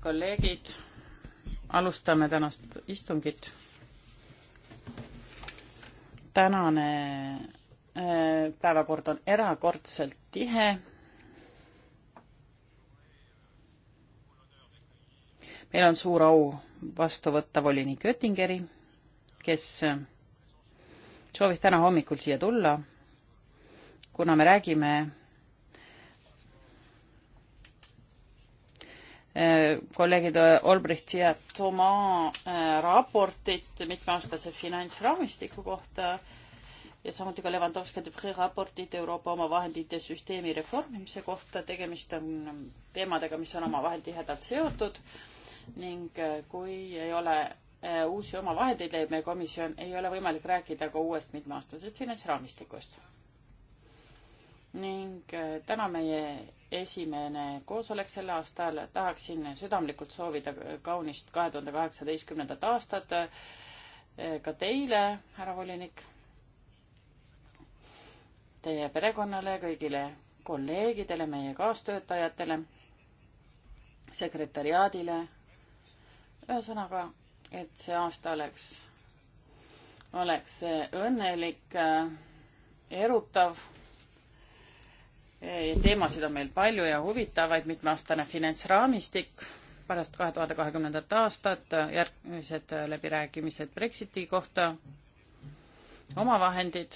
kolleegid, alustame tänast istungit. tänane äh, päevakord on erakordselt tihe. meil on suur au vastu võtta volinik Oettingeri, kes äh, soovis täna hommikul siia tulla. kuna me räägime kolleegid Olbricht ja Toma äh, raportit mitmeaastase finantsraamistiku kohta ja samuti ka Levanovski raportit Euroopa omavahendite süsteemi reformimise kohta. tegemist on teemadega, mis on omavahel tihedalt seotud ning äh, kui ei ole äh, uusi omavahendeid leiab meie komisjon, ei ole võimalik rääkida ka uuest mitmeaastasest finantsraamistikust. ning täna meie esimene koosolek sel aastal. tahaksin südamlikult soovida kaunist kahe tuhande kaheksateistkümnendat aastat eh, ka teile, härra volinik, teie perekonnale, kõigile kolleegidele, meie kaastöötajatele, sekretäriaadile. ühesõnaga, et see aasta oleks, oleks õnnelik, eh, erutav teemasid on meil palju ja huvitavaid, mitmeaastane finantsraamistik pärast kahe tuhande kahekümnendat aastat, järgmised läbirääkimised Brexiti kohta, omavahendid,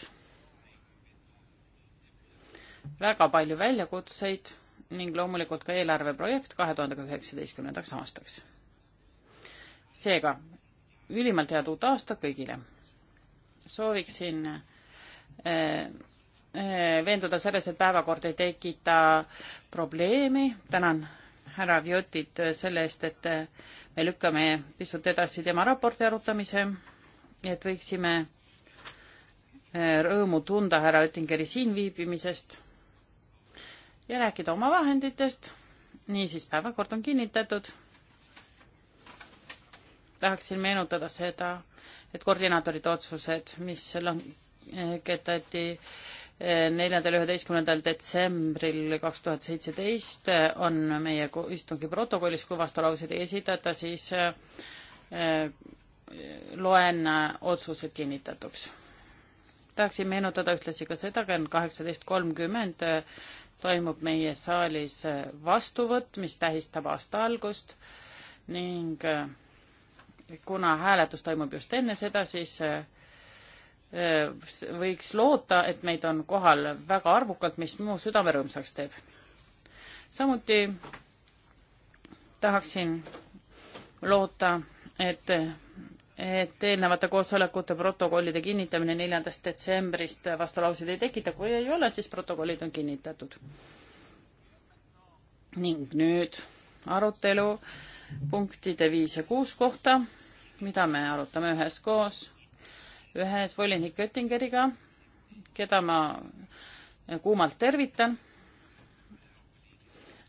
väga palju väljakutseid ning loomulikult ka eelarveprojekt kahe tuhande üheksateistkümnendaks aastaks. seega, ülimalt head uut aastat kõigile! sooviksin äh, Eh, veenduda selles, et päevakord ei tekita probleemi. tänan härra Viotit eh, selle eest, et eh, me lükkame pisut edasi tema raporti arutamise, et võiksime rõõmu tunda härra Oettingeri siinviibimisest ja rääkida oma vahenditest. niisiis, päevakord on kinnitatud. tahaksin meenutada seda, et koordinaatorite otsused, mis langetati äh, neljandal, üheteistkümnendal detsembril kaks tuhat seitseteist on meie istungi protokollis, kui vastulauseid ei esitata, siis äh, loen äh, otsused kinnitatuks. tahaksin meenutada ühtlasi ka seda, kell kaheksateist kolmkümmend äh, toimub meie saalis vastuvõtt, mis tähistab aasta algust ning kuna hääletus toimub just enne seda, siis võiks loota, et meid on kohal väga arvukalt, mis mu südame rõõmsaks teeb. samuti tahaksin loota, et, et eelnevate koosolekute protokollide kinnitamine neljandast detsembrist vastulauseid ei tekita, kui ei ole, siis protokollid on kinnitatud. ning nüüd arutelu punktide viis ja kuus kohta, mida me arutame üheskoos ühes volinik Göttingeriga, keda ma kuumalt tervitan.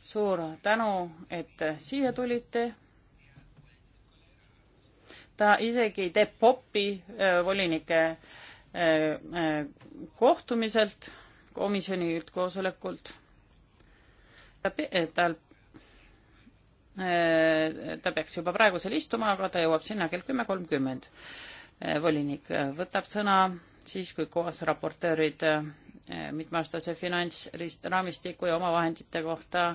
suur tänu, et siia tulite. ta isegi teeb popi äh, volinike äh, äh, kohtumiselt, komisjoni üldkoosolekult. tal ta peaks juba praegusel istuma, aga ta jõuab sinna kell kümme kolmkümmend. Eh, volinik eh, võtab sõna siis, kui kaasraportöörid eh, mitmeaastase finantsraamistiku ja omavahendite kohta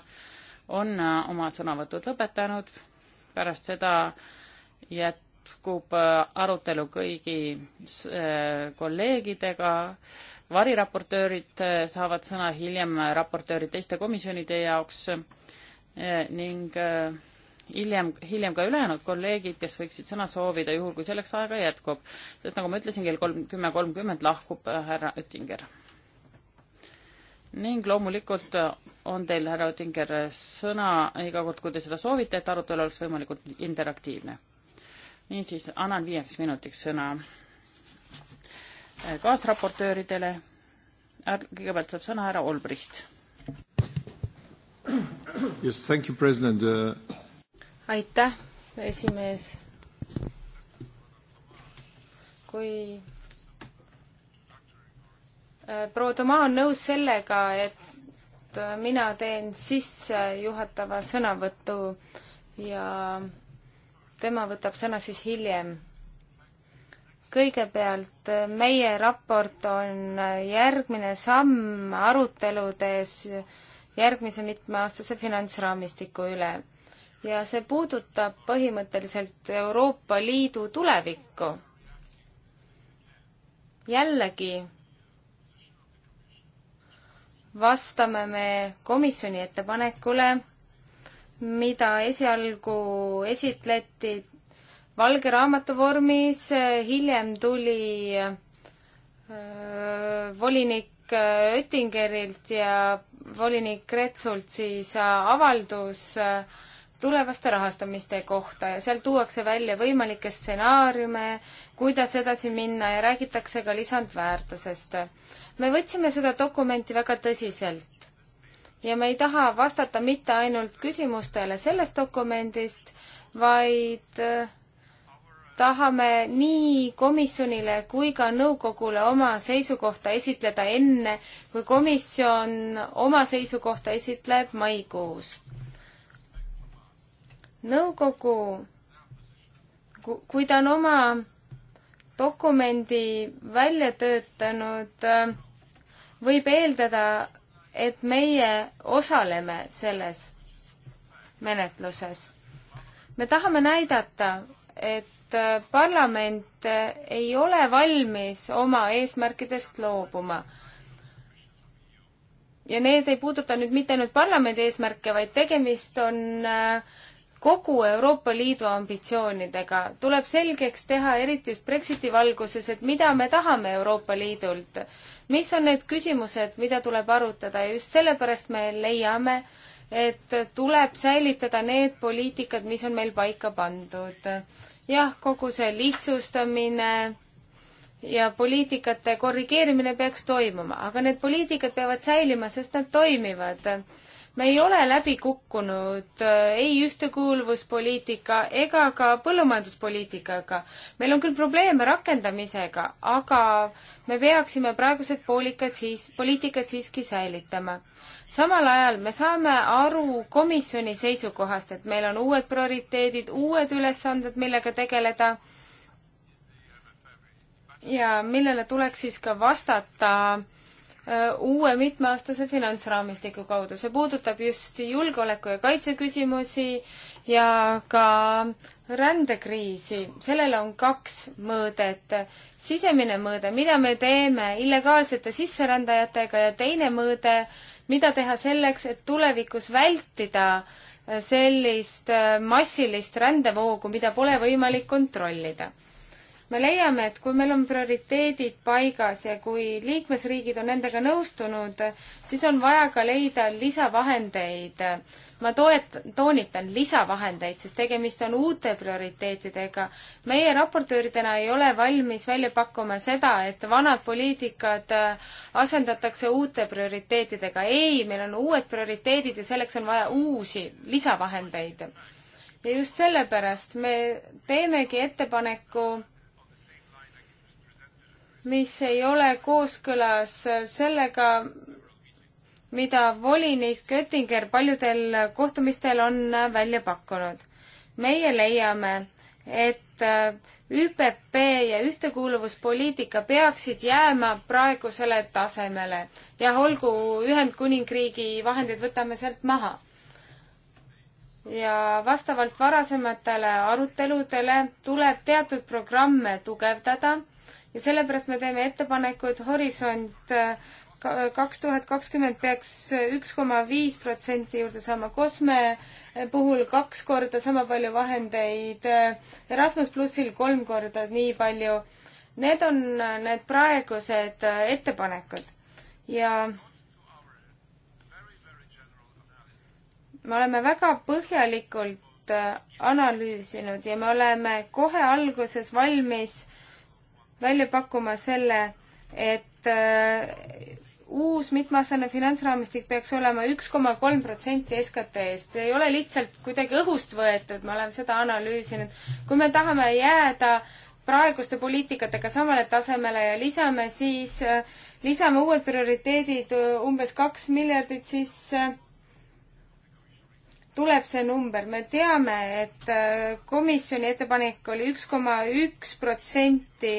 on oma sõnavõtud lõpetanud. pärast seda jätkub arutelu kõigi kolleegidega. variraportöörid saavad sõna hiljem raportöörid teiste komisjonide jaoks ning hiljem, hiljem ka ülejäänud kolleegid, kes võiksid sõna soovida, juhul kui selleks aega jätkub. sest nagu ma ütlesin, kell kolm, kümme kolmkümmend lahkub äh, härra Oettinger. ning loomulikult äh, on teil, härra Oettinger, sõna iga kord, kui te seda soovite, et arutelu oleks võimalikult interaktiivne. niisiis, annan viieks minutiks sõna äh, kaasraportööridele. kõigepealt saab sõna härra Olbricht. Yes, thank you, president uh, aitäh, esimees. kui äh, proua Toma on nõus sellega, et äh, mina teen sissejuhatava sõnavõtu ja tema võtab sõna siis hiljem. kõigepealt äh, meie raport on järgmine samm aruteludes järgmise mitmeaastase finantsraamistiku üle ja see puudutab põhimõtteliselt Euroopa Liidu tulevikku. jällegi vastame me komisjoni ettepanekule, mida esialgu esitleti valge raamatu vormis, hiljem tuli öö, volinik Oettingerilt ja volinik Kretsult siis avaldus öö, tulevaste rahastamiste kohta ja seal tuuakse välja võimalikke stsenaariume, kuidas edasi minna ja räägitakse ka lisandväärtusest. me võtsime seda dokumenti väga tõsiselt ja me ei taha vastata mitte ainult küsimustele sellest dokumendist, vaid äh, tahame nii komisjonile kui ka nõukogule oma seisukohta esitleda enne, kui komisjon oma seisukohta esitleb maikuus nõukogu, kui ta on oma dokumendi välja töötanud, võib eeldada, et meie osaleme selles menetluses. me tahame näidata, et parlament ei ole valmis oma eesmärkidest loobuma. ja need ei puuduta nüüd mitte ainult parlamendi eesmärke, vaid tegemist on äh, kogu Euroopa Liidu ambitsioonidega. tuleb selgeks teha, eriti just Brexiti valguses, et mida me tahame Euroopa Liidult. mis on need küsimused, mida tuleb arutada ja just sellepärast me leiame, et tuleb säilitada need poliitikad, mis on meil paika pandud. jah, kogu see lihtsustamine ja poliitikate korrigeerimine peaks toimuma, aga need poliitikad peavad säilima, sest nad toimivad me ei ole läbi kukkunud äh, ei ühtekuuluvuspoliitika ega ka põllumajanduspoliitikaga. meil on küll probleeme rakendamisega, aga me peaksime praegused poolikad siis, poliitikad siiski säilitama. samal ajal me saame aru komisjoni seisukohast, et meil on uued prioriteedid, uued ülesanded, millega tegeleda ja millele tuleks siis ka vastata äh, Äh, uue mitmeaastase finantsraamistiku kaudu. see puudutab just julgeoleku ja kaitse küsimusi ja ka rändekriisi. sellel on kaks mõõdet. sisemine mõõde, mida me teeme illegaalsete sisserändajatega ja teine mõõde, mida teha selleks, et tulevikus vältida äh, sellist äh, massilist rändevoogu, mida pole võimalik kontrollida me leiame, et kui meil on prioriteedid paigas ja kui liikmesriigid on nendega nõustunud, siis on vaja ka leida lisavahendeid. ma toet-, toonitan lisavahendeid, sest tegemist on uute prioriteetidega. meie raportööridena ei ole valmis välja pakkuma seda, et vanad poliitikad äh, asendatakse uute prioriteetidega. ei, meil on uued prioriteedid ja selleks on vaja uusi lisavahendeid ja just sellepärast me teemegi ettepaneku mis ei ole kooskõlas sellega, mida volinik Oettinger paljudel kohtumistel on välja pakkunud. meie leiame, et ÜPP ja ühtekuuluvuspoliitika peaksid jääma praegusele tasemele ja olgu Ühendkuningriigi vahendid, võtame sealt maha ja vastavalt varasematele aruteludele tuleb teatud programme tugevdada ja sellepärast me teeme ettepaneku, et Horisont äh, äh, kaks tuhat kakskümmend peaks äh, üks koma viis protsenti juurde saama Kosme puhul kaks korda sama palju vahendeid, Erasmus plussil kolm korda nii palju. Need on need praegused ettepanekud ja me oleme väga põhjalikult analüüsinud ja me oleme kohe alguses valmis äh, välja pakkuma selle, et äh, uus mitmeaastane finantsraamistik peaks olema üks koma kolm protsenti SKT-st. see ei ole lihtsalt kuidagi õhust võetud, ma olen seda analüüsinud. kui me tahame jääda praeguste poliitikatega samale tasemele ja lisame siis, äh, lisame uued prioriteedid äh, umbes kaks miljardit, siis tuleb see number, me teame, et komisjoni ettepanek oli üks koma üks protsenti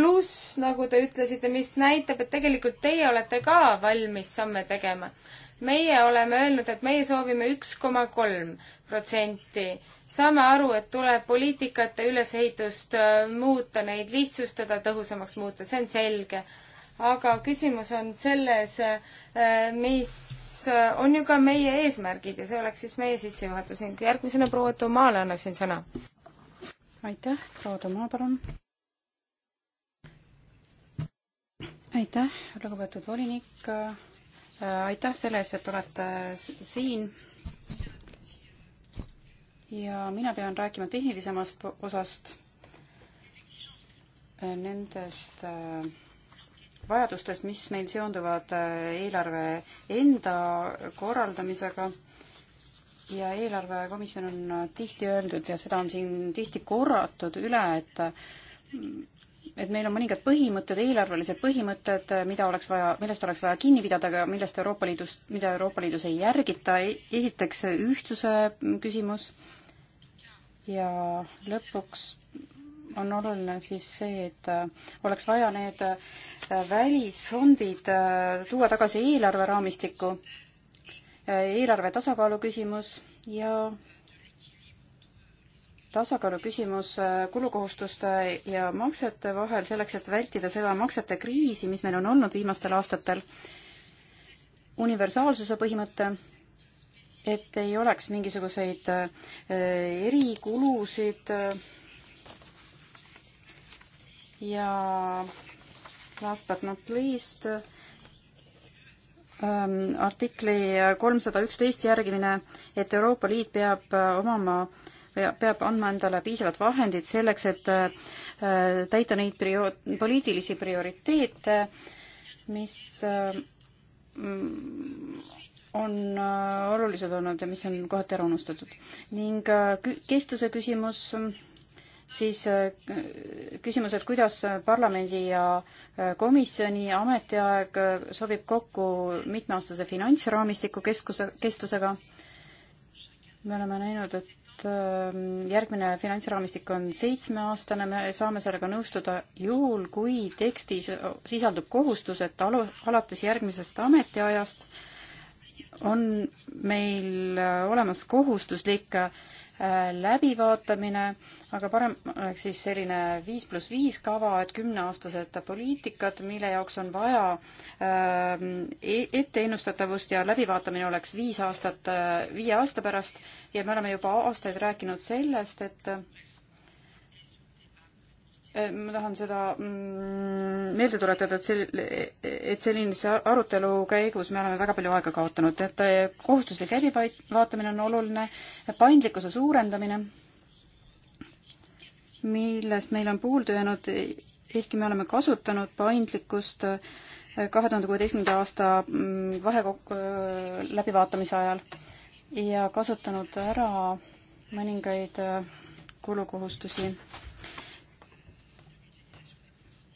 pluss, nagu te ütlesite, mis näitab, et tegelikult teie olete ka valmis samme tegema. meie oleme öelnud, et meie soovime üks koma kolm protsenti. saame aru, et tuleb poliitikate ülesehitust äh, muuta, neid lihtsustada, tõhusamaks muuta, see on selge. aga küsimus on selles, äh, mis äh, on ju ka meie eesmärgid ja see oleks siis meie sissejuhatus ning järgmisena proua Toomale annaksin sõna. aitäh, proua Toomaa, palun aitäh, lugupeetud volinik, äh, aitäh selle eest, et olete siin. ja mina pean rääkima tehnilisemast osast, äh, nendest äh, vajadustest, mis meil seonduvad eelarve enda korraldamisega ja eelarvekomisjon on tihti öeldud ja seda on siin tihti korratud üle, et mm, et meil on mõningad põhimõtted, eelarvelised põhimõtted, mida oleks vaja, millest oleks vaja kinni pidada, aga millest Euroopa Liidus, mida Euroopa Liidus ei järgita. esiteks ühtsuse küsimus ja lõpuks on oluline siis see, et oleks vaja need välisfondid tuua tagasi eelarveraamistikku, eelarve tasakaalu küsimus ja tasakaalu küsimus äh, kulukohustuste ja maksete vahel selleks, et vältida seda maksete kriisi, mis meil on olnud viimastel aastatel. universaalsuse põhimõte, et ei oleks mingisuguseid äh, erikulusid äh, ja last but not least ähm, artikli kolmsada üksteist järgimine, et Euroopa Liit peab omama äh, peab andma endale piisavad vahendid selleks, et äh, täita neid prio-, poliitilisi prioriteete, mis äh, mm, on äh, olulised olnud ja mis on kohati ära unustatud. ning kestuse küsimus, siis küsimus, et kuidas parlamendi ja komisjoni ametiaeg sobib kokku mitmeaastase finantsraamistiku keskuse, kestusega. me oleme näinud, et Ähm, järgmine finantsraamistik on seitsmeaastane, me saame sellega nõustuda juhul, kui tekstis sisaldub kohustus, et alu-, alates järgmisest ametiajast on meil äh, olemas kohustuslik äh, läbivaatamine, aga parem oleks siis selline viis pluss viis kava, et kümneaastased poliitikad, mille jaoks on vaja ähm, e-, etteennustatavust ja läbivaatamine oleks viis aastat äh, viie aasta pärast ja me oleme juba aastaid rääkinud sellest, et Äh, ma tahan seda mm, meelde tuletada, et sel-, et sellise arutelu käigus me oleme väga palju aega kaotanud, et äh, kohustuslik läbipait-, vaatamine on oluline, paindlikkuse suurendamine, millest meil on puudu jäänud, ehkki me oleme kasutanud paindlikkust äh, kahe tuhande kuueteistkümnenda aasta mm, vahekok-, läbivaatamise ajal ja kasutanud ära mõningaid kulukohustusi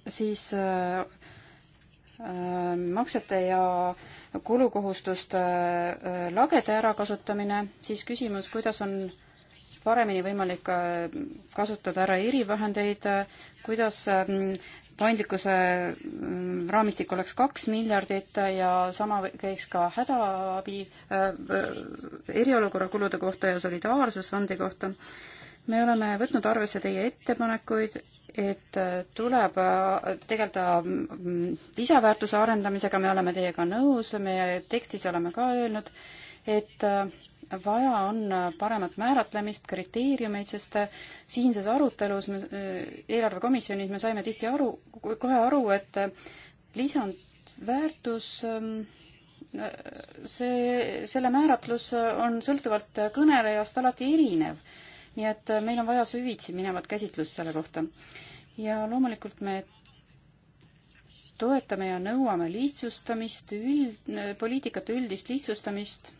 siis äh, äh, maksete ja kulukohustuste äh, lagede ärakasutamine, siis küsimus, kuidas on paremini võimalik kasutada ära erivahendeid, kuidas paindlikkuse raamistik oleks kaks miljardit ja sama käiks ka hädaabi äh, eriolukorra kulude kohta ja solidaarsusfondi kohta me oleme võtnud arvesse teie ettepanekuid, et tuleb äh, tegeleda mm, lisaväärtuse arendamisega, me oleme teiega nõus, meie tekstis oleme ka öelnud, et äh, vaja on paremat määratlemist, kriteeriumeid, sest äh, siinses arutelus eelarvekomisjonis me saime tihti aru, kohe aru, et lisandväärtus ähm, see, selle määratlus on sõltuvalt kõnelejast alati erinev nii et äh, meil on vaja süvitsi minevat käsitlust selle kohta. ja loomulikult me toetame ja nõuame lihtsustamist, üld, äh, poliitikate üldist lihtsustamist,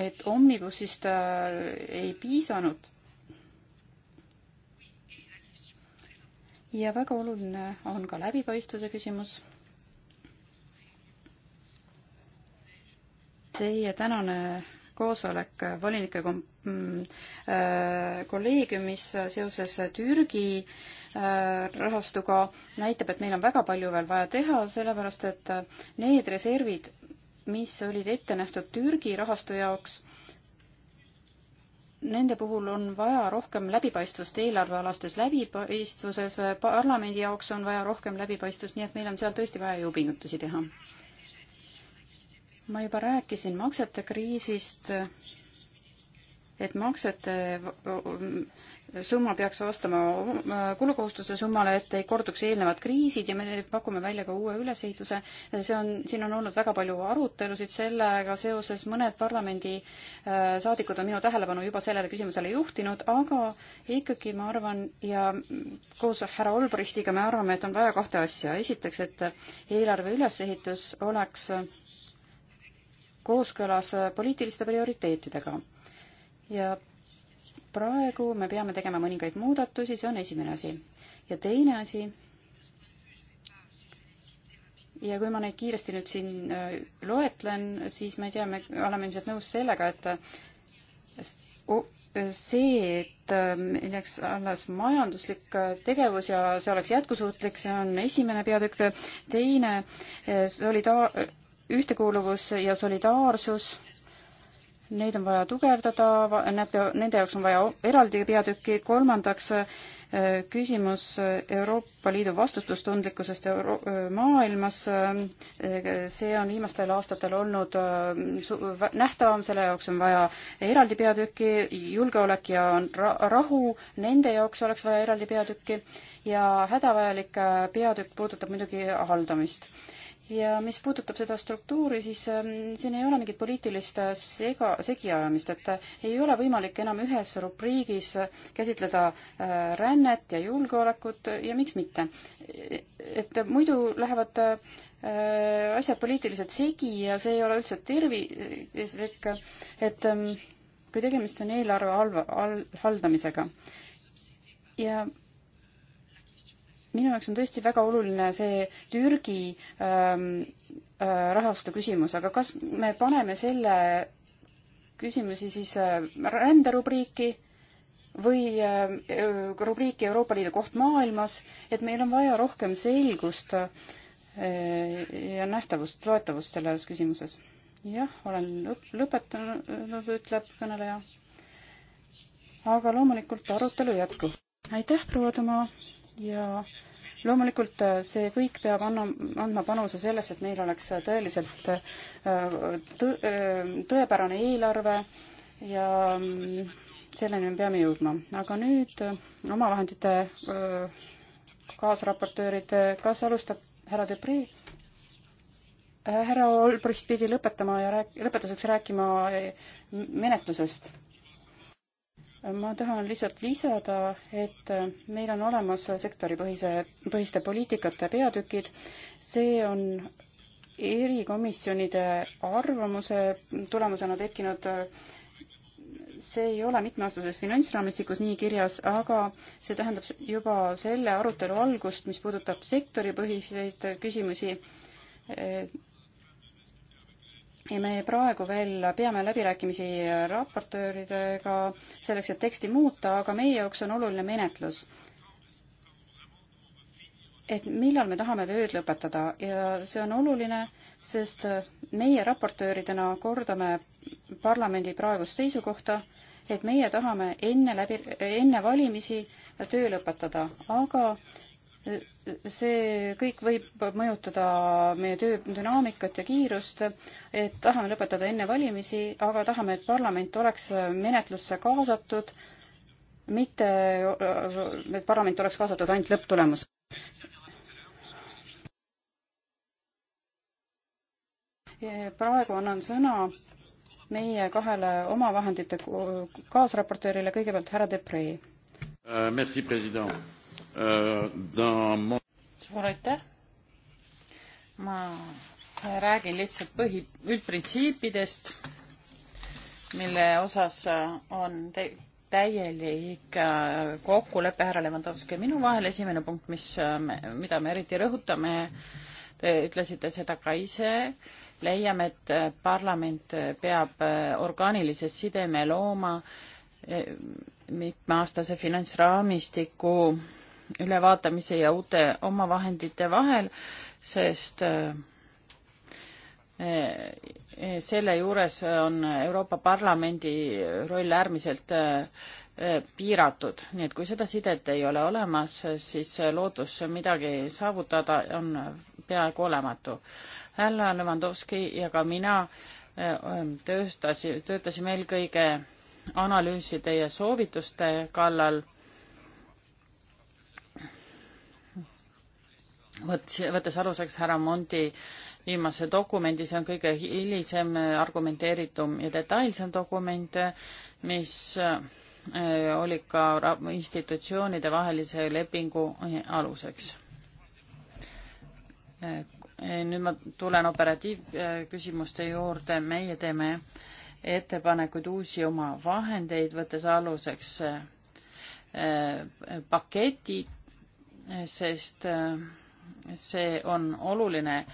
et omnibussist äh, ei piisanud. ja väga oluline on ka läbipaistvuse küsimus teie tänane koosolek volinike kom-, mm, äh, kolleegiumis seoses Türgi äh, rahastuga näitab, et meil on väga palju veel vaja teha, sellepärast et äh, need reservid, mis olid ette nähtud Türgi rahastu jaoks, nende puhul on vaja rohkem läbipaistvust eelarvealastes läbipaistvuses, parlamendi jaoks on vaja rohkem läbipaistvust, nii et meil on seal tõesti vaja jõupingutusi teha ma juba rääkisin maksete kriisist, et maksete summa peaks vastama kulukohustuse summale, et ei korduks eelnevad kriisid ja me pakume välja ka uue ülesehituse. see on, siin on olnud väga palju arutelusid sellega seoses, mõned parlamendi äh, saadikud on minu tähelepanu juba sellele küsimusele juhtinud, aga ikkagi ma arvan ja koos härra Olbrichtiga me arvame, et on vaja kahte asja. esiteks, et eelarve ülesehitus oleks kooskõlas äh, poliitiliste prioriteetidega. ja praegu me peame tegema mõningaid muudatusi, see on esimene asi. ja teine asi, ja kui ma neid kiiresti nüüd siin äh, loetlen, siis ma ei tea, me oleme ilmselt nõus sellega, et äh, see, et meil jääks alles majanduslik tegevus ja see oleks jätkusuutlik, see on esimene peatükk. teine solidaar-, ühtekuuluvus ja solidaarsus, neid on vaja tugevdada, need pea-, nende jaoks on vaja eraldi peatükki, kolmandaks äh, küsimus Euroopa Liidu vastutustundlikkusest Euro äh, maailmas, äh, see on viimastel aastatel olnud nähtavam, selle jaoks on vaja eraldi peatükki, julgeolek ja ra rahu, nende jaoks oleks vaja eraldi peatükki ja hädavajalik peatükk puudutab muidugi haldamist ja mis puudutab seda struktuuri, siis ähm, siin ei ole mingit poliitilist äh, sega, segiajamist, et äh, ei ole võimalik enam ühes rubriigis äh, käsitleda rännet ja julgeolekut ja miks mitte. et muidu lähevad asjad poliitiliselt segi ja see ei ole üldse tervislik, et ähm, kui tegemist on eelarve halva, haldamisega ja minu jaoks on tõesti väga oluline see Türgi ähm, äh, rahastu küsimus, aga kas me paneme selle küsimusi siis äh, ränderubriiki või äh, äh, rubriiki Euroopa Liidu koht maailmas, et meil on vaja rohkem selgust äh, ja nähtavust, loetavust selles küsimuses. jah, olen lõp-, lõpetanud, ütleb kõneleja. aga loomulikult arutelu jätkub. aitäh, proua Tomaa ja loomulikult äh, see kõik peab anna, andma panuse sellesse, et meil oleks äh, tõeliselt äh, tõ, tõepärane eelarve ja mm, selleni me peame jõudma. aga nüüd omavahendite kaasraportöörid, kas alustab härra Debri? härra Olbricht pidi lõpetama ja rääk-, lõpetuseks rääkima menetlusest ma tahan lihtsalt lisada, et meil on olemas sektoripõhise, põhiste poliitikate peatükid. see on erikomisjonide arvamuse tulemusena tekkinud see ei ole mitmeaastases finantsraamistikus nii kirjas, aga see tähendab juba selle arutelu algust, mis puudutab sektoripõhiseid küsimusi ja me praegu veel peame läbirääkimisi raportööridega selleks, et teksti muuta, aga meie jaoks on oluline menetlus. et millal me tahame tööd lõpetada ja see on oluline, sest meie raportööridena kordame parlamendi praegust seisukohta, et meie tahame enne läbi, enne valimisi töö lõpetada, aga see kõik võib mõjutada meie töö dünaamikat ja kiirust, et tahame lõpetada enne valimisi, aga tahame, et parlament oleks menetlusse kaasatud, mitte, et parlament oleks kaasatud ainult lõpptulemus. praegu annan sõna meie kahele omavahendite kaasraportöörile, kõigepealt härra Depree. Äh, merci, president Euh, suur aitäh! ma räägin lihtsalt põhi, üldprintsiipidest, mille osas äh, on te-, täielik äh, kokkulepe härra Levanovski ja minu vahel. esimene punkt, mis, äh, mida me eriti rõhutame, te ütlesite seda ka ise, leiame, et parlament peab orgaanilise sideme looma mitmeaastase finantsraamistiku ülevaatamise ja uute omavahendite vahel, sest äh, äh, selle juures on Euroopa Parlamendi roll äärmiselt äh, piiratud, nii et kui seda sidet ei ole olemas, siis lootus midagi saavutada on peaaegu olematu. härra Levandovski ja ka mina tööstasi, töötasime eelkõige analüüside ja soovituste kallal võttes, võttes aluseks härra Mondi viimase dokumendi, see on kõige hilisem, äh, argumenteeritum ja detailsem dokument, mis äh, oli ka institutsioonide vahelise lepingu äh, aluseks. nüüd ma tulen operatiivküsimuste juurde, meie teeme ettepanekuid uusi oma vahendeid, võttes aluseks paketid, sest äh, see on oluline,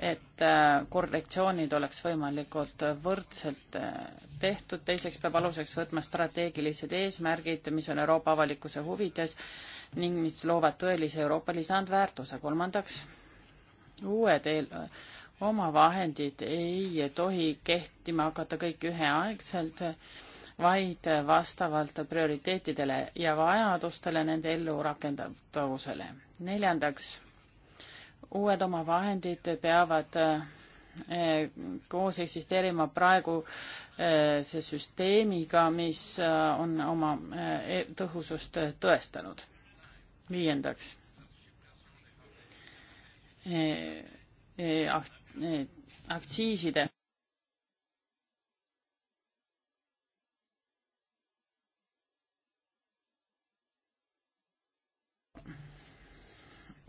et äh, korrektsioonid oleks võimalikult võrdselt äh, tehtud, teiseks peab aluseks võtma strateegilised eesmärgid, mis on Euroopa avalikkuse huvides ning mis loovad tõelise Euroopa lisandväärtuse, kolmandaks uued eel-, omavahendid ei tohi kehtima hakata kõik üheaegselt, vaid vastavalt prioriteetidele ja vajadustele nende ellu rakendatavusele. neljandaks uued oma vahendid peavad eh, koos eksisteerima praeguse eh, süsteemiga, mis eh, on oma e-, tõhusust tõestanud. viiendaks aktsiiside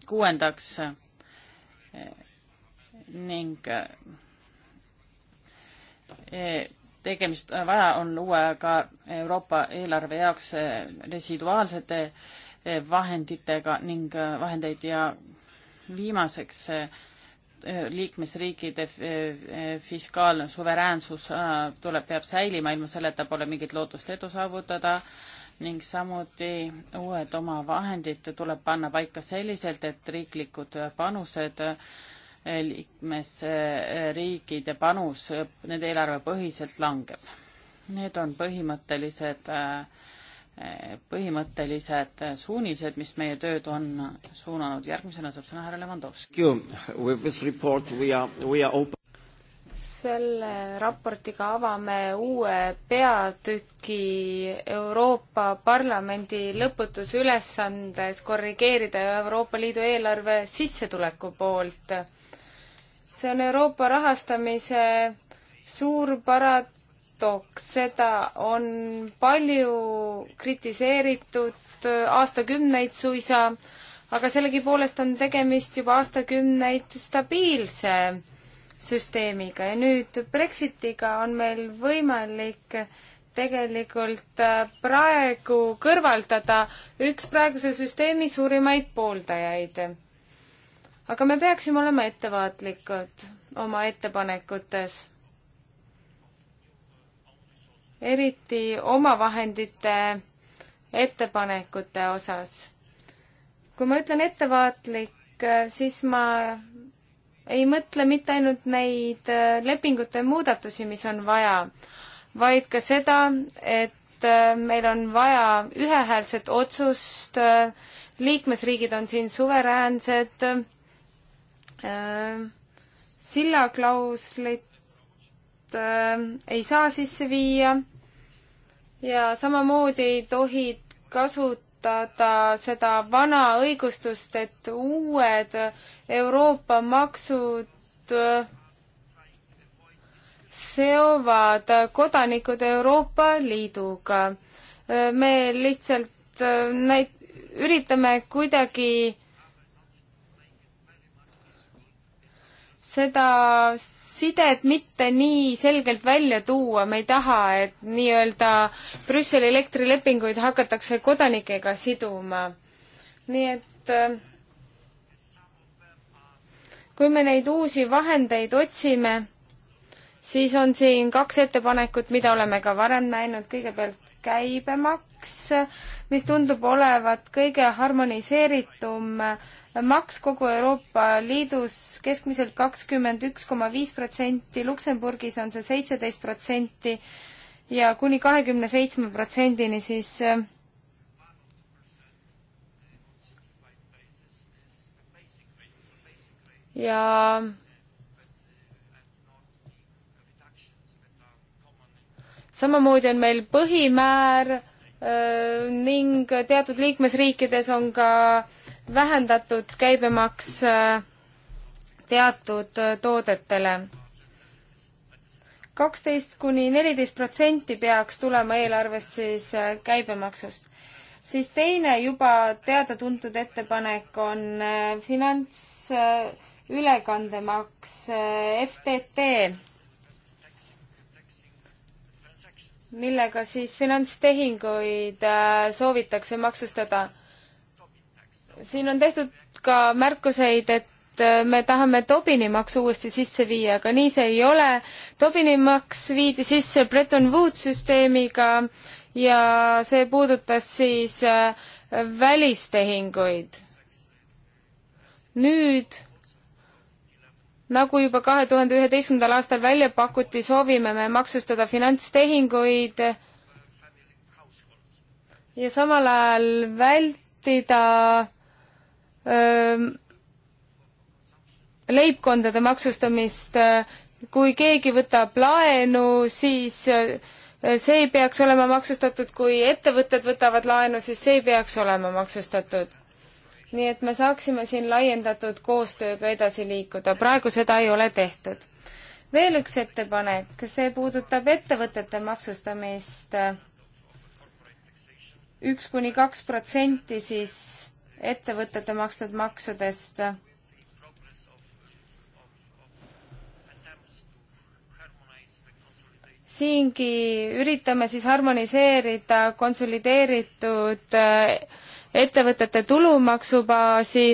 kuuendaks ning eh, tegemist, vaja on luua ka Euroopa eelarve jaoks eh, residuaalsete eh, vahenditega ning vahendeid ja viimaseks liikmesriikide fiskaalne suveräänsus tuleb, peab säilima, ilma selleta pole mingit lootust edu saavutada ning samuti uued omavahendid tuleb panna paika selliselt, et riiklikud panused liikmesriikide panus nende eelarvepõhiselt langeb. Need on põhimõttelised, põhimõttelised suunised, mis meie tööd on suunanud. järgmisena saab sõna härra Levandovski selle raportiga avame uue peatüki Euroopa Parlamendi lõputus ülesandes korrigeerida Euroopa Liidu eelarve sissetuleku poolt. see on Euroopa rahastamise suur paradoks, seda on palju kritiseeritud aastakümneid suisa, aga sellegipoolest on tegemist juba aastakümneid stabiilse süsteemiga ja nüüd Brexitiga on meil võimalik tegelikult äh, praegu kõrvaldada üks praeguse süsteemi suurimaid pooldajaid. aga me peaksime olema ettevaatlikud oma ettepanekutes. eriti omavahendite ettepanekute osas. kui ma ütlen ettevaatlik, äh, siis ma ei mõtle mitte ainult neid äh, lepingute muudatusi, mis on vaja, vaid ka seda, et äh, meil on vaja ühehäälset otsust, äh, liikmesriigid on siin suveräänsed, sillaklauslit ei saa sisse viia ja samamoodi ei tohi kasutada kasutada seda vana õigustust, et uued Euroopa maksud äh, seovad kodanikud Euroopa Liiduga. Äh, me lihtsalt äh, näit-, üritame kuidagi seda sidet mitte nii selgelt välja tuua, me ei taha, et nii-öelda Brüsseli elektrilepinguid hakatakse kodanikega siduma. nii et äh, kui me neid uusi vahendeid otsime, siis on siin kaks ettepanekut, mida oleme ka varem näinud, kõigepealt käibemaks, mis tundub olevat kõige harmoniseeritum äh, maks kogu Euroopa Liidus keskmiselt kakskümmend üks koma viis protsenti, Luksemburgis on see seitseteist protsenti ja kuni kahekümne seitsme protsendini siis äh, ja samamoodi on meil põhimäär öö, äh, ning teatud liikmesriikides on ka öö, vähendatud käibemaks äh, teatud äh, toodetele. kaksteist kuni neliteist protsenti peaks tulema eelarvest siis äh, käibemaksust. siis teine juba teada-tuntud ettepanek on finantsülekandemaks FTT millega siis finantstehinguid soovitakse maksustada siin on tehtud ka märkuseid, et äh, me tahame Tobini maksu uuesti sisse viia, aga nii see ei ole. Tobini maks viidi sisse Bretton Woods süsteemiga ja see puudutas siis äh, välistehinguid. nüüd, nagu juba kahe tuhande üheteistkümnendal aastal välja pakuti, soovime me maksustada finantstehinguid ja samal ajal vältida leibkondade maksustamist, kui keegi võtab laenu, siis see ei peaks olema maksustatud, kui ettevõtted võtavad laenu, siis see ei peaks olema maksustatud. nii et me saaksime siin laiendatud koostööga edasi liikuda, praegu seda ei ole tehtud. veel üks ettepanek, see puudutab ettevõtete maksustamist. üks kuni kaks protsenti siis ettevõtete makstud maksudest. siingi üritame siis harmoniseerida konsolideeritud äh, ettevõtete tulumaksubaasi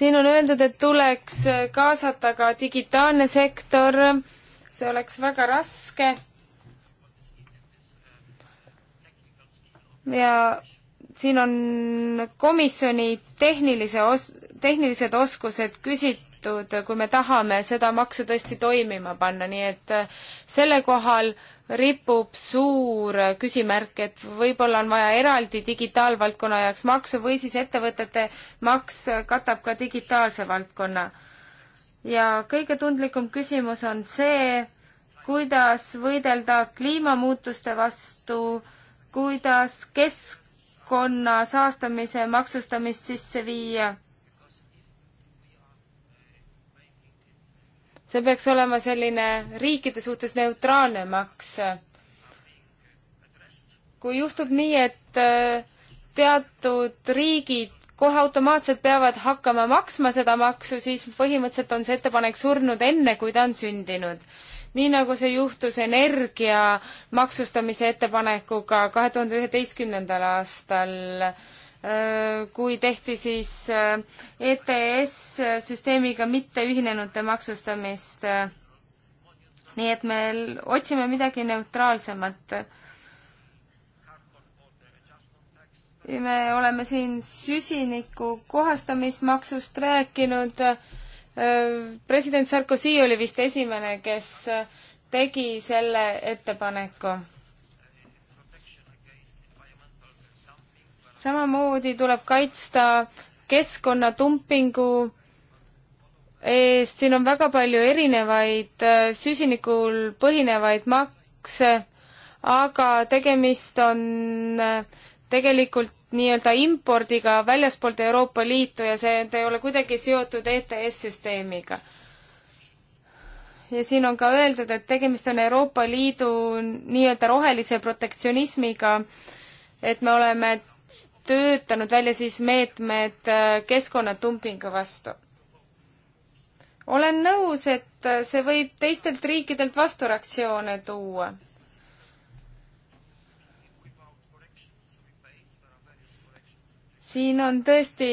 siin on öeldud, et tuleks äh, kaasata ka digitaalne sektor, see oleks väga raske. ja siin on komisjoni tehnilise os-, tehnilised oskused küsitud, kui me tahame seda maksu tõesti toimima panna, nii et äh, selle kohal ripub suur küsimärk, et võib-olla on vaja eraldi digitaalvaldkonna jaoks maksu või siis ettevõtete maks katab ka digitaalse valdkonna. ja kõige tundlikum küsimus on see, kuidas võidelda kliimamuutuste vastu äh, kuidas keskkonna saastamise maksustamist sisse viia. see peaks olema selline riikide suhtes neutraalne maks. kui juhtub nii, et äh, teatud riigid kohe automaatselt peavad hakkama maksma seda maksu, siis põhimõtteliselt on see ettepanek surnud enne, kui ta on sündinud nii nagu see juhtus energia maksustamise ettepanekuga kahe tuhande üheteistkümnendal aastal, kui tehti siis ETS süsteemiga mitte ühinenute maksustamist. nii et me otsime midagi neutraalsemat me oleme siin süsiniku kohastamismaksust rääkinud president Sarkozy oli vist esimene, kes tegi selle ettepaneku. samamoodi tuleb kaitsta keskkonnatumpingu eest, siin on väga palju erinevaid äh, süsinikul põhinevaid makse, aga tegemist on äh, tegelikult nii-öelda impordiga väljaspoolt Euroopa Liitu ja see ei ole kuidagi seotud ETS-süsteemiga. ja siin on ka öeldud, et tegemist on Euroopa Liidu nii-öelda rohelise protektsionismiga, et me oleme töötanud välja siis meetmed äh, keskkonnatumpingu vastu. olen nõus, et äh, see võib teistelt riikidelt vasturaktsioone tuua siin on tõesti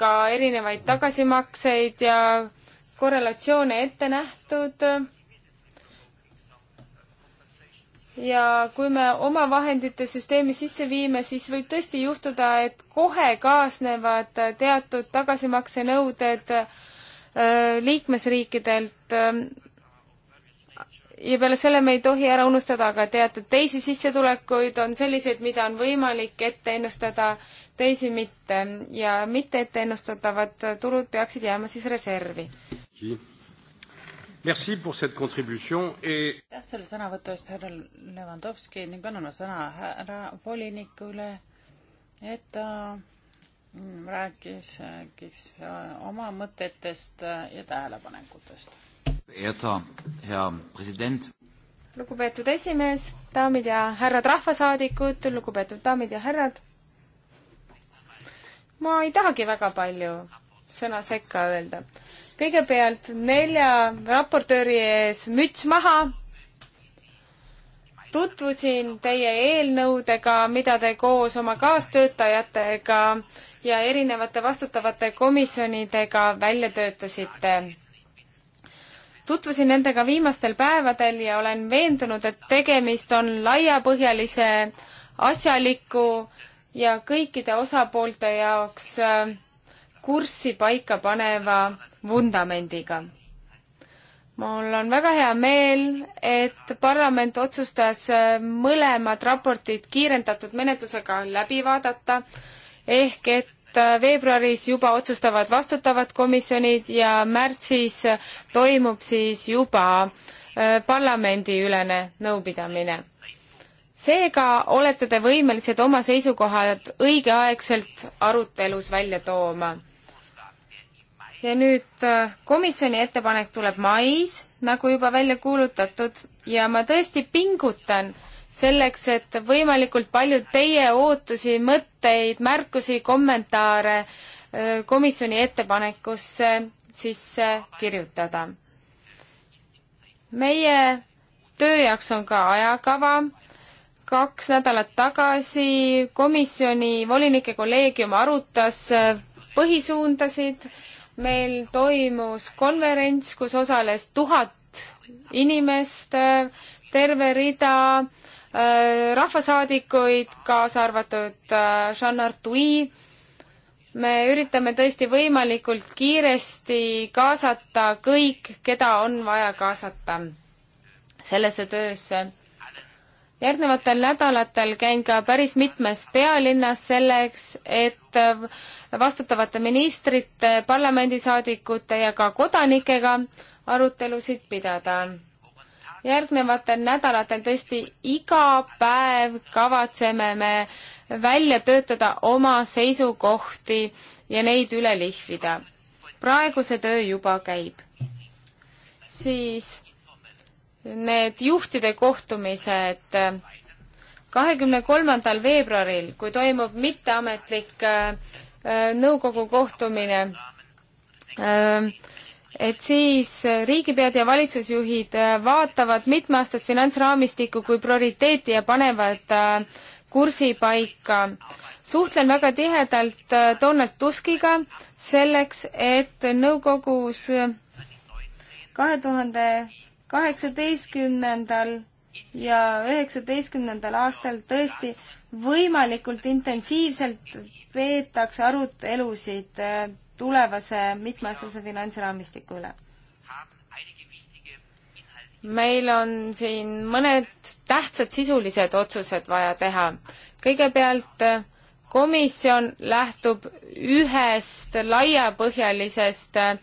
ka erinevaid tagasimakseid ja korrelatsioone ette nähtud. ja kui me oma vahendite süsteemi sisse viime, siis võib tõesti juhtuda, et kohe kaasnevad teatud tagasimaksenõuded äh, liikmesriikidelt ja peale selle me ei tohi ära unustada ka teatud teisi sissetulekuid, on selliseid, mida on võimalik ette ennustada, teisi mitte ja mitte ette ennustatavad tulud peaksid jääma siis reservi. aitäh selle sõnavõtu eest, härra Levanovski ning anname sõna härra volinikule, et ta mm, rääkis, rääkis äh, oma mõtetest ja tähelepanekutest lugupeetud esimees, daamid ja härrad rahvasaadikud, lugupeetud daamid ja härrad. ma ei tahagi väga palju sõna sekka öelda. kõigepealt nelja raportööri ees müts maha. tutvusin teie eelnõudega, mida te koos oma kaastöötajatega ja erinevate vastutavate komisjonidega välja töötasite tutvusin nendega viimastel päevadel ja olen veendunud, et tegemist on laiapõhjalise, asjaliku ja kõikide osapoolte jaoks äh, kurssi paika paneva vundamendiga. mul on väga hea meel, et parlament otsustas äh, mõlemad raportid kiirendatud menetlusega läbi vaadata, ehk et et äh, veebruaris juba otsustavad vastutavad komisjonid ja märtsis toimub siis juba äh, parlamendiülene nõupidamine. seega olete te võimelised oma seisukohad õigeaegselt arutelus välja tooma. ja nüüd äh, komisjoni ettepanek tuleb mais, nagu juba välja kuulutatud, ja ma tõesti pingutan, selleks, et võimalikult palju teie ootusi, mõtteid, märkusi, kommentaare komisjoni ettepanekusse sisse kirjutada. meie töö jaoks on ka ajakava, kaks nädalat tagasi komisjoni volinike kolleegium arutas põhisuundasid, meil toimus konverents, kus osales tuhat inimest, terve rida äh, Äh, rahvasaadikuid, kaasa arvatud äh, Jean Artui. me üritame tõesti võimalikult kiiresti kaasata kõik, keda on vaja kaasata sellesse töösse. järgnevatel nädalatel käin ka päris mitmes pealinnas selleks, et äh, vastutavate ministrite, parlamendisaadikute ja ka kodanikega arutelusid pidada järgnevatel nädalatel tõesti iga päev kavatseme me välja töötada oma seisukohti ja neid üle lihvida. praegu see töö juba käib. siis need juhtide kohtumised kahekümne kolmandal veebruaril, kui toimub mitteametlik äh, nõukogu kohtumine äh, et siis riigipead ja valitsusjuhid äh, vaatavad mitmeaastast finantsraamistikku kui prioriteeti ja panevad äh, kursi paika. suhtlen väga tihedalt äh, Donald Tuskiga selleks, et nõukogus kahe tuhande kaheksateistkümnendal ja üheksateistkümnendal aastal tõesti võimalikult intensiivselt peetakse arutelusid tulevase mitmeaastase finantsraamistiku üle. meil on siin mõned tähtsad sisulised otsused vaja teha. kõigepealt äh, komisjon lähtub ühest laiapõhjalisest äh,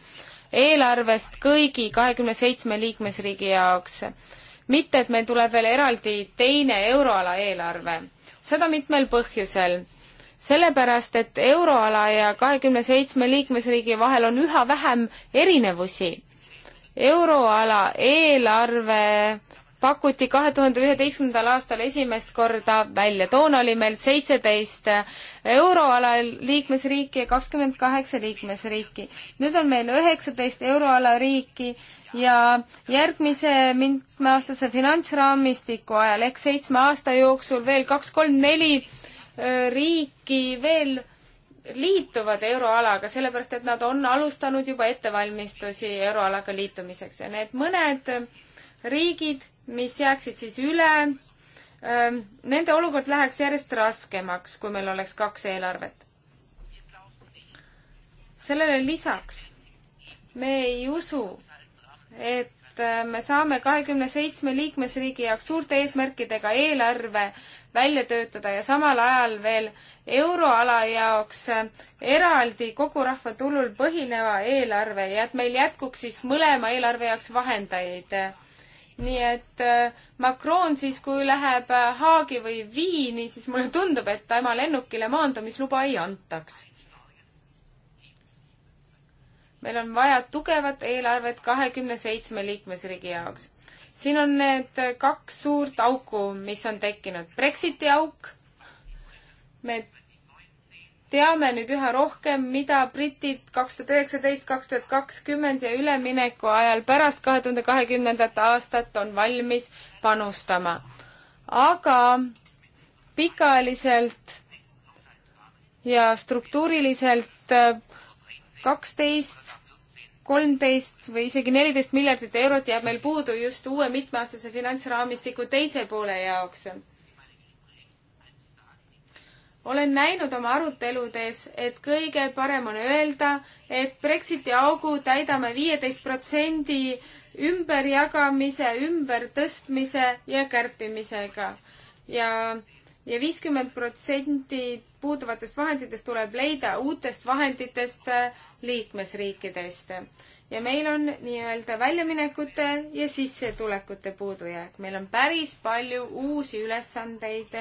eelarvest kõigi kahekümne seitsme liikmesriigi jaoks. mitte, et meil tuleb veel eraldi teine euroala eelarve. seda mitmel põhjusel sellepärast, et euroala ja kahekümne seitsme liikmesriigi vahel on üha vähem erinevusi. euroala eelarve pakuti kahe tuhande üheteistkümnendal aastal esimest korda välja. toona oli meil seitseteist euroala liikmesriiki ja kakskümmend kaheksa liikmesriiki. nüüd on meil üheksateist euroala riiki ja järgmise mitmeaastase finantsraamistiku ajal ehk seitsme aasta jooksul veel kaks-kolm-neli Äh, riiki veel liituvad euroalaga, sellepärast et nad on alustanud juba ettevalmistusi euroalaga liitumiseks ja need mõned riigid, mis jääksid siis üle, ähm, nende olukord läheks järjest raskemaks, kui meil oleks kaks eelarvet. sellele lisaks me ei usu, et äh, me saame kahekümne seitsme liikmesriigi jaoks suurte eesmärkidega eelarve välja töötada ja samal ajal veel euroala jaoks eraldi kogu rahva tulul põhineva eelarve ja et meil jätkuks siis mõlema eelarve jaoks vahendajaid. nii et äh, Macron siis, kui läheb äh, Haagi või Viini, siis mulle tundub, et tema lennukile maandumisluba ei antaks meil on vaja tugevat eelarvet kahekümne seitsme liikmesriigi jaoks siin on need kaks suurt auku, mis on tekkinud. Brexiti auk, me teame nüüd üha rohkem, mida britid kaks tuhat üheksateist, kaks tuhat kakskümmend ja ülemineku ajal pärast kahe tuhande kahekümnendat aastat on valmis panustama. aga pikaajaliselt ja struktuuriliselt äh, kaksteist kolmteist või isegi neliteist miljardit eurot jääb meil puudu just uue mitmeaastase finantsraamistiku teise poole jaoks. olen näinud oma aruteludes, et kõige parem on öelda, et Brexiti augu täidame viieteist protsendi ümberjagamise, ümbertõstmise ja kärpimisega. ja ja viiskümmend protsenti puuduvatest vahenditest tuleb leida uutest vahenditest äh, liikmesriikidest. ja meil on nii-öelda väljaminekute ja sissetulekute puudujääk. meil on päris palju uusi ülesandeid,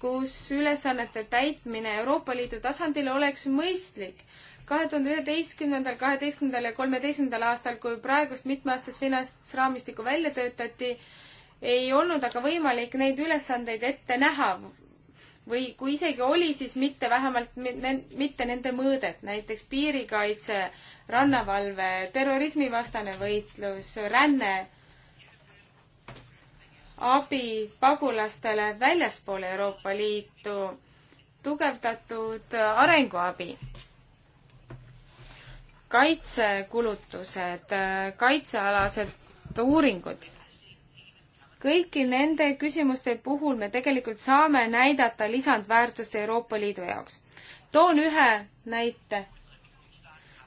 kus ülesannete täitmine Euroopa Liidu tasandil oleks mõistlik kahe tuhande üheteistkümnendal, kaheteistkümnendal ja kolmeteistkümnendal aastal, kui praegust mitmeaastast finantsraamistikku välja töötati, ei olnud aga võimalik neid ülesandeid ette näha või kui isegi oli, siis mitte vähemalt mitte nende mõõdet, näiteks piirikaitse, rannavalve, terrorismivastane võitlus, ränne, abi pagulastele väljaspool Euroopa Liitu, tugevdatud arenguabi, kaitsekulutused, kaitsealased uuringud kõiki nende küsimuste puhul me tegelikult saame näidata lisandväärtust Euroopa Liidu jaoks. toon ühe näite.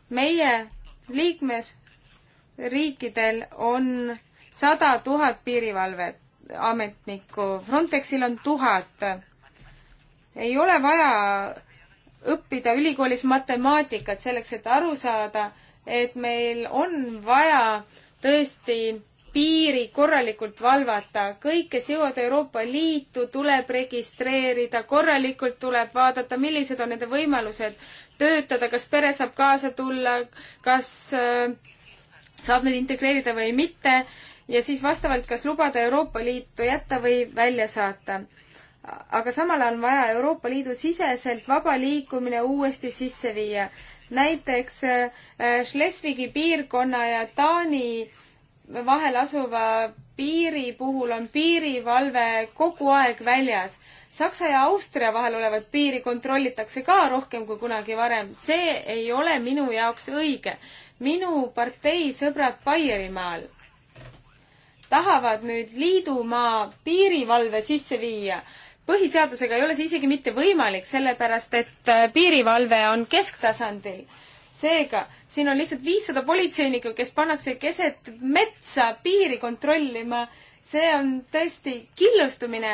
meie liikmesriikidel on sada tuhat piirivalveametnikku, Frontexil on tuhat. ei ole vaja õppida ülikoolis matemaatikat selleks, et aru saada, et meil on vaja tõesti piiri korralikult valvata, kõik, kes jõuavad Euroopa Liitu, tuleb registreerida, korralikult tuleb vaadata, millised on nende võimalused töötada, kas pere saab kaasa tulla, kas äh, saab neid integreerida või mitte ja siis vastavalt, kas lubada Euroopa Liitu jätta või välja saata. aga samal ajal on vaja Euroopa Liidu siseselt vaba liikumine uuesti sisse viia. näiteks äh, Schleswigi piirkonna ja Taani äh, vahel asuva piiri puhul on piirivalve kogu aeg väljas. Saksa ja Austria vahel olevat piiri kontrollitakse ka rohkem kui kunagi varem. see ei ole minu jaoks õige. minu partei sõbrad Baierimaal tahavad nüüd liidumaa piirivalve sisse viia. põhiseadusega ei ole see isegi mitte võimalik, sellepärast et äh, piirivalve on kesktasandil seega siin on lihtsalt viissada politseinikku, kes pannakse keset metsa piiri kontrollima. see on tõesti killustumine.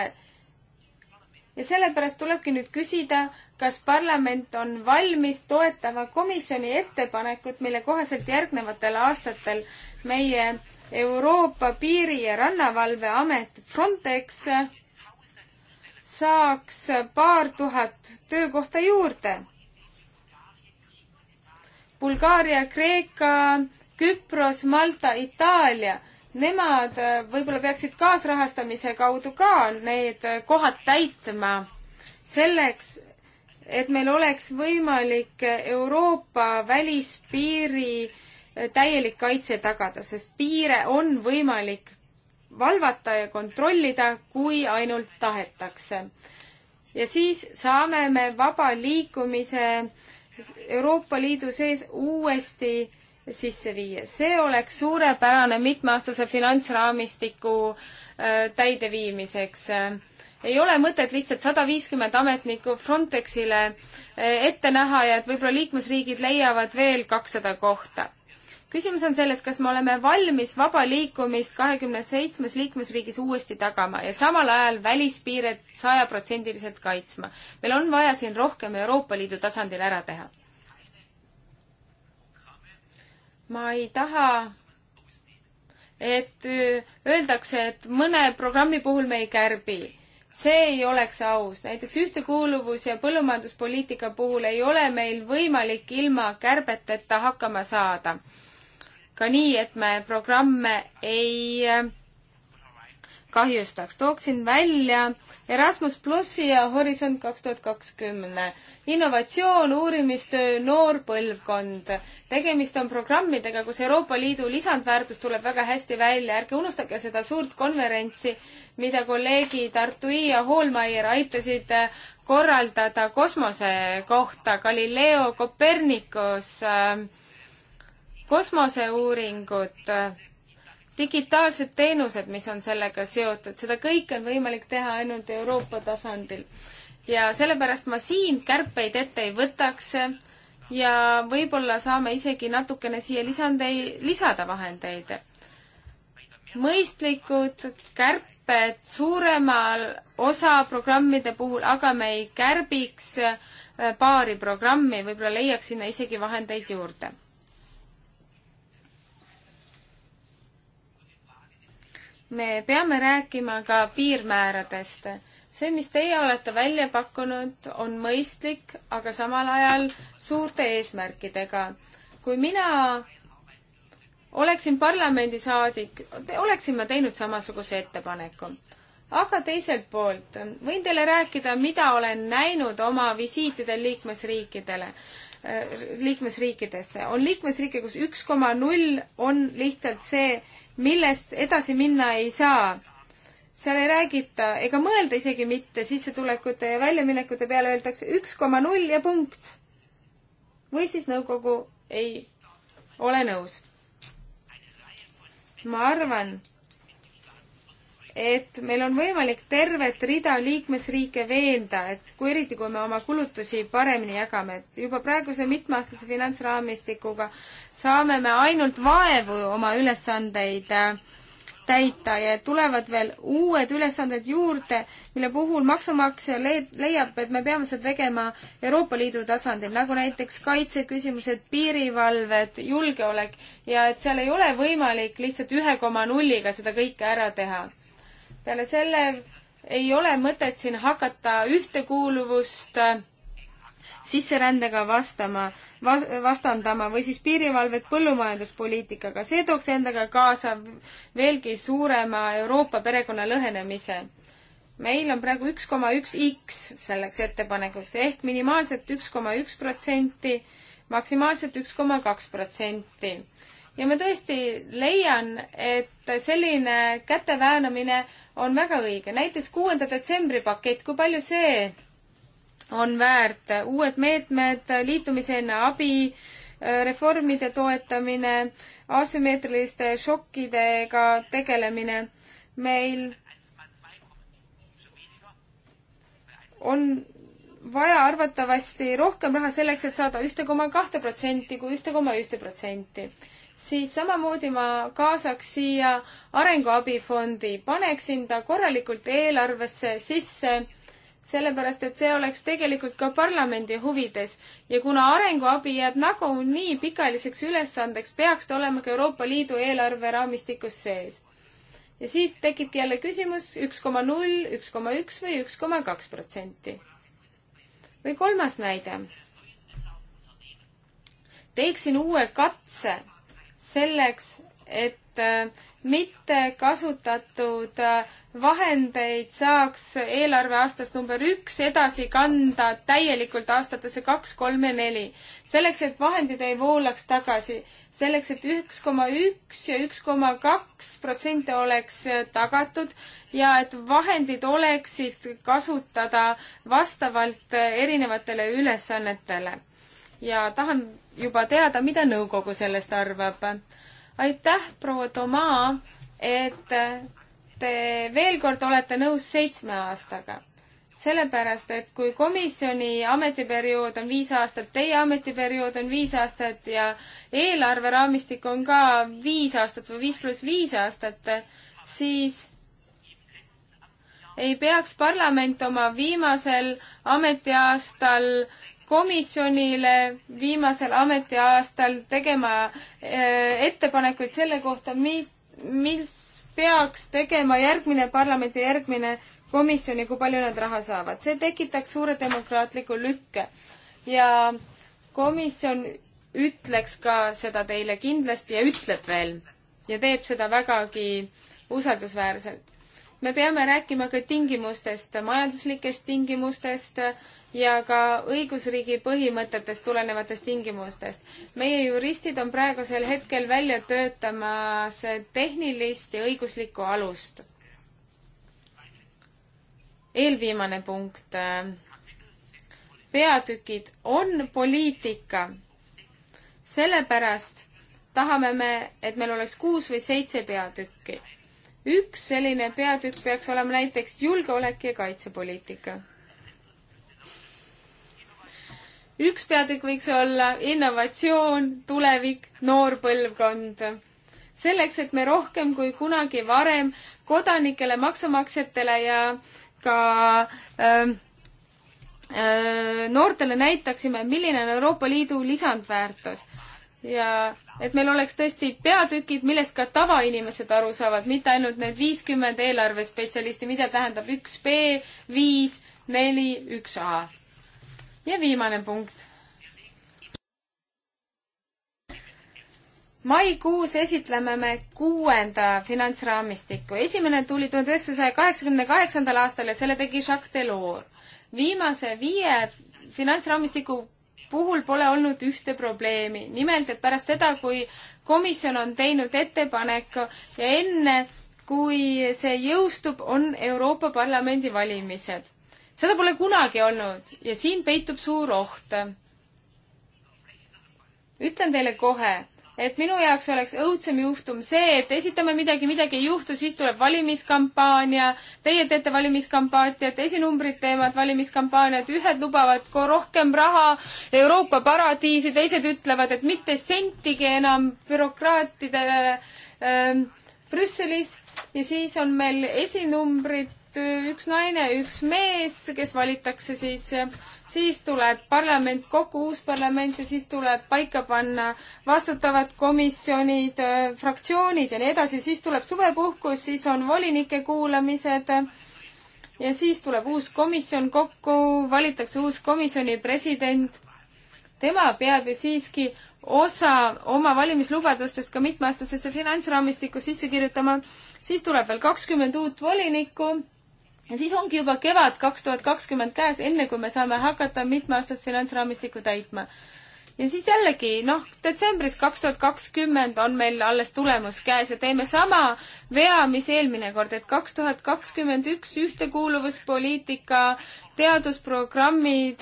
ja sellepärast tulebki nüüd küsida, kas parlament on valmis toetama komisjoni ettepanekut, mille kohaselt järgnevatel aastatel meie Euroopa Piiri- ja Rannavalveamet Frontex saaks paar tuhat töökohta juurde Bulgaaria, Kreeka, Küpros, Malta, Itaalia, nemad äh, võib-olla peaksid kaasrahastamise kaudu ka need äh, kohad täitma selleks, et meil oleks võimalik äh, Euroopa välispiiri täielik kaitse tagada, sest piire on võimalik valvata ja kontrollida, kui ainult tahetakse. ja siis saame me vaba liikumise äh, Euroopa Liidu sees uuesti sisse viia. see oleks suurepärane mitmeaastase finantsraamistiku äh, täideviimiseks. ei ole mõtet lihtsalt sada viiskümmend ametnikku Frontexile äh, ette näha ja et võib-olla liikmesriigid leiavad veel kakssada kohta küsimus on selles, kas me oleme valmis vaba liikumist kahekümne seitsmes liikmesriigis uuesti tagama ja samal ajal välispiired sajaprotsendiliselt kaitsma. meil on vaja siin rohkem Euroopa Liidu tasandil ära teha. ma ei taha et äh, öeldakse, et mõne programmi puhul me ei kärbi. see ei oleks aus. näiteks ühtekuuluvus ja põllumajanduspoliitika puhul ei ole meil võimalik ilma kärbeteta hakkama saada ka nii, et me programme ei äh, kahjustaks. tooksin välja Erasmus plussi ja Horisont kaks tuhat kakskümmend. innovatsioon, uurimistöö, noor põlvkond. tegemist on programmidega, kus Euroopa Liidu lisandväärtus tuleb väga hästi välja. ärge unustage seda suurt konverentsi, mida kolleegid Artui ja Hoolmeier aitasid äh, korraldada kosmose kohta Galileo Copernicus äh, kosmoseuuringud, digitaalsed teenused, mis on sellega seotud, seda kõike on võimalik teha ainult Euroopa tasandil. ja sellepärast ma siin kärpeid ette ei võtaks ja võib-olla saame isegi natukene siia lisandei, lisada vahendeid. mõistlikud kärped suuremal osa programmide puhul, aga me ei kärbiks äh, paari programmi, võib-olla leiaks sinna isegi vahendeid juurde me peame rääkima ka piirmääradest. see, mis teie olete välja pakkunud, on mõistlik, aga samal ajal suurte eesmärkidega. kui mina oleksin parlamendisaadik, oleksin ma teinud samasuguse ettepaneku. aga teiselt poolt võin teile rääkida, mida olen näinud oma visiitidel liikmesriikidele äh, liikmesriikidesse. on liikmesriike, kus üks koma null on lihtsalt see millest edasi minna ei saa. seal ei räägita ega mõelda isegi mitte sissetulekute ja väljaminekute peale, öeldakse üks koma null ja punkt. või siis nõukogu ei ole nõus. ma arvan, et meil on võimalik tervet rida liikmesriike veenda, et kui eriti, kui me oma kulutusi paremini jagame, et juba praeguse mitmeaastase finantsraamistikuga saame me ainult vaevu oma ülesandeid äh, täita ja tulevad veel uued ülesanded juurde, mille puhul maksumaksja leiab, et me peame seda tegema Euroopa Liidu tasandil, nagu näiteks kaitseküsimused, piirivalved, julgeolek ja et seal ei ole võimalik lihtsalt ühe koma nulliga seda kõike ära teha peale selle ei ole mõtet siin hakata ühtekuuluvust äh, sisserändega vastama, vastandama või siis piirivalvet põllumajanduspoliitikaga, see tooks endaga kaasa veelgi suurema Euroopa perekonna lõhenemise. meil on praegu üks koma üks X selleks ettepanekuks ehk minimaalselt üks koma üks protsenti, maksimaalselt üks koma kaks protsenti. ja ma tõesti leian, et selline käteväänamine on väga õige. näiteks kuuenda detsembri pakett, kui palju see on väärt? uued meetmed, liitumiseelne abi, reformide toetamine, asümmeetriliste šokkidega tegelemine. meil on vaja arvatavasti rohkem raha selleks, et saada ühte koma kahte protsenti kui ühte koma ühte protsenti siis samamoodi ma kaasaks siia arenguabifondi, paneksin ta korralikult eelarvesse sisse, sellepärast et see oleks tegelikult ka parlamendi huvides ja kuna arenguabi jääb nagunii pikaajaliseks ülesandeks, peaks ta olema ka Euroopa Liidu eelarve raamistikus sees. ja siit tekibki jälle küsimus üks koma null, üks koma üks või üks koma kaks protsenti. või kolmas näide. teeksin uue katse selleks, et äh, mitte kasutatud äh, vahendeid saaks eelarveaastast number üks edasi kanda täielikult aastatesse kaks, kolm ja neli. selleks, et vahendid ei voolaks tagasi, selleks, et üks koma üks ja üks koma kaks protsenti oleks äh, tagatud ja et vahendid oleksid kasutada vastavalt erinevatele ülesannetele. ja tahan juba teada, mida nõukogu sellest arvab. aitäh, proua Toma, et te veel kord olete nõus seitsme aastaga. sellepärast, et kui komisjoni ametiperiood on viis aastat, teie ametiperiood on viis aastat ja eelarveraamistik on ka viis aastat või viis pluss viis aastat, siis ei peaks parlament oma viimasel ametiaastal komisjonile viimasel ametiaastal tegema äh, ettepanekuid selle kohta, mis peaks tegema järgmine parlament ja järgmine komisjon ja kui palju nad raha saavad. see tekitaks suure demokraatliku lükke ja komisjon ütleks ka seda teile kindlasti ja ütleb veel ja teeb seda vägagi usaldusväärselt me peame rääkima ka tingimustest, majanduslikest tingimustest ja ka õigusriigi põhimõtetest tulenevatest tingimustest. meie juristid on praegusel hetkel välja töötamas tehnilist ja õiguslikku alust. eelviimane punkt. peatükid on poliitika. sellepärast tahame me, et meil oleks kuus või seitse peatükki üks selline peatükk peaks olema näiteks julgeolek ja kaitsepoliitika. üks peatükk võiks olla innovatsioon, tulevik, noor põlvkond. selleks, et me rohkem kui kunagi varem kodanikele, maksumaksjatele ja ka äh, äh, noortele näitaksime, milline on Euroopa Liidu lisandväärtus ja et meil oleks tõesti peatükid, millest ka tavainimesed aru saavad, mitte ainult need viiskümmend eelarvespetsialisti, mida tähendab üks B, viis, neli, üks A. ja viimane punkt. maikuus esitleme me kuuenda finantsraamistiku. esimene tuli tuhande üheksasaja kaheksakümne kaheksandal aastal ja selle tegi Jacques Delors. viimase viie finantsraamistiku puhul pole olnud ühte probleemi. nimelt, et pärast seda, kui komisjon on teinud ettepaneku ja enne, kui see jõustub, on Euroopa Parlamendi valimised. seda pole kunagi olnud ja siin peitub suur oht. ütlen teile kohe et minu jaoks oleks õudsem juhtum see, et esitame midagi, midagi ei juhtu, siis tuleb valimiskampaania, teie teete valimiskampaaniat, esinumbrid teevad valimiskampaaniat, ühed lubavad rohkem raha Euroopa paradiisi, teised ütlevad, et mitte sentigi enam bürokraatidele äh, Brüsselis ja siis on meil esinumbrid, äh, üks naine, üks mees, kes valitakse siis äh, siis tuleb parlament kokku, uus parlament ja siis tuleb paika panna vastutavad komisjonid, äh, fraktsioonid ja nii edasi, siis tuleb suvepuhkus, siis on volinike kuulamised ja siis tuleb uus komisjon kokku, valitakse uus komisjoni president. tema peab ju siiski osa oma valimislubadustest ka mitmeaastasesse finantsraamistikku sisse kirjutama, siis tuleb veel kakskümmend uut volinikku ja siis ongi juba kevad kaks tuhat kakskümmend käes, enne kui me saame hakata mitmeaastast finantsraamistikku täitma. ja siis jällegi, noh, detsembris kaks tuhat kakskümmend on meil alles tulemus käes ja teeme sama vea, mis eelmine kord, et kaks tuhat kakskümmend üks ühtekuuluvuspoliitika, teadusprogrammid,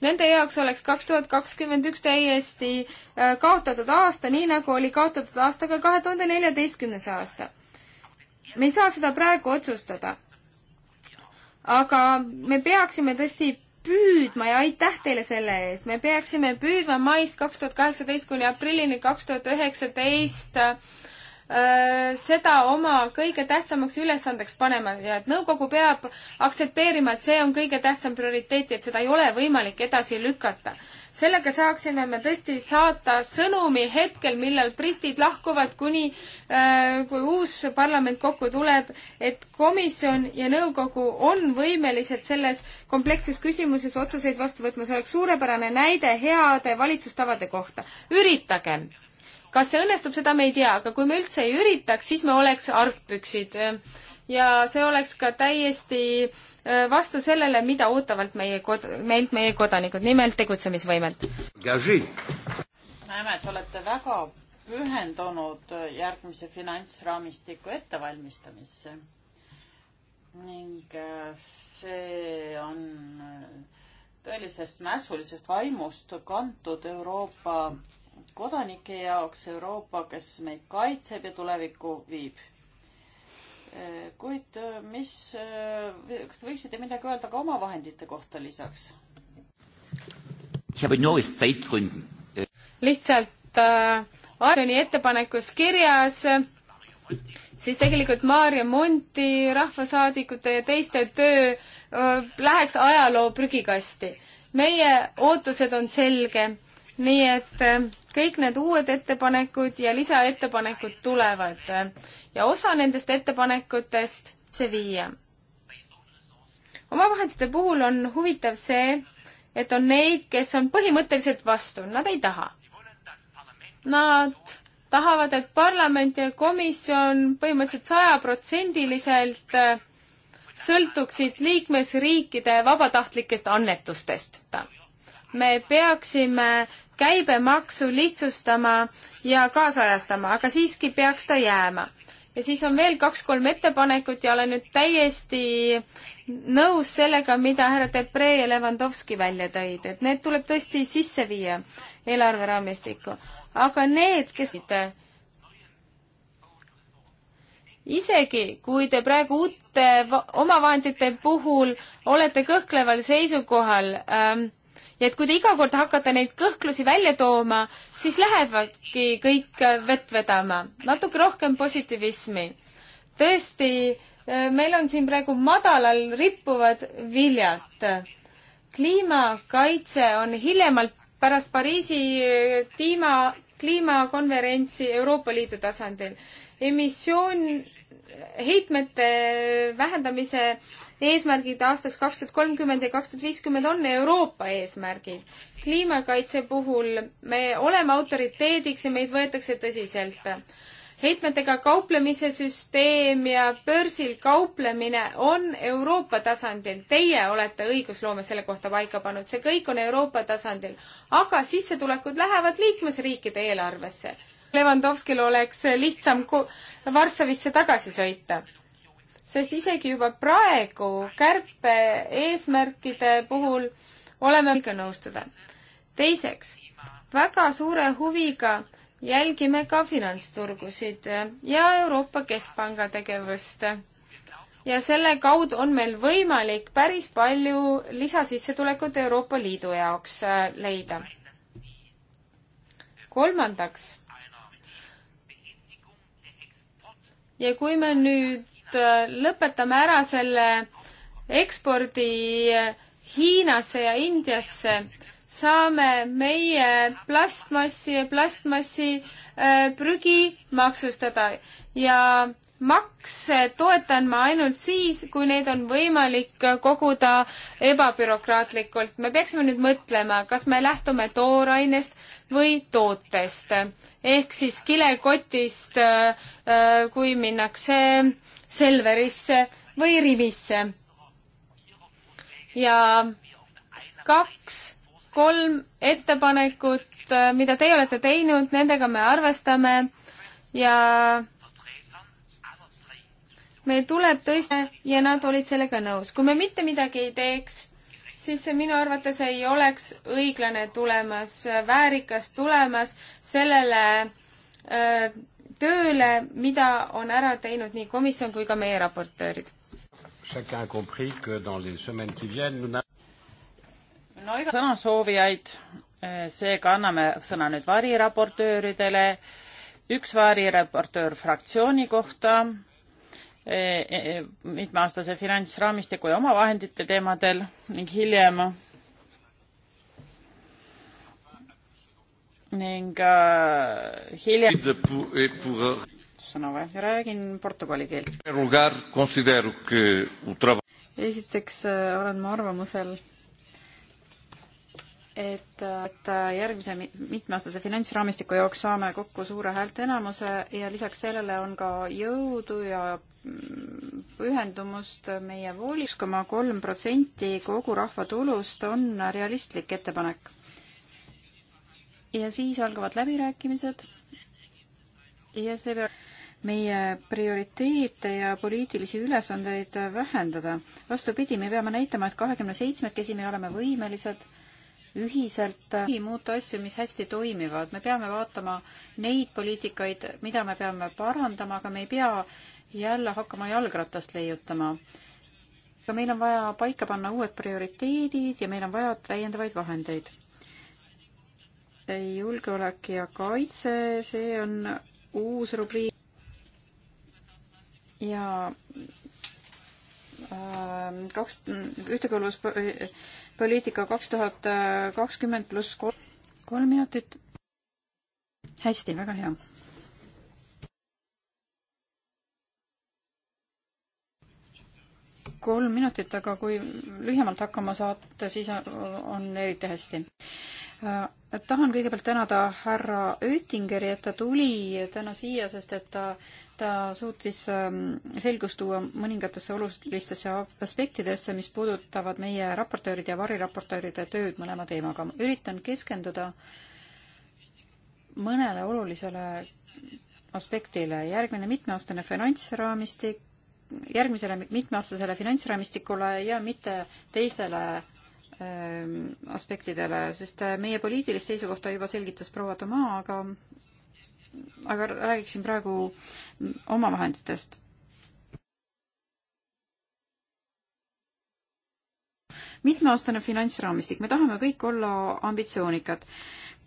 nende jaoks oleks kaks tuhat kakskümmend üks täiesti äh, kaotatud aasta, nii nagu oli kaotatud aasta ka kahe tuhande neljateistkümnes aasta. me ei saa seda praegu otsustada aga me peaksime tõesti püüdma ja aitäh teile selle eest, me peaksime püüdma maist kaks tuhat kaheksateist kuni aprillini kaks tuhat üheksateist äh, seda oma kõige tähtsamaks ülesandeks panema ja et nõukogu peab aktsepteerima, et see on kõige tähtsam prioriteet ja et seda ei ole võimalik edasi lükata sellega saaksime me tõesti saata sõnumi hetkel, millal britid lahkuvad, kuni äh, kui uus parlament kokku tuleb, et komisjon ja nõukogu on võimelised selles kompleksses küsimuses otsuseid vastu võtma, see oleks suurepärane näide heade valitsustavade kohta. üritagem! kas see õnnestub, seda me ei tea, aga kui me üldse ei üritaks, siis me oleks argpüksid äh, ja see oleks ka täiesti äh, vastu sellele, mida ootavad meie kod-, meilt meie kodanikud, nimelt tegutsemisvõimet. näeme, et olete väga pühendunud järgmise finantsraamistiku ettevalmistamisse ning äh, see on äh, tõelisest mässulisest vaimust kantud Euroopa kodanike jaoks, Euroopa, kes meid kaitseb ja tulevikku viib kuid äh, mis, äh, kas te võiksite midagi öelda ka omavahendite kohta lisaks? Äh, lihtsalt äh, Arjoni ettepanekus kirjas, siis tegelikult Maarja Monti, rahvasaadikute ja teiste töö äh, läheks ajaloo prügikasti. meie ootused on selge, nii et äh, kõik need uued ettepanekud ja lisaettepanekud tulevad ja osa nendest ettepanekutest see viia. omavahendite puhul on huvitav see, et on neid, kes on põhimõtteliselt vastu, nad ei taha. Nad tahavad, et parlament ja komisjon põhimõtteliselt sajaprotsendiliselt sõltuksid liikmesriikide vabatahtlikest annetustest. me peaksime käibemaksu lihtsustama ja kaasajastama, aga siiski peaks ta jääma. ja siis on veel kaks-kolm ettepanekut ja olen nüüd täiesti nõus sellega, mida härra Depre ja Levanovski välja tõid, et need tuleb tõesti sisse viia eelarveraamistikku. aga need, kes isegi kui te praegu uute omavahendite puhul olete kõhkleval seisukohal ähm,, ja et kui te iga kord hakkate neid kõhklusi välja tooma, siis lähevadki kõik vett vedama. natuke rohkem positiivismi. tõesti, eh, meil on siin praegu madalal rippuvad viljad. kliimakaitse on hiljemalt pärast Pariisi eh, kliima, kliimakonverentsi Euroopa Liidu tasandil. emissioon, heitmete vähendamise äh, eesmärgid aastaks kaks tuhat kolmkümmend ja kaks tuhat viiskümmend on Euroopa eesmärgid. kliimakaitse puhul me oleme autoriteediks ja meid võetakse tõsiselt. heitmetega kauplemise süsteem ja börsil kauplemine on Euroopa tasandil. Teie olete õigusloome selle kohta paika pannud, see kõik on Euroopa tasandil. aga sissetulekud lähevad liikmesriikide eelarvesse Levandovskil oleks lihtsam Varssavisse tagasi sõita sest isegi juba praegu kärpe eesmärkide puhul oleme ikka nõustuda. teiseks, väga suure huviga jälgime ka finantsturgusid ja Euroopa Keskpanga tegevust. ja selle kaudu on meil võimalik päris palju lisasissetulekut Euroopa Liidu jaoks äh, leida. kolmandaks, ja kui me nüüd et äh, lõpetame ära selle ekspordi Hiinasse ja Indiasse, saame meie plastmassi ja plastmassi äh, prügi maksustada ja makse toetan ma ainult siis, kui neid on võimalik koguda ebabürokraatlikult. me peaksime nüüd mõtlema, kas me lähtume toorainest või tootest ehk siis kilekotist, äh, kui minnakse Selverisse või Rivisse. ja kaks-kolm ettepanekut, äh, mida teie olete teinud, nendega me arvestame ja meil tuleb tõesti ja nad olid sellega nõus. kui me mitte midagi ei teeks, siis see minu arvates ei oleks õiglane tulemas, väärikas tulemas sellele öö, äh, tööle, mida on ära teinud nii komisjon kui ka meie raportöörid. no iga sõnasoovijaid, eh, seega anname sõna nüüd variraportööridele, üks variraportöör fraktsiooni kohta, eh, eh, mitmeaastase finantsraamistiku ja omavahendite teemadel ning hiljem ning äh, hiljem sõna või, räägin portugali keelt. esiteks äh, olen ma arvamusel, et, äh, et äh, järgmise mitmeaastase finantsraamistiku jaoks saame kokku suure häälteenamuse ja lisaks sellele on ka jõudu ja mm, pühendumust meie vooli. üks koma kolm protsenti kogu rahva tulust on realistlik ettepanek ja siis algavad läbirääkimised ja see peab meie prioriteete ja poliitilisi ülesandeid vähendada. vastupidi, me peame näitama, et kahekümne seitsmekesi me oleme võimelised ühiselt muuta asju, mis hästi toimivad. me peame vaatama neid poliitikaid, mida me peame parandama, aga me ei pea jälle hakkama jalgratast leiutama. aga meil on vaja paika panna uued prioriteedid ja meil on vaja täiendavaid vahendeid julgeolek ja kaitse, see on uus rubriik ja ähm, kaks, ühtekuuluvuspoliitika kaks tuhat kakskümmend pluss kolm, kolm minutit. hästi, väga hea. kolm minutit, aga kui lühemalt hakkama saate, siis on eriti hästi Äh, tahan kõigepealt tänada härra Oettingeri, et ta tuli täna siia, sest et ta, ta suutis ähm, selgust tuua mõningatesse olulistesse aspektidesse, mis puudutavad meie raportööride ja variraportööride tööd mõlema teemaga. üritan keskenduda mõnele olulisele aspektile. järgmine mitmeaastane finantsraamistik, järgmisele mitmeaastasele finantsraamistikule ja mitte teisele Ähm, aspektidele, sest äh, meie poliitilist seisukohta juba selgitas proua Tomaa, aga aga räägiksin praegu omavahenditest. mitmeaastane finantsraamistik, me tahame kõik olla ambitsioonikad.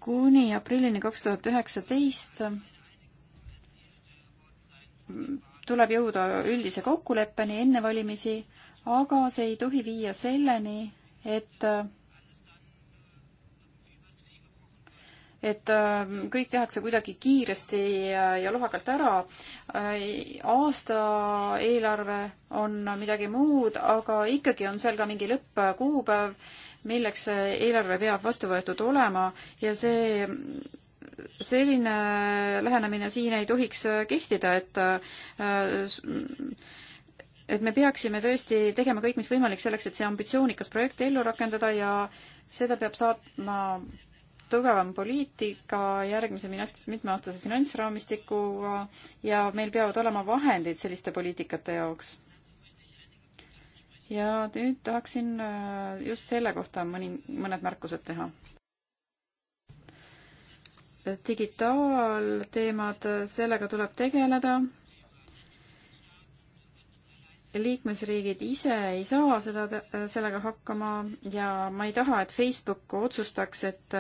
kuni aprillini kaks tuhat üheksateist tuleb jõuda üldise kokkuleppeni enne valimisi, aga see ei tohi viia selleni, et et äh, kõik tehakse kuidagi kiiresti ja, ja lohakalt ära. Äh, aasta eelarve on midagi muud, aga ikkagi on seal ka mingi lõppkuupäev, milleks eelarve peab vastu võetud olema ja see selline lähenemine siin ei tohiks kehtida, et äh, et me peaksime tõesti tegema kõik, mis võimalik selleks, et see ambitsioonikas projekt ellu rakendada ja seda peab saatma tugevam poliitika järgmise mitmeaastase finantsraamistikuga ja meil peavad olema vahendid selliste poliitikate jaoks. ja nüüd tahaksin äh, just selle kohta mõni, mõned märkused teha. digitaalteemad, sellega tuleb tegeleda liikmesriigid ise ei saa seda, sellega hakkama ja ma ei taha, et Facebook otsustaks, et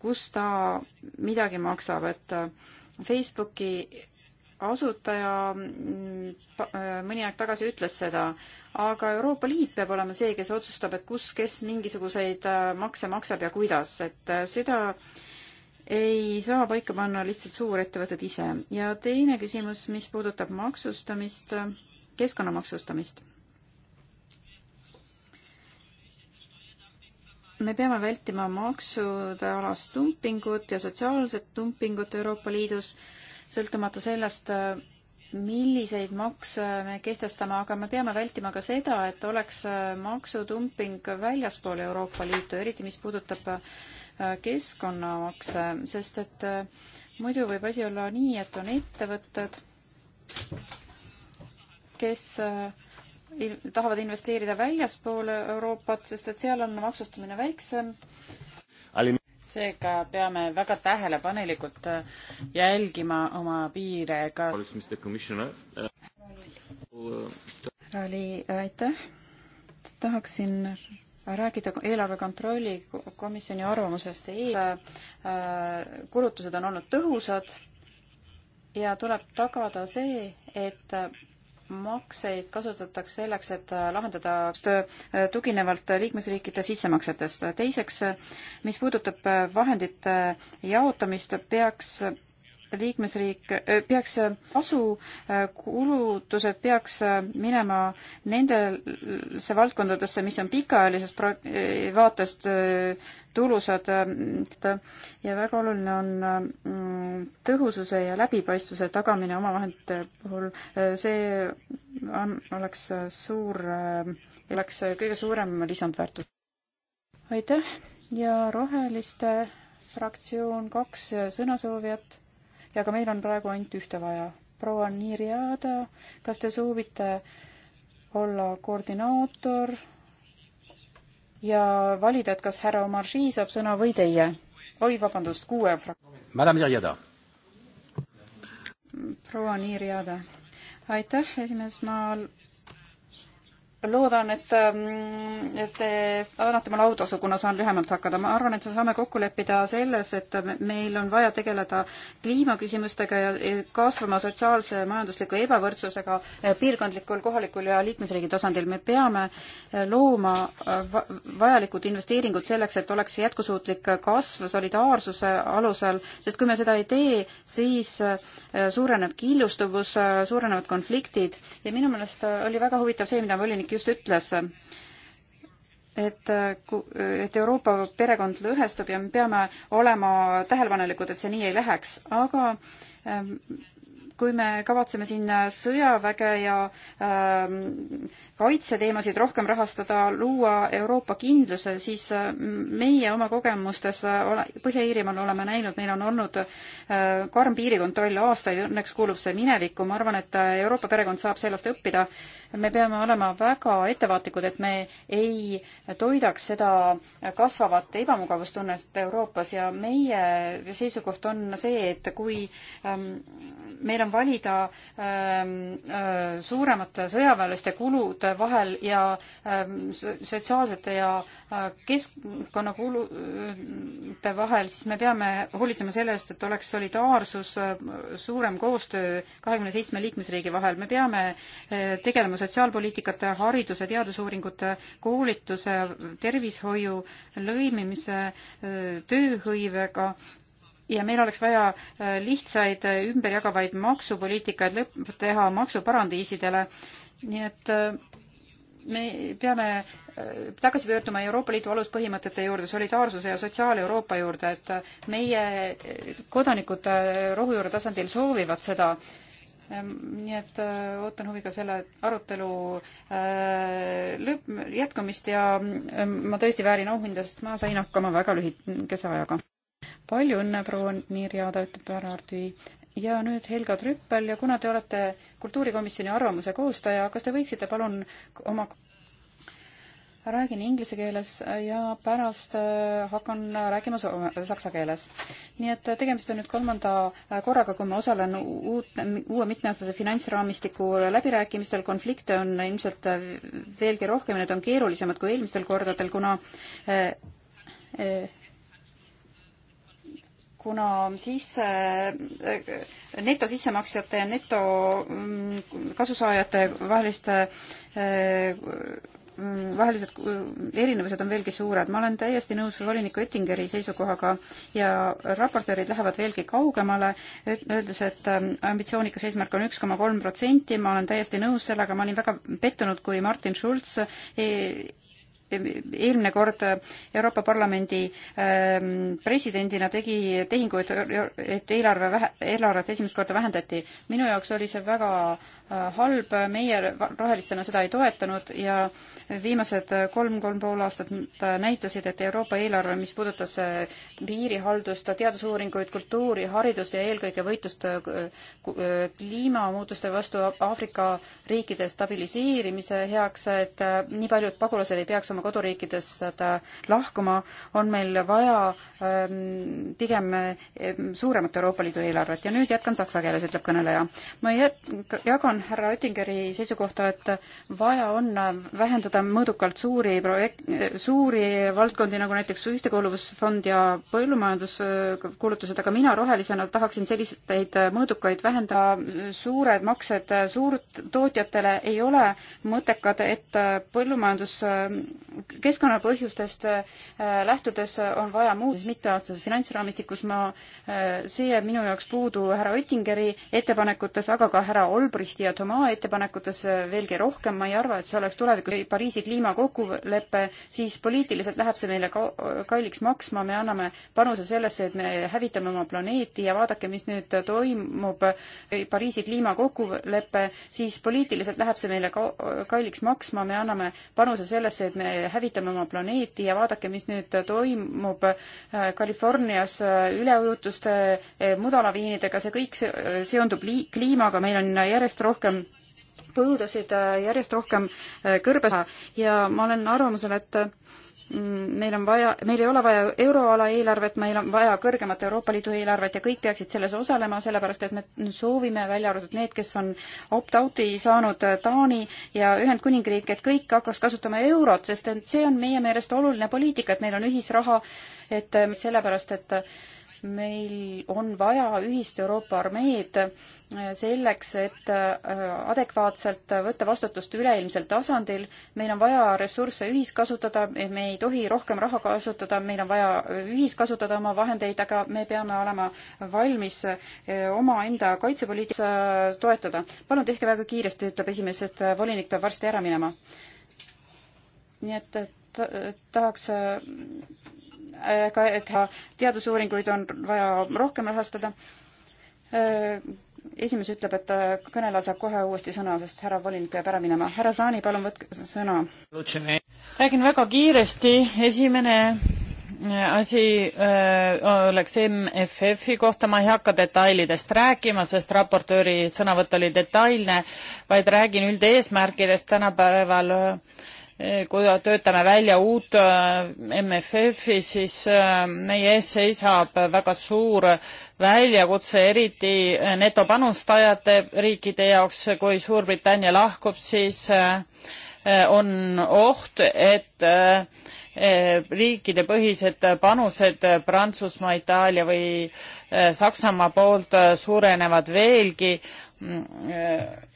kus ta midagi maksab, et Facebooki asutaja mõni aeg tagasi ütles seda, aga Euroopa Liit peab olema see, kes otsustab, et kus, kes mingisuguseid makse maksab ja kuidas, et seda ei saa paika panna lihtsalt suurettevõtted ise. ja teine küsimus, mis puudutab maksustamist, keskkonnamaksustamist. me peame vältima maksude alast dumpingut ja sotsiaalset dumpingut Euroopa Liidus, sõltumata sellest, milliseid makse me kehtestame, aga me peame vältima ka seda, et oleks maksudumping väljaspool Euroopa Liitu, eriti mis puudutab äh, keskkonnamakse, sest et äh, muidu võib asi olla nii, et on ettevõtted, kes äh, tahavad investeerida väljaspoole Euroopat, sest et seal on maksustamine väiksem. seega peame väga tähelepanelikult äh, jälgima oma piire ka. härra äh, Li, aitäh. tahaksin rääkida eelarve kontrolli komisjoni arvamusest. kulutused on olnud tõhusad ja tuleb tagada see, et makseid kasutatakse selleks, et äh, lahendada äh, tuginevalt äh, liikmesriikide sissemaksetest. teiseks, mis puudutab vahendite jaotamist, peaks liikmesriik äh, peaks tasu äh, kulutused peaks äh, minema nendesse valdkondadesse, mis on pikaajalisest vaatest tulusad ja väga oluline on mm, tõhususe ja läbipaistvuse tagamine omavahendite puhul. see on, oleks suur, oleks kõige suurem lisandväärtus. aitäh ja Roheliste fraktsioon kaks sõnasoovijat ja ka meil on praegu ainult ühte vaja. proua Niriada, kas te soovite olla koordinaator ja valida, et kas härra Omarži saab sõna või teie? oi, vabandust, kuue frak-. Madame Niriada. proua Niriada. aitäh, esimees, ma loodan, et, ähm, et te annate mulle autasu, kuna saan lühemalt hakata. ma arvan, et me saame kokku leppida selles, et meil on vaja tegeleda kliimaküsimustega ja kasvama sotsiaalse ja majandusliku ebavõrdsusega äh, piirkondlikul, kohalikul ja liikmesriigi tasandil. me peame äh, looma äh, vajalikud investeeringud selleks, et oleks jätkusuutlik kasv solidaarsuse alusel, sest kui me seda ei tee, siis suureneb killustuvus, suurenevad konfliktid ja minu meelest oli väga huvitav see, mida volinik volinik just ütles, et, et Euroopa perekond lõhestub ja me peame olema tähelepanelikud, et see nii ei läheks, aga ähm, kui me kavatseme siin sõjaväge ja ähm, kaitseteemasid rohkem rahastada, luua Euroopa kindluse, siis äh, meie oma kogemustes äh, Põhja-Iirimaal oleme näinud, meil on olnud äh, karm piirikontroll aastaid, õnneks kuulub see minevikku, ma arvan, et Euroopa perekond saab sellest õppida. me peame olema väga ettevaatlikud, et me ei toidaks seda kasvavat ebamugavustunnet Euroopas ja meie seisukoht on see, et kui ähm, meil on valida ähm, suuremate sõjaväelaste kulud vahel ja ähm, sotsiaalsete ja äh, keskkonnakulude vahel, siis me peame hoolitsema selle eest, et oleks solidaarsus, äh, suurem koostöö kahekümne seitsme liikmesriigi vahel. me peame äh, tegelema sotsiaalpoliitikate, hariduse, teadusuuringute, koolituse, tervishoiu, lõimimise, tööhõivega ja meil oleks vaja lihtsaid ümberjagavaid maksupoliitikaid lõpp teha maksuparadiisidele. nii et äh, me peame äh, tagasi pöörduma Euroopa Liidu aluspõhimõtete juurde, solidaarsuse ja sotsiaal-Euroopa juurde, et äh, meie äh, kodanikud rohujuure tasandil soovivad seda. Ehm, nii et ootan huviga selle arutelu lõpp, jätkumist ja ehm, ma tõesti väärin auhinda, sest ma sain hakkama väga lühikese ajaga. palju õnne, proua Nirja, ta ütleb härra Artüi ja nüüd Helga Trüppel ja kuna te olete kultuurikomisjoni arvamuse koostaja, kas te võiksite palun oma räägin inglise keeles ja pärast äh, hakkan äh, rääkima saksa keeles. nii et äh, tegemist on nüüd kolmanda korraga, kui ma osalen uut, uue mitmeaastase finantsraamistiku läbirääkimistel. konflikte on ilmselt veelgi rohkem ja need on keerulisemad kui eelmistel kordadel, kuna kuna sisse, netosissemaksjate ja netokasusaajate mm, vaheliste mm, vahelised mm, erinevused on veelgi suured. ma olen täiesti nõus volinik Oettingeri seisukohaga ja raportöörid lähevad veelgi kaugemale, öeldes, et ähm, ambitsioonikas eesmärk on üks koma kolm protsenti, ma olen täiesti nõus sellega, ma olin väga pettunud, kui Martin Schulz e, eelmine kord Euroopa Parlamendi ähm, presidendina tegi tehingu, et eelarve, eelarvet esimest korda vähendati. minu jaoks oli see väga halb, meie rohelistena seda ei toetanud ja viimased kolm, kolm pool aastat näitasid, et Euroopa eelarve, mis puudutas eh, piirihaldust, teadusuuringuid, kultuuri, haridust ja eelkõige võitlust eh, eh, kliimamuutuste vastu Aafrika riikide stabiliseerimise heaks, et nii paljud pagulased ei peaks oma koduriikidest lahkuma, on meil vaja ehm, pigem suuremat Euroopa Liidu eelarvet ja nüüd jätkan saksa keeles, ütleb kõneleja. ma jät-, jagan härra Oettingeri seisukohta, et vaja on vähendada mõõdukalt suuri projekt, suuri valdkondi, nagu näiteks Ühtekuuluvusfond ja põllumajanduskulutused, aga mina rohelisena tahaksin selliseid mõõdukaid vähendada. suured maksed suurtootjatele ei ole mõttekad, et põllumajandus keskkonnapõhjustest äh, lähtudes on vaja muud mitteaastases finantsraamistikus. ma, äh, see jääb minu jaoks puudu härra Oettingeri ettepanekutes, aga ka härra Olbrichti ja ja Tomaa ettepanekutesse veelgi rohkem, ma ei arva, et see oleks tulevikus Pariisi kliimakokkulepe, siis poliitiliselt läheb see meile ka-, kalliks maksma, me anname panuse sellesse, et me hävitame oma planeeti ja vaadake, mis nüüd toimub, Pariisi kliimakokkulepe, siis poliitiliselt läheb see meile ka-, kalliks maksma, me anname panuse sellesse, et me hävitame oma planeeti ja vaadake, mis nüüd toimub äh, Californias äh, üleujutuste äh, mudalaviinidega, see kõik seondub lii-, kliimaga, meil on järjest rohkem rohkem põõdasid, järjest rohkem äh, kõrbes ja ma olen arvamusel, et mm, meil on vaja, meil ei ole vaja euroala eelarvet, meil on vaja kõrgemat Euroopa Liidu eelarvet ja kõik peaksid selles osalema, sellepärast et me soovime, välja arvatud need, kes on opt-out'i saanud äh, Taani ja Ühendkuningriik, et kõik hakkaks kasutama eurot, sest et see on meie meelest oluline poliitika, et meil on ühisraha, et äh, sellepärast, et meil on vaja ühist Euroopa armeed äh, selleks, et äh, adekvaatselt võtta vastutust üleilmsel tasandil. meil on vaja ressursse ühiskasutada, me ei tohi rohkem raha kasutada, meil on vaja ühiskasutada oma vahendeid, aga me peame olema valmis äh, omaenda kaitsepoliitikas toetada. palun tehke väga kiiresti, ütleb esimees, sest volinik peab varsti ära minema. nii et tahaks Äh, ka teha, teadusuuringuid on vaja rohkem rahastada. Äh, esimees ütleb, et äh, kõneleja saab kohe uuesti sõna, sest härra volinik peab ära minema. härra Saani, palun võtke sõna. räägin väga kiiresti, esimene asi öö, oleks MFF-i kohta, ma ei hakka detailidest rääkima, sest raportööri sõnavõtt oli detailne, vaid räägin üldeesmärkidest tänapäeval öö, Eh, kui töötame välja uut eh, MFF-i, siis eh, meie ees seisab väga suur väljakutse, eriti netopanustajate riikide jaoks, kui Suurbritannia lahkub, siis on oht, et riikide põhised panused Prantsusmaa, Itaalia või Saksamaa poolt suurenevad veelgi mm,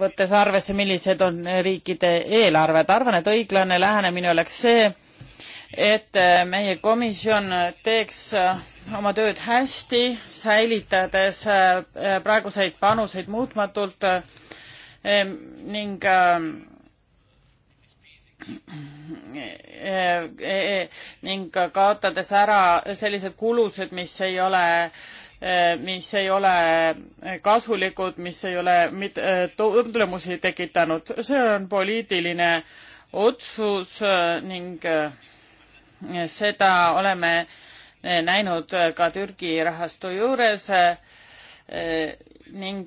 võttes arvesse, millised on riikide eelarved. arvan, et õiglane lähenemine oleks see, et eh, meie komisjon teeks eh, oma tööd hästi, säilitades eh, praeguseid panuseid muutmatult ning ning kaotades ära sellised kulused, mis ei ole äh, Eh, mis ei ole kasulikud, mis ei ole mit-, eh, tulemusi tekitanud. see on poliitiline otsus eh, ning seda oleme näinud ka Türgi rahastu juures ning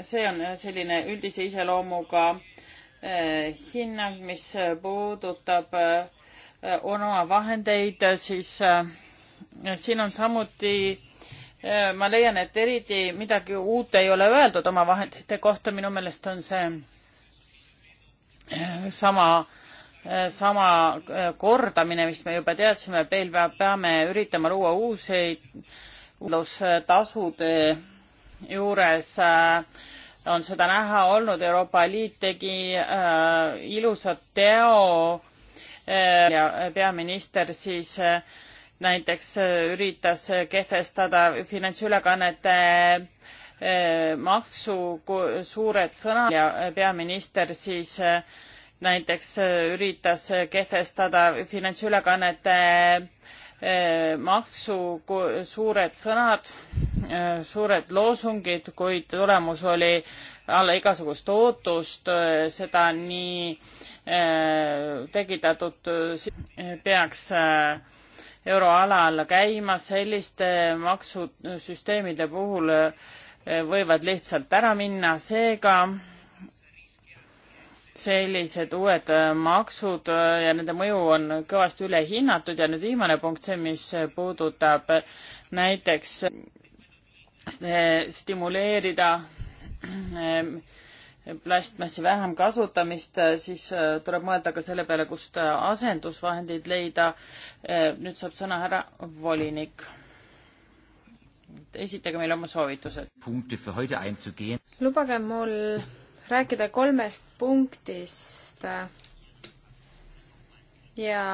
see on selline üldise iseloomuga hinnang, mis puudutab oma vahendeid, siis siin on samuti Äh, ma leian, et eriti midagi uut ei ole öeldud oma vahendite kohta, minu meelest on see äh, sama, äh, sama kordamine, mis me juba teadsime, et meil peab, peame üritama luua uuseid tasude juures on seda näha olnud, Euroopa Liit tegi äh, ilusa teo äh, ja peaminister siis äh, näiteks äh, üritas äh, kehtestada finantsülekannete äh, maksu, suured sõnad ja peaminister siis näiteks üritas kehtestada finantsülekannete maksu, suured sõnad, suured loosungid, kuid tulemus oli alla igasugust ootust, seda nii tekitatud peaks äh, euroalal käimas, selliste maksusüsteemide puhul eh, võivad lihtsalt ära minna, seega sellised uued eh, maksud eh, ja nende mõju on kõvasti ülehinnatud ja nüüd viimane punkt, see, mis puudutab näiteks stimuleerida plastmassi vähem kasutamist, siis tuleb mõelda ka selle peale, kust asendusvahendid leida Äh, nüüd saab sõna härra volinik. esitage meile oma soovitused. lubage mul rääkida kolmest punktist ja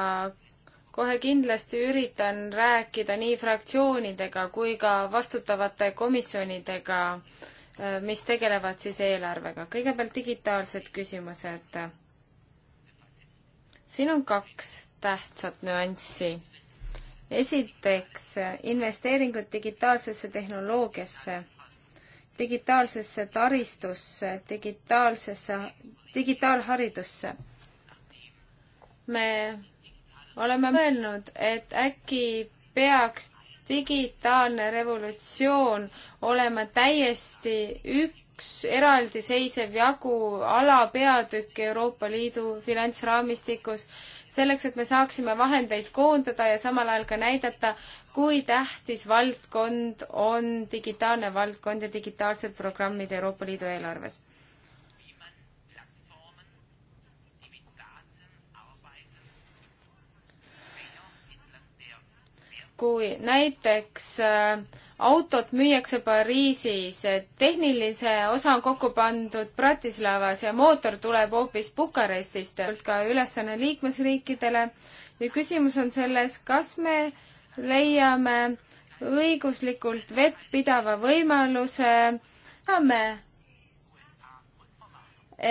kohe kindlasti üritan rääkida nii fraktsioonidega kui ka vastutavate komisjonidega, äh, mis tegelevad siis eelarvega. kõigepealt digitaalsed küsimused. siin on kaks tähtsat nüanssi. esiteks, investeeringud digitaalsesse tehnoloogiasse, digitaalsesse taristusse, digitaalsesse, digitaalharidusse. me oleme mõelnud, et äkki peaks digitaalne revolutsioon olema täiesti üks eraldiseisev jagu alapeatükk Euroopa Liidu finantsraamistikus selleks, et me saaksime vahendeid koondada ja samal ajal ka näidata, kui tähtis valdkond on digitaalne valdkond ja digitaalsed programmid Euroopa Liidu eelarves kui näiteks äh, autot müüakse Pariisis, tehnilise osa on kokku pandud Bratislavas ja mootor tuleb hoopis Bukarestist, ka ülesanne liikmesriikidele ja küsimus on selles, kas me leiame õiguslikult vettpidava võimaluse, teame,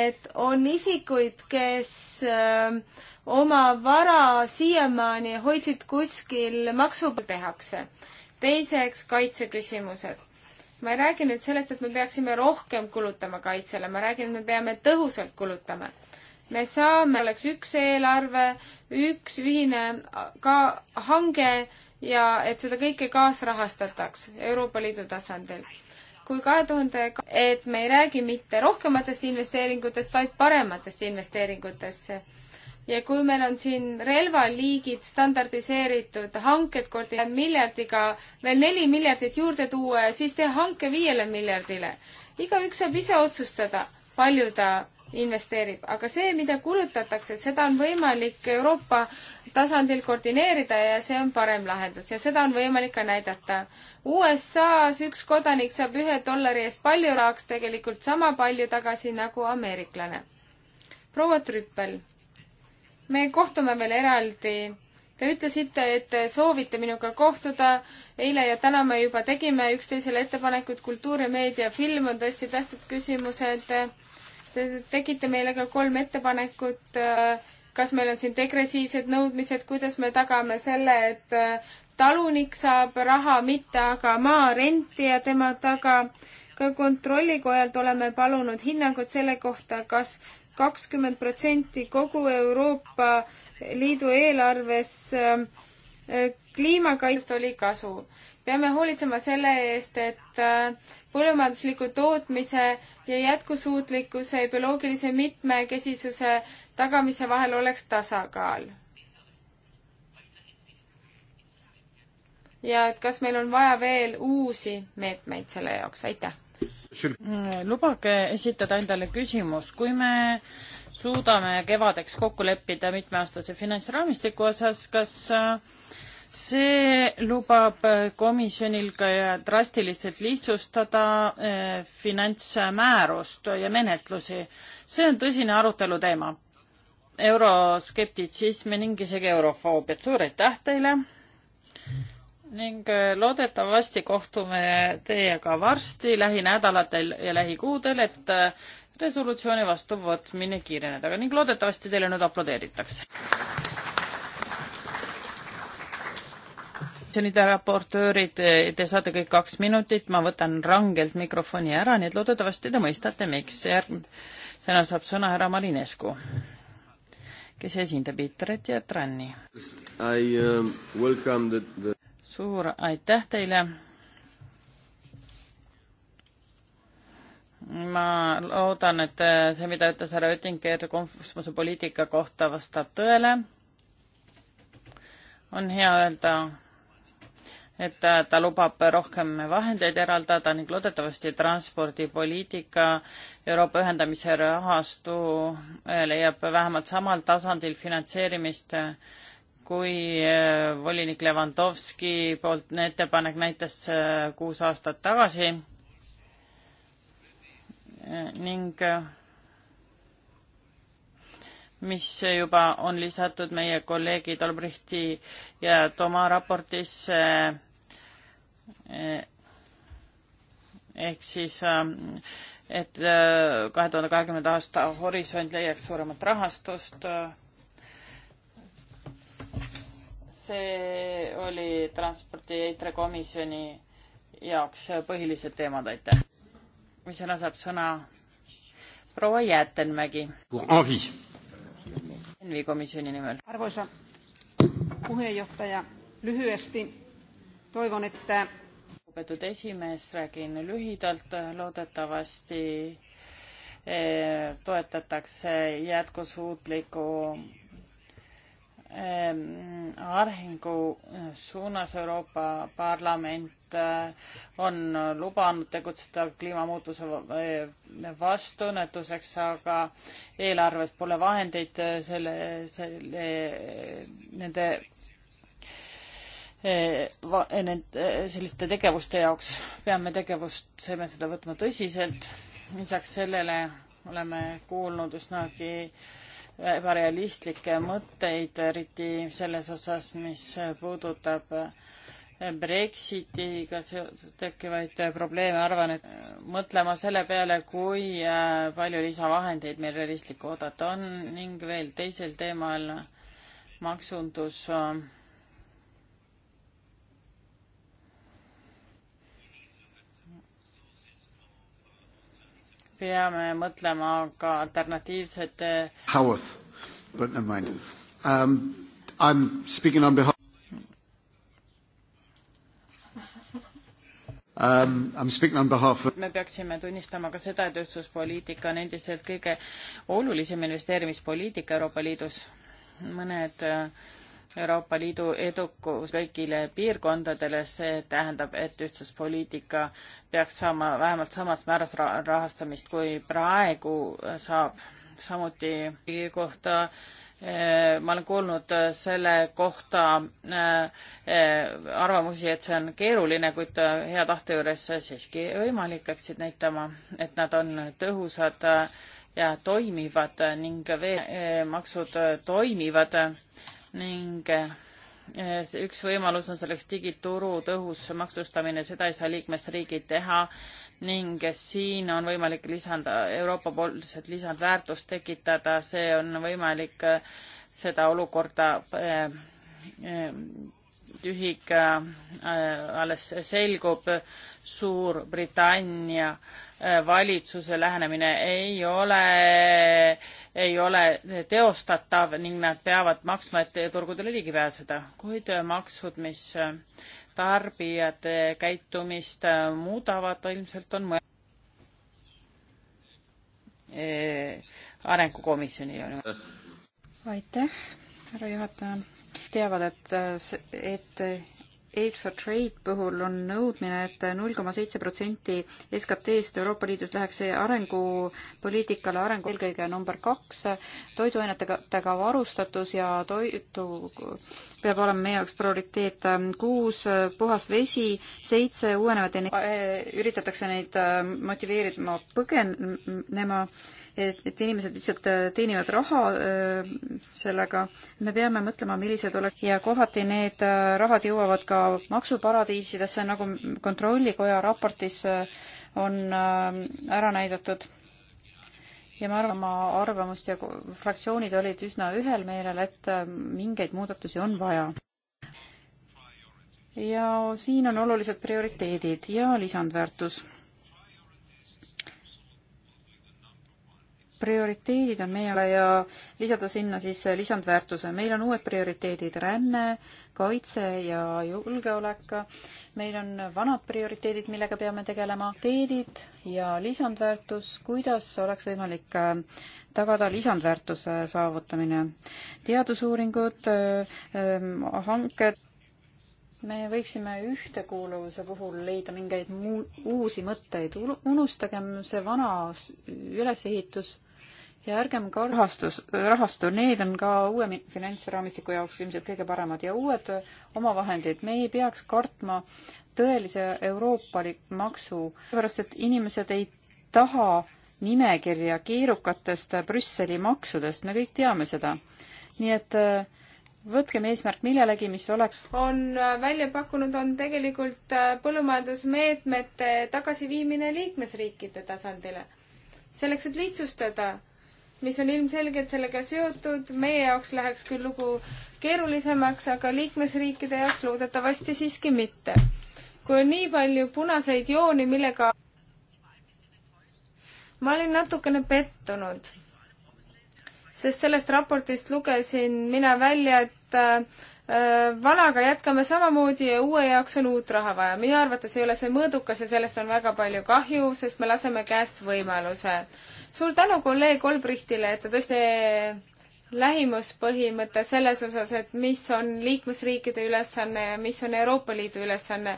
et on isikuid, kes äh, oma vara siiamaani hoidsid kuskil maksu tehakse. teiseks kaitseküsimused. ma ei räägi nüüd sellest, et me peaksime rohkem kulutama kaitsele, ma räägin, et me peame tõhusalt kulutama. me saame, oleks üks eelarve, üks ühine ka hange ja et seda kõike kaasrahastataks Euroopa Liidu tasandil kui kahe tuhande, et me ei räägi mitte rohkematest investeeringutest, vaid parematest investeeringutest ja kui meil on siin relvaliigid standardiseeritud, hanked kordi miljardiga, veel neli miljardit juurde tuua ja siis teha hanke viiele miljardile. igaüks saab ise otsustada, palju ta investeerib, aga see, mida kulutatakse, seda on võimalik Euroopa tasandil koordineerida ja see on parem lahendus ja seda on võimalik ka näidata. USA-s üks kodanik saab ühe dollari eest paljuraaks tegelikult sama palju tagasi nagu ameeriklane. proua Trüppel me kohtume veel eraldi. Te ütlesite, et te soovite minuga kohtuda. eile ja täna me juba tegime üksteisele ettepanekuid. kultuur ja meedia, film on tõesti tähtsad küsimused. Te tegite meile ka kolm ettepanekut. kas meil on siin degressiivsed nõudmised, kuidas me tagame selle, et talunik saab raha, mitte aga maarentija tema taga ka kontrollikojalt oleme palunud hinnangut selle kohta, kas kakskümmend protsenti kogu Euroopa Liidu eelarves äh, kliimakaitsest oli kasu. peame hoolitsema selle eest, et äh, põllumajandusliku tootmise ja jätkusuutlikkuse ja bioloogilise mitmekesisuse tagamise vahel oleks tasakaal. ja et kas meil on vaja veel uusi meetmeid selle jaoks, aitäh! Mm, lubage esitada endale küsimus, kui me suudame kevadeks kokku leppida mitmeaastase finantsraamistiku osas, kas äh, see lubab komisjonil ka drastiliselt lihtsustada äh, finantsmäärust ja menetlusi. see on tõsine arutelu teema. euroskeptitsismi ning isegi eurofoobiat. suur aitäh teile ning äh, loodetavasti kohtume teiega varsti lähinädalatel ja lähikuudel, et äh, resolutsiooni vastuvõtmine kiireneda, aga ning loodetavasti teile nüüd aplodeeritakse. komisjonide raportöörid, äh, te saate kõik kaks minutit, ma võtan rangelt mikrofoni ära, nii et loodetavasti te mõistate, miks. järgmisena saab sõna härra Marinescu, kes esindab Itaret ja Tranni. I um, welcome the, the suur aitäh teile. ma loodan, et see, mida ütles härra Oettinger konfusmuse poliitika kohta, vastab tõele. on hea öelda, et ta lubab rohkem vahendeid eraldada ning loodetavasti transpordipoliitika Euroopa ühendamise rahastu leiab vähemalt samal tasandil finantseerimist äh, kui äh, volinik Levanovski poolt ettepanek näitas äh, kuus aastat tagasi äh, ning mis juba on lisatud meie kolleegid Albrechti ja Toma raportisse ehk siis et kahe tuhande kahekümnenda aasta horisont leiaks suuremat rahastust see oli transpordi EITRE komisjoni jaoks põhilised teemad, aitäh. mis sõna saab sõna? proua Jäätenmägi. Envi komisjoni nimel. arvoisa puhejuhtaja, lühidasti toivon, et lugupeetud esimees, räägin lühidalt, loodetavasti eh, toetatakse jätkusuutliku arengu suunas Euroopa Parlament eh, on lubanud tegutseda kliimamuutuse eh, vastunetuseks, aga eelarves pole vahendeid eh, selle, selle, nende, nende, selliste tegevuste jaoks. peame tegevust, peame seda võtma tõsiselt. lisaks sellele oleme kuulnud üsnagi äh, ebarealistlikke mõtteid, eriti selles osas, mis puudutab Brexitiga tekkivaid probleeme, arvan, et mõtlema selle peale, kui äh, palju lisavahendeid meil realistlik oodata on ning veel teisel teemal maksundus äh, peame mõtlema ka alternatiivsete Howarth, but never mind um,. I am speaking on behalf Um, behalf... me peaksime tunnistama ka seda, et ühtsuspoliitika on endiselt kõige olulisem investeerimispoliitika Euroopa Liidus. mõned äh, Euroopa Liidu edukus kõigile piirkondadele, see tähendab, et ühtsuspoliitika peaks saama vähemalt samas määras rahastamist, kui praegu saab. samuti kohta eh, ma olen kuulnud eh, selle kohta eh, arvamusi, et see on keeruline, kuid hea tahte juures siiski võimalik, peaksid näitama, et nad on tõhusad ja toimivad ning veemaksud toimivad ning eh, üks võimalus on selleks digituru tõhus maksustamine, seda ei saa liikmesriigid teha ning siin on võimalik lisanda, Euroopa poolset lisandväärtust tekitada, see on võimalik eh, seda olukorda eh, tühik alles selgub, Suurbritannia valitsuse lähenemine ei ole ei ole teostatav ning nad peavad maksma, et turgudele ligi pääseda, kuid maksud, mis äh, tarbijate käitumist äh, muudavad, ilmselt on mõeldud äh, arengukomisjonile. aitäh, härra juhataja. teavad, et, et Aid for Trade puhul on nõudmine et, et null koma seitse protsenti SKT-st Euroopa Liidus läheks arengupoliitikale, arengu eelkõige number kaks, toiduainetega varustatus ja toitu peab olema meie jaoks prioriteet. kuus, puhas vesi, seitse, uuenevad ener-, üritatakse neid motiveerima põgenema et, et inimesed lihtsalt äh, teenivad raha äh, sellega. me peame mõtlema, millised oleks ja kohati need äh, rahad jõuavad ka maksuparadiisidesse, nagu Kontrollikoja raportis on ära näidatud ja ma arvan, oma arvamust ja fraktsioonid olid üsna ühel meelel, et mingeid muudatusi on vaja. ja siin on olulised prioriteedid ja lisandväärtus. prioriteedid on meie ja lisada sinna siis lisandväärtuse. meil on uued prioriteedid, ränne, kaitse ja julgeolek. meil on vanad prioriteedid, millega peame tegelema, teedid ja lisandväärtus, kuidas oleks võimalik äh, tagada lisandväärtuse saavutamine. teadusuuringud, äh, äh, hanked me võiksime ühtekuuluvuse puhul leida mingeid muu, uusi mõtteid, unustagem see vana ülesehitus ja ärgem ka rahastus, rahastu, need on ka uue finantsraamistiku jaoks ilmselt kõige paremad ja uued omavahendid, me ei peaks kartma tõelise euroopaliku maksu, sellepärast et inimesed ei taha nimekirja keerukatest Brüsseli maksudest, me kõik teame seda. nii et äh, võtkem eesmärk millelegi, mis oleks. on äh, välja pakkunud, on tegelikult äh, põllumajandusmeetmete tagasiviimine liikmesriikide tasandile selleks, et lihtsustada mis on ilmselgelt sellega seotud. meie jaoks läheks küll lugu keerulisemaks, aga liikmesriikide jaoks loodetavasti siiski mitte. kui on nii palju punaseid jooni, millega ma olin natukene pettunud, sest sellest raportist lugesin mina välja, et äh, Äh, vanaga jätkame samamoodi ja uue jaoks on uut raha vaja. minu arvates ei ole see mõõdukas ja sellest on väga palju kahju, sest me laseme käest võimaluse. suur tänu kolleeg Olbrichtile, et ta tõesti lähimuspõhimõte selles osas, et mis on liikmesriikide ülesanne ja mis on Euroopa Liidu ülesanne.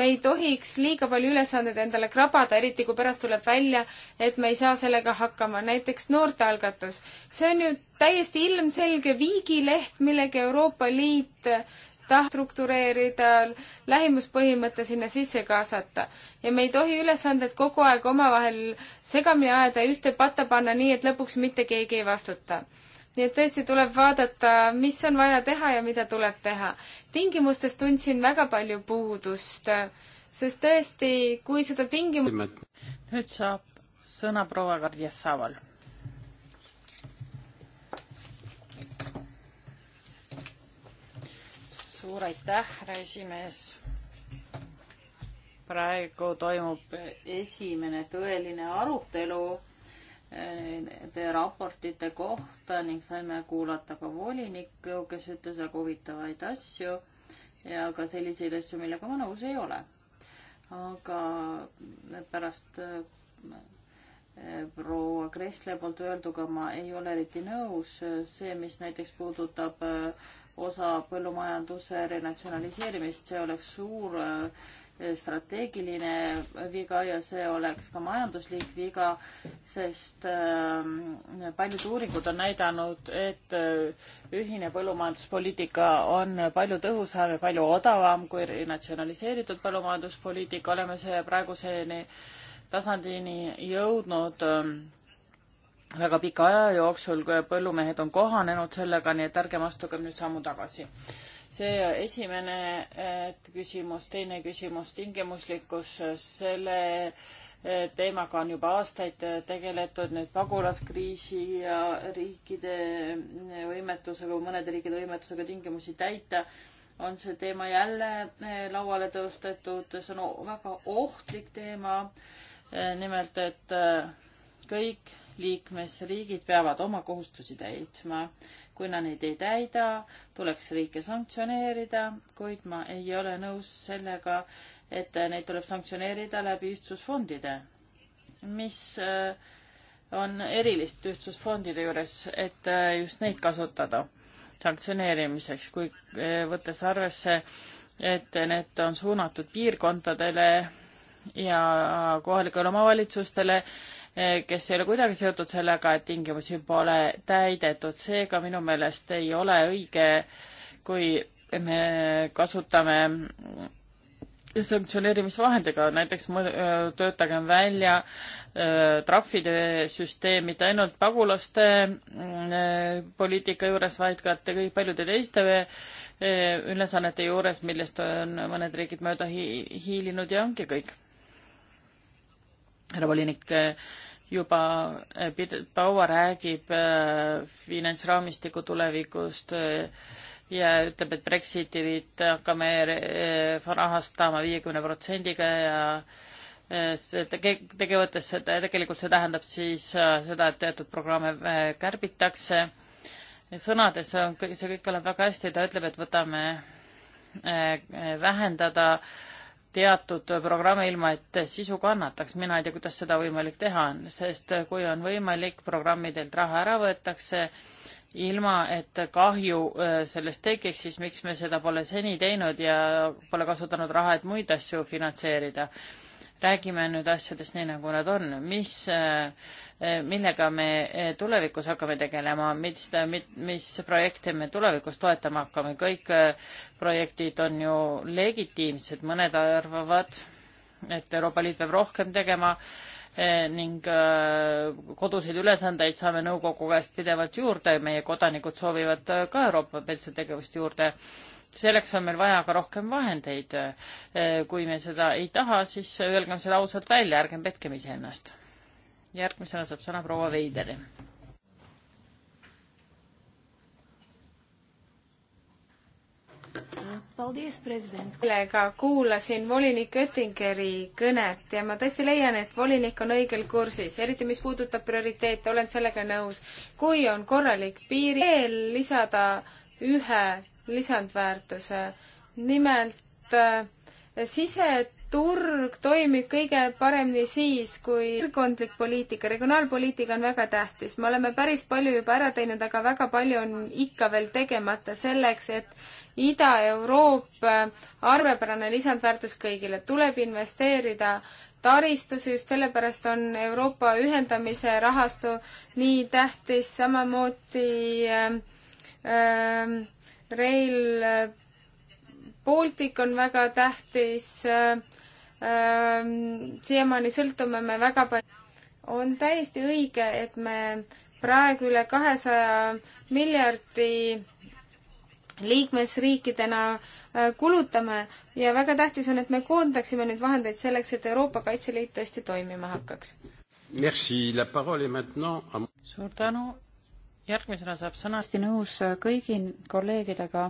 me ei tohiks liiga palju ülesandeid endale krabada, eriti kui pärast tuleb välja, et me ei saa sellega hakkama. näiteks noortealgatus. see on ju täiesti ilmselge viigileht, millega Euroopa Liit tahab struktureerida, lähimuspõhimõte sinna sisse kaasata. ja me ei tohi ülesanded kogu aeg omavahel segamini ajada ja ühte patta panna nii, et lõpuks mitte keegi ei vastuta nii et tõesti tuleb vaadata, mis on vaja teha ja mida tuleb teha. tingimustes tundsin väga palju puudust, sest tõesti, kui seda tingimus-. nüüd saab sõna proua Kardjasaval. suur aitäh, härra esimees praegu toimub esimene tõeline arutelu nende raportite kohta ning saime kuulata ka volinikku, kes ütles väga huvitavaid asju ja ka selliseid asju, millega ma nõus ei ole. aga pärast eh, proua Kressle poolt öelduga ma ei ole eriti nõus. see, mis näiteks puudutab eh, osa põllumajanduse renatsionaliseerimist, see oleks suur äh, strateegiline viga ja see oleks ka majanduslik viga, sest ähm, paljud uuringud on näidanud, et äh, ühine põllumajanduspoliitika on palju tõhusam ja palju odavam kui natsionaliseeritud põllumajanduspoliitika, oleme see praeguseni tasandini jõudnud ähm, väga pika aja jooksul, põllumehed on kohanenud sellega, nii et ärgem astugem nüüd sammu tagasi see esimene küsimus, teine küsimus, tingimuslikkus, selle eh, teemaga on juba aastaid tegeletud, nüüd pagulaskriisi ja riikide eh, võimetusega, mõnede riikide võimetusega tingimusi täita, on see teema jälle eh, lauale tõustetud, see on väga ohtlik teema. nimelt, et kõik liikmesriigid peavad oma kohustusi täitma kui nad neid ei täida, tuleks riike sanktsioneerida, kuid ma ei ole nõus sellega, et neid tuleb sanktsioneerida läbi ühtsusfondide, mis äh, on erilist ühtsusfondide juures, et äh, just neid kasutada sanktsioneerimiseks, kui äh, võttes arvesse, et need on suunatud piirkondadele ja kohalikele omavalitsustele Eh, kes ei ole kuidagi seotud sellega, et tingimusi pole täidetud, seega minu meelest ei ole õige, kui me kasutame sanktsioneerimisvahendiga, näiteks töötagem välja trahvide süsteem mitte ainult pagulaste mm, poliitika juures, vaid ka kõik paljude teiste ülesannete juures, millest on mõned riigid mööda hi hiilinud ja ongi kõik härra volinik juba eh, Paua räägib eh, finantsraamistiku tulevikust eh, ja ütleb, et Brexitit hakkame rahastama viiekümne protsendiga ja see tege-, tegevõttes seda, tegelikult see tähendab siis seda, et teatud programme kärbitakse. sõnades on kõik, see kõik kõlab väga hästi, ta ütleb, et võtame vähendada äh, teatud programme, ilma et sisu kannataks. mina ei tea, kuidas seda võimalik teha on, sest kui on võimalik, programmidelt raha ära võetakse, ilma et kahju äh, sellest tekiks, siis miks me seda pole seni teinud ja pole kasutanud raha, et muid asju finantseerida räägime nüüd asjadest nii, nagu nad on, mis, äh, millega me äh, tulevikus hakkame tegelema, mis, äh, mis projekte me tulevikus toetama hakkame, kõik projektid on ju legitiimsed, mõned arvavad, et Euroopa Liit peab rohkem tegema ning koduseid ülesandeid saame nõukogu käest pidevalt juurde, meie kodanikud soovivad ka Euroopa pensionitegevust juurde selleks on meil vaja ka rohkem vahendeid. Eh, kui me seda ei taha, siis öelgem seda ausalt välja, ärgem petkem iseennast. järgmisena saab sõna proua Veideri. millega kuulasin volinik Oettingeri kõnet ja ma tõesti leian, et volinik on õigel kursis, eriti mis puudutab prioriteete, olen sellega nõus. kui on korralik piir, veel lisada ühe lisandväärtuse. nimelt äh, siseturg toimib kõige paremini siis, kui piirkondlik poliitika, regionaalpoliitika on väga tähtis. me oleme päris palju juba ära teinud, aga väga palju on ikka veel tegemata selleks, et Ida-Euroopa arvepärane lisandväärtus kõigile tuleb investeerida taristusse, just sellepärast on Euroopa ühendamise rahastu nii tähtis, samamoodi äh, äh, Rail äh, Baltic on väga tähtis. Äh, äh, siiamaani sõltume me väga palju. on täiesti õige, et me praegu üle kahesaja miljardi liikmesriikidena kulutame ja väga tähtis on, et me koondaksime nüüd vahendeid selleks, et Euroopa Kaitseliit tõesti toimima hakkaks. suur tänu järgmisena saab sõna. hästi nõus äh, kõigi kolleegidega,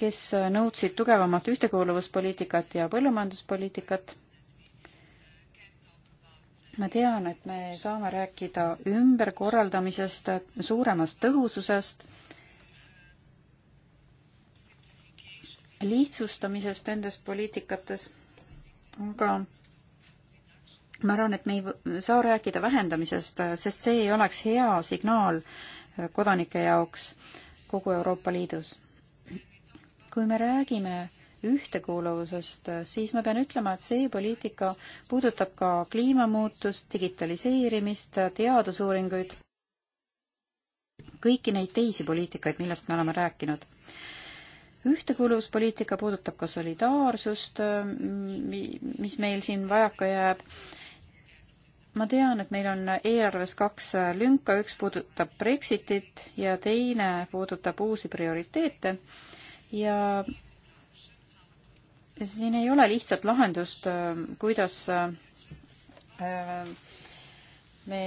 kes äh, nõudsid tugevamat ühtekuuluvuspoliitikat ja põllumajanduspoliitikat. ma tean, et me saame rääkida ümberkorraldamisest, suuremast tõhususest, lihtsustamisest nendes poliitikates, aga ma arvan, et me ei saa rääkida vähendamisest, äh, sest see ei oleks hea signaal äh, kodanike jaoks kogu Euroopa Liidus. kui me räägime ühtekuuluvusest, siis ma pean ütlema, et see poliitika puudutab ka kliimamuutust, digitaliseerimist, teadusuuringuid, kõiki neid teisi poliitikaid, millest me oleme rääkinud. ühtekuuluvuspoliitika puudutab ka solidaarsust, mis meil siin vajaka jääb ma tean, et meil on eelarves kaks lünka, üks puudutab Brexitit ja teine puudutab uusi prioriteete ja siin ei ole lihtsat lahendust, kuidas äh, me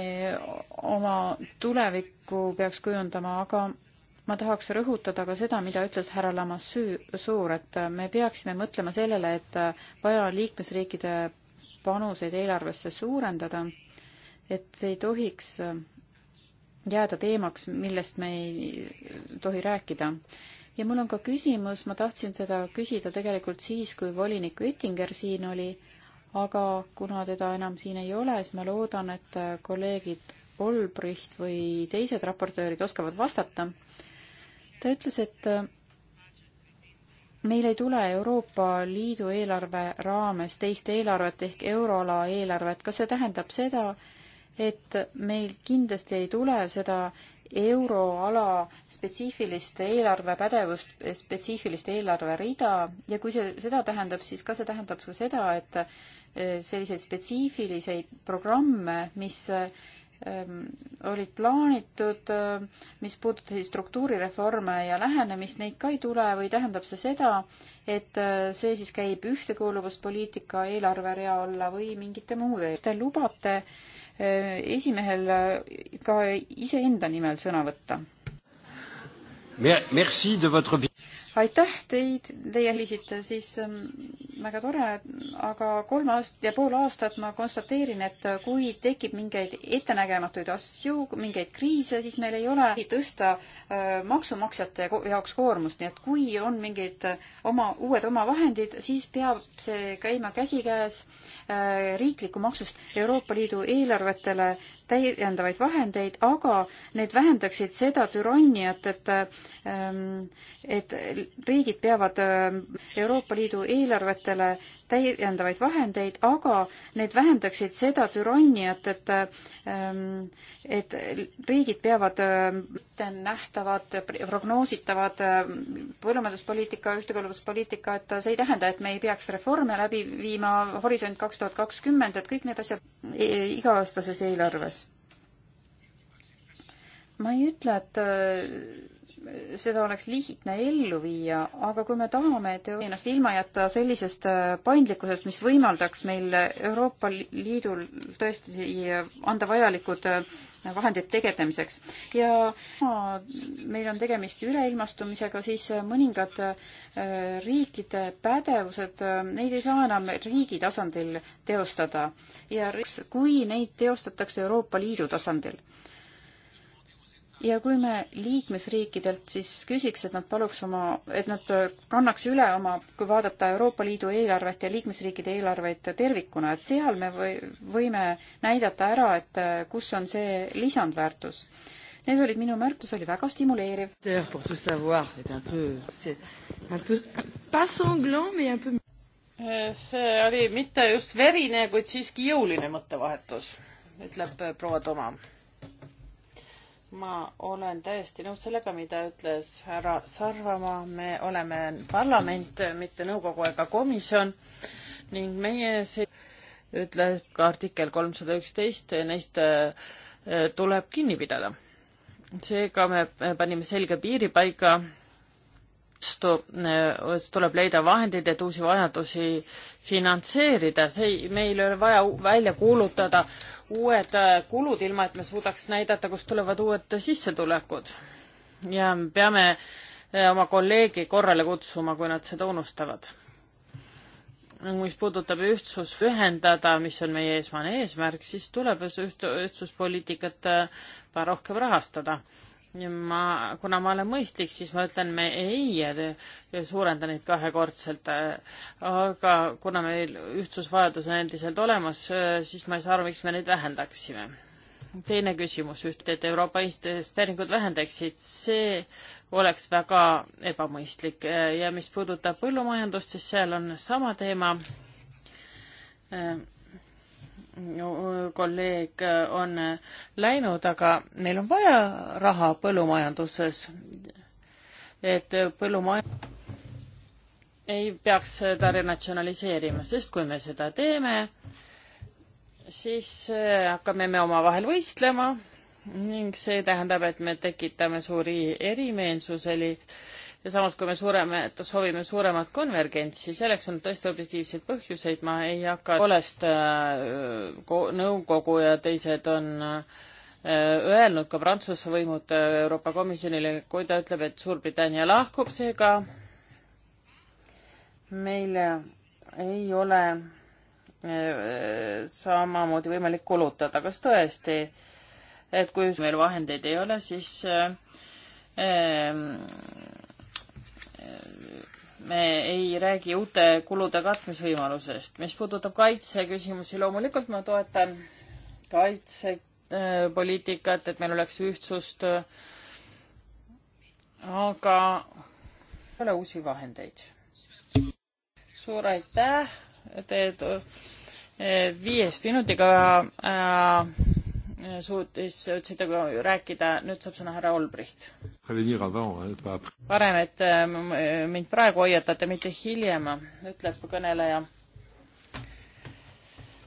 oma tulevikku peaks kujundama, aga ma tahaks rõhutada ka seda, mida ütles härra Lamassuur, et me peaksime mõtlema sellele, et vaja on liikmesriikide panuseid eelarvesse suurendada, et see ei tohiks äh, jääda teemaks, millest me ei äh, tohi rääkida. ja mul on ka küsimus, ma tahtsin seda küsida tegelikult siis, kui volinik Oettinger siin oli, aga kuna teda enam siin ei ole, siis ma loodan, et äh, kolleegid Olbricht või teised raportöörid oskavad vastata. ta ütles, et meil ei tule Euroopa Liidu eelarve raames teist eelarvet ehk euroala eelarvet, kas see tähendab seda, et meil kindlasti ei tule seda euroala spetsiifilist eelarvepädevust, spetsiifilist eelarverida ja kui see seda tähendab, siis kas see tähendab ka seda, et eh, selliseid spetsiifiliseid programme, mis Ähm, olid plaanitud, ähm, mis puudutasid struktuurireforme ja lähenemist, neid ka ei tule või tähendab see seda, et äh, see siis käib ühtekuuluvuspoliitika eelarverea alla või mingite muude eest? Te lubate äh, esimehel äh, ka iseenda nimel sõna võtta? Merci de votre aitäh teid, teie helisite siis ähm, väga tore, aga kolm aast- ja pool aastat ma konstateerin, et kui tekib mingeid ettenägematuid asju, mingeid kriise, siis meil ei ole ei tõsta äh, maksumaksjate ko jaoks koormust, nii et kui on mingid äh, oma, uued omavahendid, siis peab see käima käsikäes äh, riikliku maksust Euroopa Liidu eelarvetele täiendavaid vahendeid, aga need vähendaksid seda türanniat, et ähm, et riigid peavad ähm, Euroopa Liidu eelarvetele täiendavaid vahendeid, aga need vähendaksid seda türanniat, et ähm, et riigid peavad nähtavad, prognoositavad põllumajanduspoliitika, ühtekuuluvuspoliitika, et see ei tähenda, et me ei peaks reforme läbi viima, Horisont kaks tuhat kakskümmend, et kõik need asjad e-, iga-aastases eelarves ma ei ütle, et äh, seda oleks lihtne ellu viia, aga kui me tahame, et ennast ilma jätta sellisest äh, paindlikkusest, mis võimaldaks meil Euroopa Liidul tõesti anda vajalikud äh, vahendid tegelemiseks ja meil on tegemist üleilmastumisega, siis mõningad riikide pädevused, neid ei saa enam riigi tasandil teostada ja kui neid teostatakse Euroopa Liidu tasandil ja kui me liikmesriikidelt siis küsiks, et nad paluks oma, et nad kannaks üle oma, kui vaadata Euroopa Liidu eelarvet ja liikmesriikide eelarveid tervikuna, et seal me või, võime näidata ära, et kus on see lisandväärtus. Need olid minu märkus, oli väga stimuleeriv. see oli mitte just verine, kuid siiski jõuline mõttevahetus, ütleb proua Toma ma olen täiesti nõus sellega, mida ütles härra Sarvamaa, me oleme parlament, mitte nõukogu ega komisjon ning meie see ütleb ka artikkel kolmsada üksteist, neist eh, tuleb kinni pidada. seega me panime selge piiri paika, eh, tuleb leida vahendid, et uusi vajadusi finantseerida, see ei, meil ei ole vaja välja kuulutada uued äh, kulud, ilma et me suudaks näidata, kust tulevad uued sissetulekud. ja peame äh, oma kolleegi korrale kutsuma, kui nad seda unustavad. mis puudutab ühtsust ühendada, mis on meie esmane eesmärk, siis tuleb ühtsuspoliitikat äh, rohkem rahastada ma, kuna ma olen mõistlik, siis ma ütlen, me ei suurenda neid kahekordselt, aga kuna meil ühtsusvajadus on endiselt olemas, siis ma ei saa aru, miks me neid vähendaksime. teine küsimus, ühte, et Euroopa investeeringud vähendaksid, see oleks väga ebamõistlik ja mis puudutab põllumajandust, siis seal on sama teema kolleeg on läinud, aga meil on vaja raha põllumajanduses. et põllumaja ei peaks seda renatsionaliseerima, sest kui me seda teeme, siis eh, hakkame me omavahel võistlema ning see tähendab, et me tekitame suuri erimeelsuseli ja samas, kui me suureme, soovime suuremat konvergentsi, selleks on tõesti objektiivseid põhjuseid, ma ei hakka, tõepoolest äh, nõukogu ja teised on äh, öelnud ka Prantsuse võimud äh, Euroopa Komisjonile, kui ta ütleb, et Suurbritannia lahkub, seega meil ei ole samamoodi võimalik kulutada, kas tõesti, et kui meil vahendeid ei ole, siis äh, me ei räägi uute kulude katmisvõimalusest. mis puudutab kaitseküsimusi, loomulikult ma toetan kaitsepoliitikat, et meil oleks ühtsust, aga ei ole uusi vahendeid. suur aitäh, te viiest minutiga äh, Äh, suutis, suutsite rääkida, nüüd saab sõna härra Olbricht. parem, et äh, mind praegu hoiatate, mitte hiljem, ütleb kõneleja.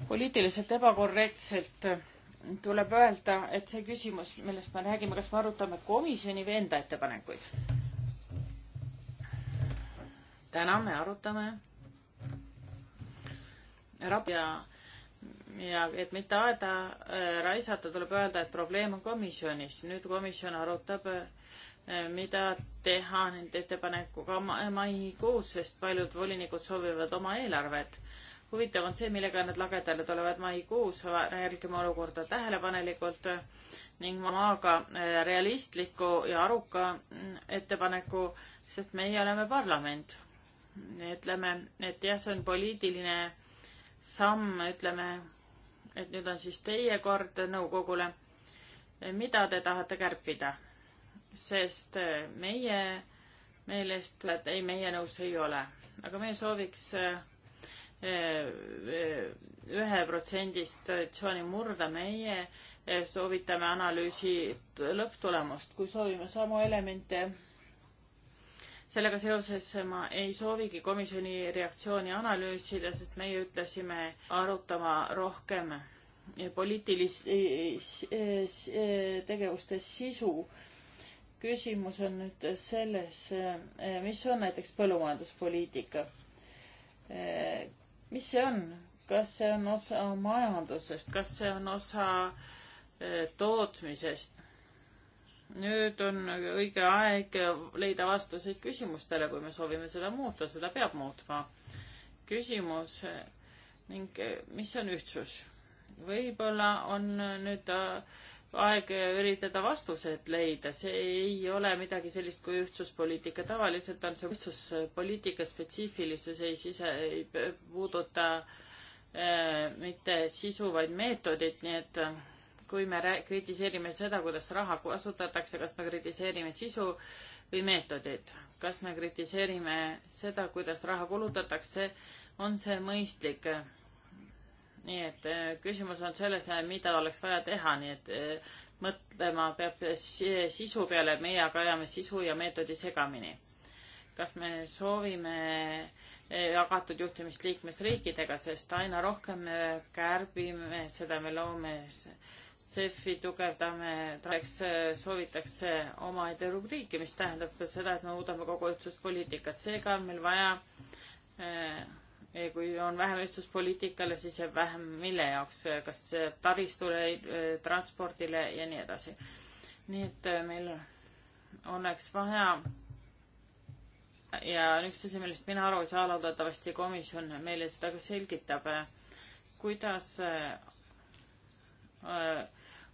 poliitiliselt ebakorrektselt tuleb öelda, et see küsimus, millest me räägime, kas me arutame komisjoni või enda ettepanekuid? täna me arutame rab- ja ja et mitte aeda äh, raisata, tuleb öelda, et probleem on komisjonis. nüüd komisjon arutab, äh, mida teha nende ettepanekuga maikuus, sest paljud volinikud soovivad oma eelarvet. huvitav on see, millega nad lagedale tulevad maikuus, jälgime olukorda tähelepanelikult ning maaga äh, realistliku ja aruka mm, ettepaneku, sest meie oleme parlament. ütleme, et jah, see on poliitiline samm, ütleme et nüüd on siis teie kord nõukogule, mida te tahate kärpida. sest meie meelest, et ei, meie nõus ei ole, aga meie sooviks eh, eh, ühe protsendist traditsiooni murda, meie eh, soovitame analüüsi lõpptulemust, kui soovime samu elemente sellega seoses ma ei soovigi komisjoni reaktsiooni analüüsida, sest meie ütlesime arutama rohkem poliitiliste eh, eh, tegevuste sisu. küsimus on nüüd selles, eh, mis on näiteks põllumajanduspoliitika. mis see on, kas see on osa majandusest, kas see on osa tootmisest? nüüd on õige aeg leida vastuseid küsimustele, kui me soovime seda muuta, seda peab muutma. küsimus ning mis on ühtsus? võib-olla on nüüd aeg üritada vastused leida, see ei ole midagi sellist kui ühtsuspoliitika, tavaliselt on see ühtsuspoliitika spetsiifilisus ei sise, ei puuduta äh, mitte sisu, vaid meetodit, nii et kui me kritiseerime seda, kuidas raha kasutatakse, kas me kritiseerime sisu või meetodit, kas me kritiseerime seda, kuidas raha kulutatakse, on see mõistlik? nii et äh, küsimus on selles, mida oleks vaja teha, nii et äh, mõtlema peab sisu peale, meie aga ajame sisu ja meetodi segamini. kas me soovime jagatud äh, juhtimist liikmesriikidega, sest aina rohkem me kärbime seda, me loome CEF-i tugevdame, tuleks, äh, soovitakse äh, omaette rubriiki, mis tähendab ka seda, et me muudame kogu ühtsuspoliitikat, seega on meil vaja äh, kui on vähem ühtsuspoliitikale, siis jääb vähem mille jaoks, kas taristule, transpordile ja nii edasi. nii et meil oleks vaja ja üks asi, millest mina aru ei saa, loodetavasti komisjon meile seda ka selgitab, kuidas Äh,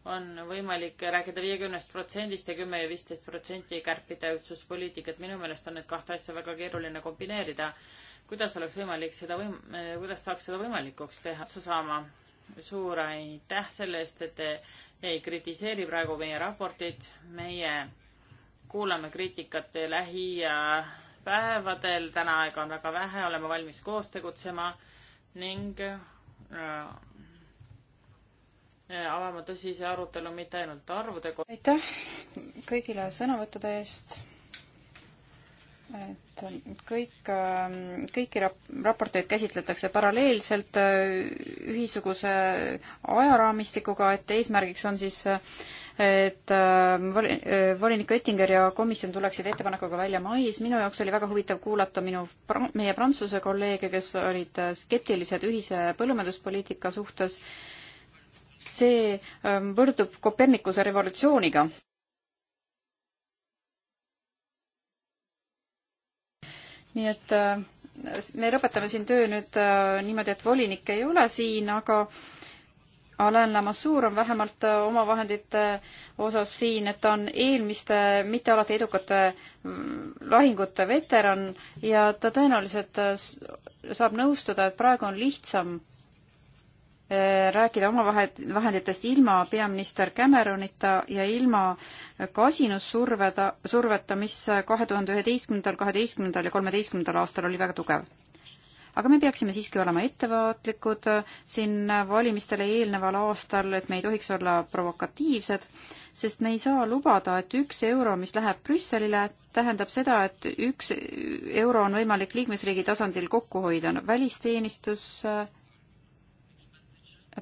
on võimalik rääkida viiekümnest protsendist ja kümme ja viisteist protsenti kärpida ühtsuspoliitikat. minu meelest on need kahte asja väga keeruline kombineerida. kuidas oleks võimalik seda võim-, äh, kuidas saaks seda võimalikuks teha, otsa saama? suur aitäh selle eest, et te ei kritiseeri praegu meie raportit. meie kuulame kriitikat lähipäevadel, täna aega on väga vähe, oleme valmis koos tegutsema ning äh, Äh, avama tõsise arutelu mitte ainult arvude kohta. aitäh kõigile sõnavõttude eest. et kõik, ähm, kõiki rap-, raporteid käsitletakse paralleelselt äh, ühisuguse ajaraamistikuga, et eesmärgiks on siis äh, et voli- äh,, volinik Oettinger ja komisjon tuleksid ettepanekuga välja mais. minu jaoks oli väga huvitav kuulata minu, meie prantsuse kolleege, kes olid skeptilised ühise põllumajanduspoliitika suhtes see ähm, võrdub Kopernikuse revolutsiooniga. nii et äh, me lõpetame siin töö nüüd äh, niimoodi, et volinik ei ole siin, aga Alain Lamassoure on vähemalt äh, omavahendite osas siin, et ta on eelmiste mitte alati edukate mm, lahingute veteran ja ta tõenäoliselt saab nõustuda, et praegu on lihtsam rääkida omavahenditest ilma peaminister Cameronita ja ilma kasinussurveda, surveta, mis kahe tuhande üheteistkümnendal, kaheteistkümnendal ja kolmeteistkümnendal aastal oli väga tugev. aga me peaksime siiski olema ettevaatlikud siin valimistele eelneval aastal, et me ei tohiks olla provokatiivsed, sest me ei saa lubada, et üks euro, mis läheb Brüsselile, tähendab seda, et üks euro on võimalik liikmesriigi tasandil kokku hoida, no välisteenistus äh,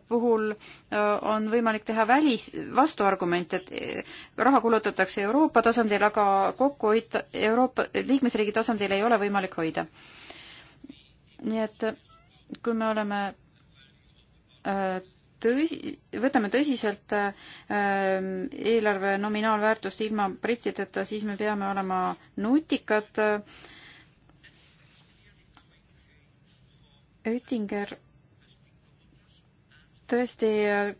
puhul äh, on võimalik teha välis, vastuargument, et äh, raha kulutatakse Euroopa tasandil, aga kokkuhoid Euroopa, liikmesriigi tasandil ei ole võimalik hoida. nii et äh, kui me oleme tõsi, võtame tõsiselt eelarve nominaalväärtust ilma brittideta, siis me peame olema nutikad. Oettinger tõesti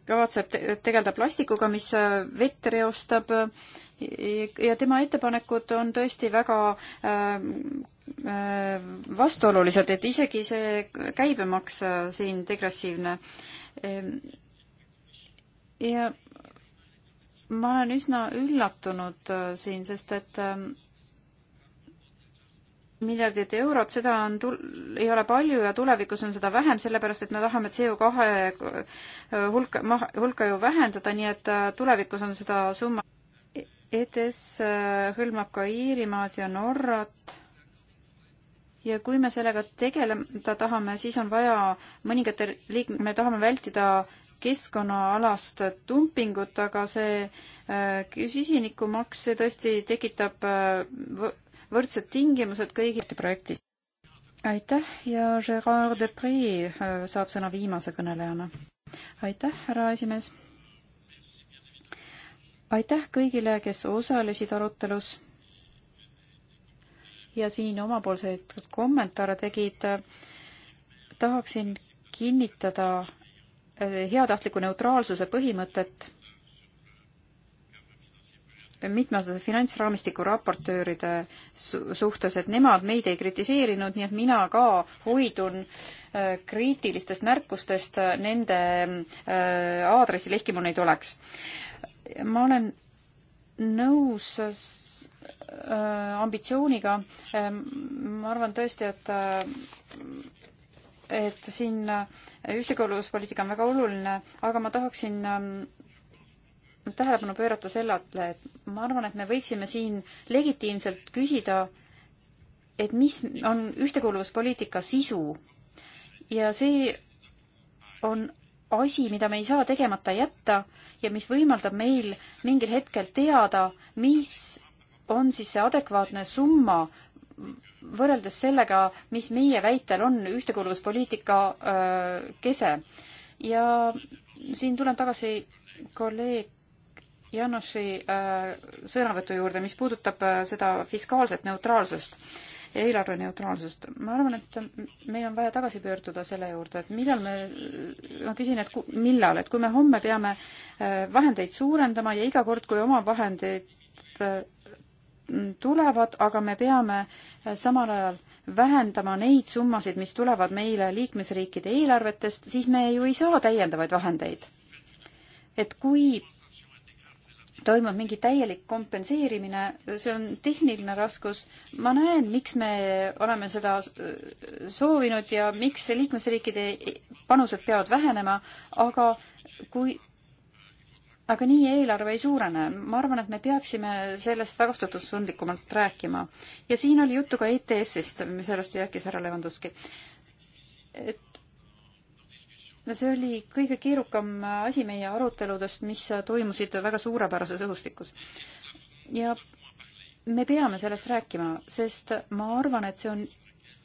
kavatseb tegeleda plastikuga, mis äh, vett reostab äh, ja tema ettepanekud on tõesti väga ähm, äh, vastuolulised, et isegi see käibemaks siin degressiivne. Ehm, ja ma olen üsna üllatunud siin, sest et ähm, miljardit eurot, seda on tul-, ei ole palju ja tulevikus on seda vähem, sellepärast et me tahame CO2 äh, hulka, maha, hulka ju vähendada, nii et äh, tulevikus on seda summa. ETS äh, hõlmab ka Iirimaad ja Norrat ja kui me sellega tegeleda tahame, siis on vaja mõningate liik-, me tahame vältida keskkonnaalast dumpingut, aga see äh, süsinikumaks, see tõesti tekitab äh, võrdsed tingimused kõigi projektis. aitäh ja Gerard Depree äh, saab sõna viimase kõnelejana. aitäh, härra esimees. aitäh kõigile, kes osalesid arutelus ja siin omapoolseid kommentaare tegid. tahaksin kinnitada äh, heatahtliku neutraalsuse põhimõtet mitmeaastase finantsraamistiku raportööride suhtes, et nemad meid ei kritiseerinud, nii et mina ka hoidun äh, kriitilistest märkustest äh, nende äh, aadressil, ehkki mul neid oleks. ma olen nõus ambitsiooniga, ma arvan tõesti, et et siin ühtekuuluvuspoliitika on väga oluline, aga ma tahaksin ähm, tähelepanu pöörata sellele, et ma arvan, et me võiksime siin legitiimselt küsida, et mis on ühtekuuluvuspoliitika sisu ja see on asi, mida me ei saa tegemata jätta ja mis võimaldab meil mingil hetkel teada, mis on siis see adekvaatne summa võrreldes sellega, mis meie väitel on ühtekuuluvuspoliitika kese. ja siin tulen tagasi kolleeg Janoši äh, sõnavõtu juurde, mis puudutab äh, seda fiskaalset neutraalsust, eelarve neutraalsust. ma arvan, et meil on vaja tagasi pöörduda selle juurde, et millal me, ma küsin, et millal, et kui me homme peame äh, vahendeid suurendama ja iga kord, kui oma vahendeid tulevad, aga me peame samal ajal vähendama neid summasid, mis tulevad meile liikmesriikide eelarvetest, siis me ju ei saa täiendavaid vahendeid. et kui toimub mingi täielik kompenseerimine, see on tehniline raskus. ma näen, miks me oleme seda äh, soovinud ja miks liikmesriikide panused peavad vähenema, aga kui, aga nii eelarve ei suurene. ma arvan, et me peaksime sellest väga vastutustundlikumalt rääkima. ja siin oli juttu ka ETS-ist, sellest rääkis härra Levanduski. et see oli kõige keerukam asi meie aruteludest, mis toimusid väga suurepärases õhustikus. ja me peame sellest rääkima, sest ma arvan, et see on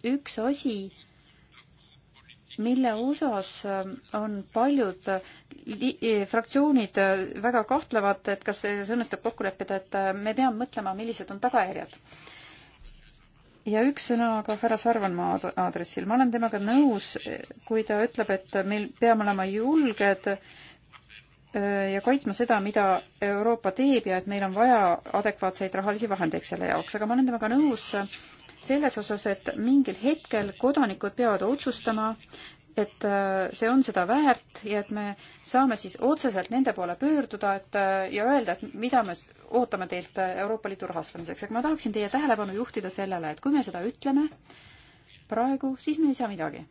üks asi, mille osas on paljud fraktsioonid väga kahtlevad, et kas see õnnestub kokku leppida, et me peame mõtlema, millised on tagajärjed ja üks sõna ka härra Sarvanmaa aadressil. ma olen temaga nõus, kui ta ütleb, et meil peame olema julged äh, ja kaitsma seda, mida Euroopa teeb ja et meil on vaja adekvaatseid rahalisi vahendeid selle jaoks, aga ma olen temaga nõus selles osas, et mingil hetkel kodanikud peavad otsustama, et äh, see on seda väärt ja et me saame siis otseselt nende poole pöörduda, et äh, ja öelda, et mida me ootame teilt äh, Euroopa Liidu rahastamiseks, et ma tahaksin teie tähelepanu juhtida sellele, et kui me seda ütleme praegu, siis me ei saa midagi.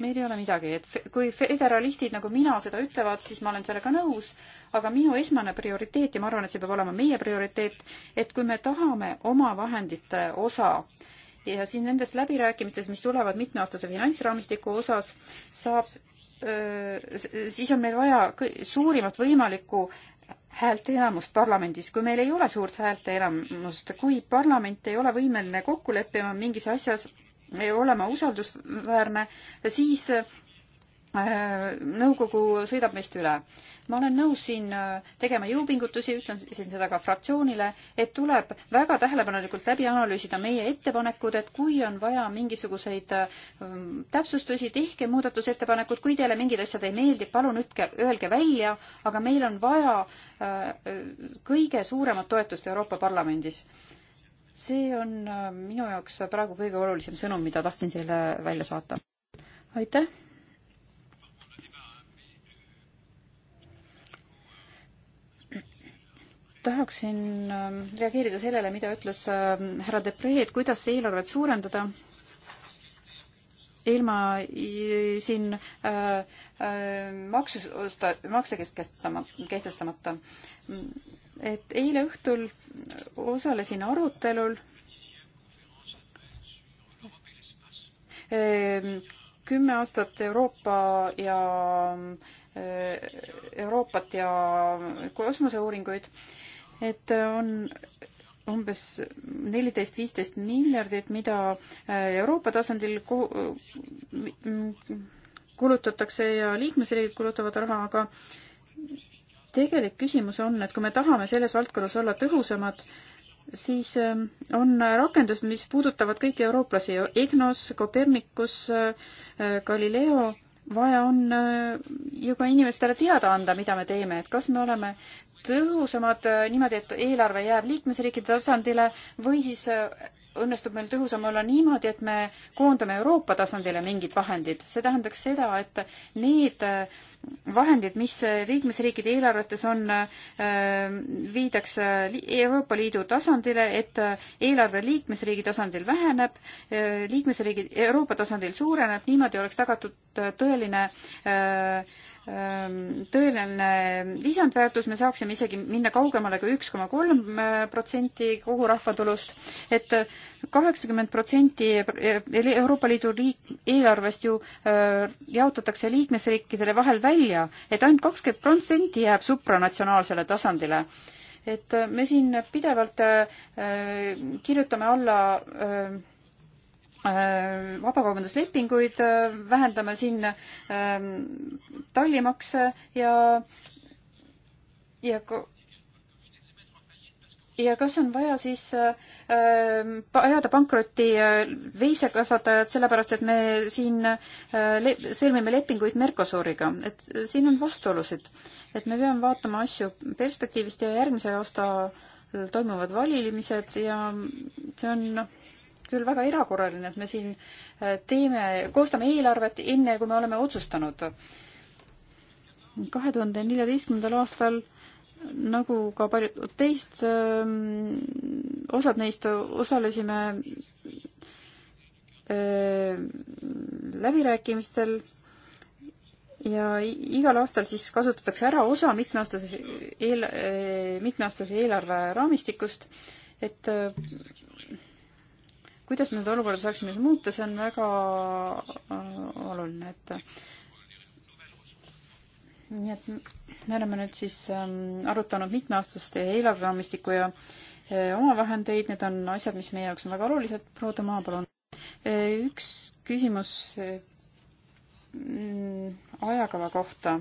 meil ei ole midagi, et kui föderalistid nagu mina seda ütlevad, siis ma olen sellega nõus, aga minu esmane prioriteet ja ma arvan, et see peab olema meie prioriteet, et kui me tahame oma vahendite osa äh, ja siin nendes läbirääkimistes, mis tulevad mitmeaastase finantsraamistiku osas, saab, siis on meil vaja suurimat võimalikku häälteenamust parlamendis, kui meil ei ole suurt häälteenamust, kui parlament ei ole võimeline kokku leppima mingis asjas, olema usaldusväärne, siis Äh, nõukogu sõidab meist üle. ma olen nõus siin äh, tegema jõupingutusi, ütlen siin seda ka fraktsioonile, et tuleb väga tähelepanelikult läbi analüüsida meie ettepanekud, et kui on vaja mingisuguseid äh, täpsustusi, tehke muudatusettepanekud, kui teile mingid asjad ei meeldi, palun ütke, öelge välja, aga meil on vaja kõige suuremat toetust Euroopa Parlamendis. see on minu jaoks praegu kõige olulisem sõnum, mida tahtsin teile välja saata. aitäh! tahaksin ähm, reageerida sellele, mida ütles ähm, härra Depre, et kuidas eelarvet suurendada ilma siin äh, äh, maksu, makse kestestama, kehtestamata. et eile õhtul osalesin arutelul ähm, kümme aastat Euroopa ja äh, Euroopat ja kosmoseuuringuid äh, et on umbes neliteist, viisteist miljardit, mida äh, Euroopa tasandil äh, kulutatakse ja liikmesriigid kulutavad raha, aga tegelik küsimus on, et kui me tahame selles valdkonnas olla tõhusamad, siis äh, on rakendused, mis puudutavad kõiki eurooplasi, EGNOS, Copernicus, Galileo vaja on äh, ju ka inimestele teada anda, mida me teeme, et kas me oleme tõhusamad äh, niimoodi, et eelarve jääb liikmesriikide tasandile või siis äh, õnnestub meil tõhusam olla niimoodi, et me koondame Euroopa tasandile mingid vahendid. see tähendaks seda, et need äh, vahendid, mis äh, liikmesriikide eelarvetes on, äh, viidakse Euroopa Liidu tasandile, et eelarve liikmesriigi tasandil väheneb, liikmesriigi Euroopa tasandil suureneb, niimoodi oleks tagatud tõeline Ehm, tõeline lisandväärtus, me saaksime isegi minna kaugemale kui üks koma kolm protsenti kogu rahvatulust et, et kaheksakümmend protsenti Euroopa Liidu liik-, eelarvest ju ehm, jaotatakse liikmesriikidele vahel välja et, et ainult kakskümmend protsenti jääb supranatsionaalsele tasandile et me siin pidevalt ehm, kirjutame alla äh, Äh, vabakaubanduslepinguid, äh, vähendame siin ähm, tollimakse ja, ja ja kas on vaja siis äh, ajada pankrotti äh, veisekasvatajad, sellepärast et me siin äh, le sõlmime lepinguid Mercosuriga, et äh, siin on vastuolusid, et me peame vaatama asju perspektiivist ja järgmise aasta toimuvad valimised ja see on noh, küll väga erakorraline, et me siin äh, teeme, koostame eelarvet enne, kui me oleme otsustanud. kahe tuhande neljateistkümnendal aastal nagu ka paljud teist, ähm, osad neist osalesime öö, äh, läbirääkimistel ja igal aastal siis kasutatakse ära osa mitmeaastase eel-, äh, mitmeaastase eelarve raamistikust, et kuidas me seda olukorda saaksime siis muuta, see on väga äh, oluline, et nii et me oleme nüüd siis ähm, arutanud mitmeaastaste eelarveraamistiku ja äh, omavahendeid, need on asjad, mis meie jaoks on väga olulised. proua Tomaa, palun. Äh, üks küsimus ajakava kohta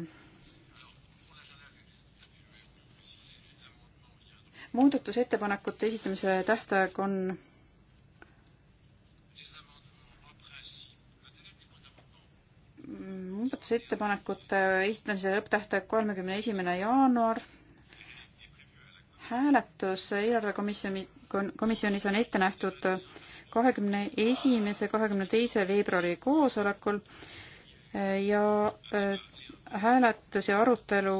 muudatusettepanekute esitamise tähtaeg on muudatusettepanekute esitamise lõpptähtaeg kolmekümne esimene jaanuar. hääletus eelarvekomisjoni, komisjonis on ette nähtud kahekümne esimese, kahekümne teise veebruari koosolekul ja äh, hääletus ja arutelu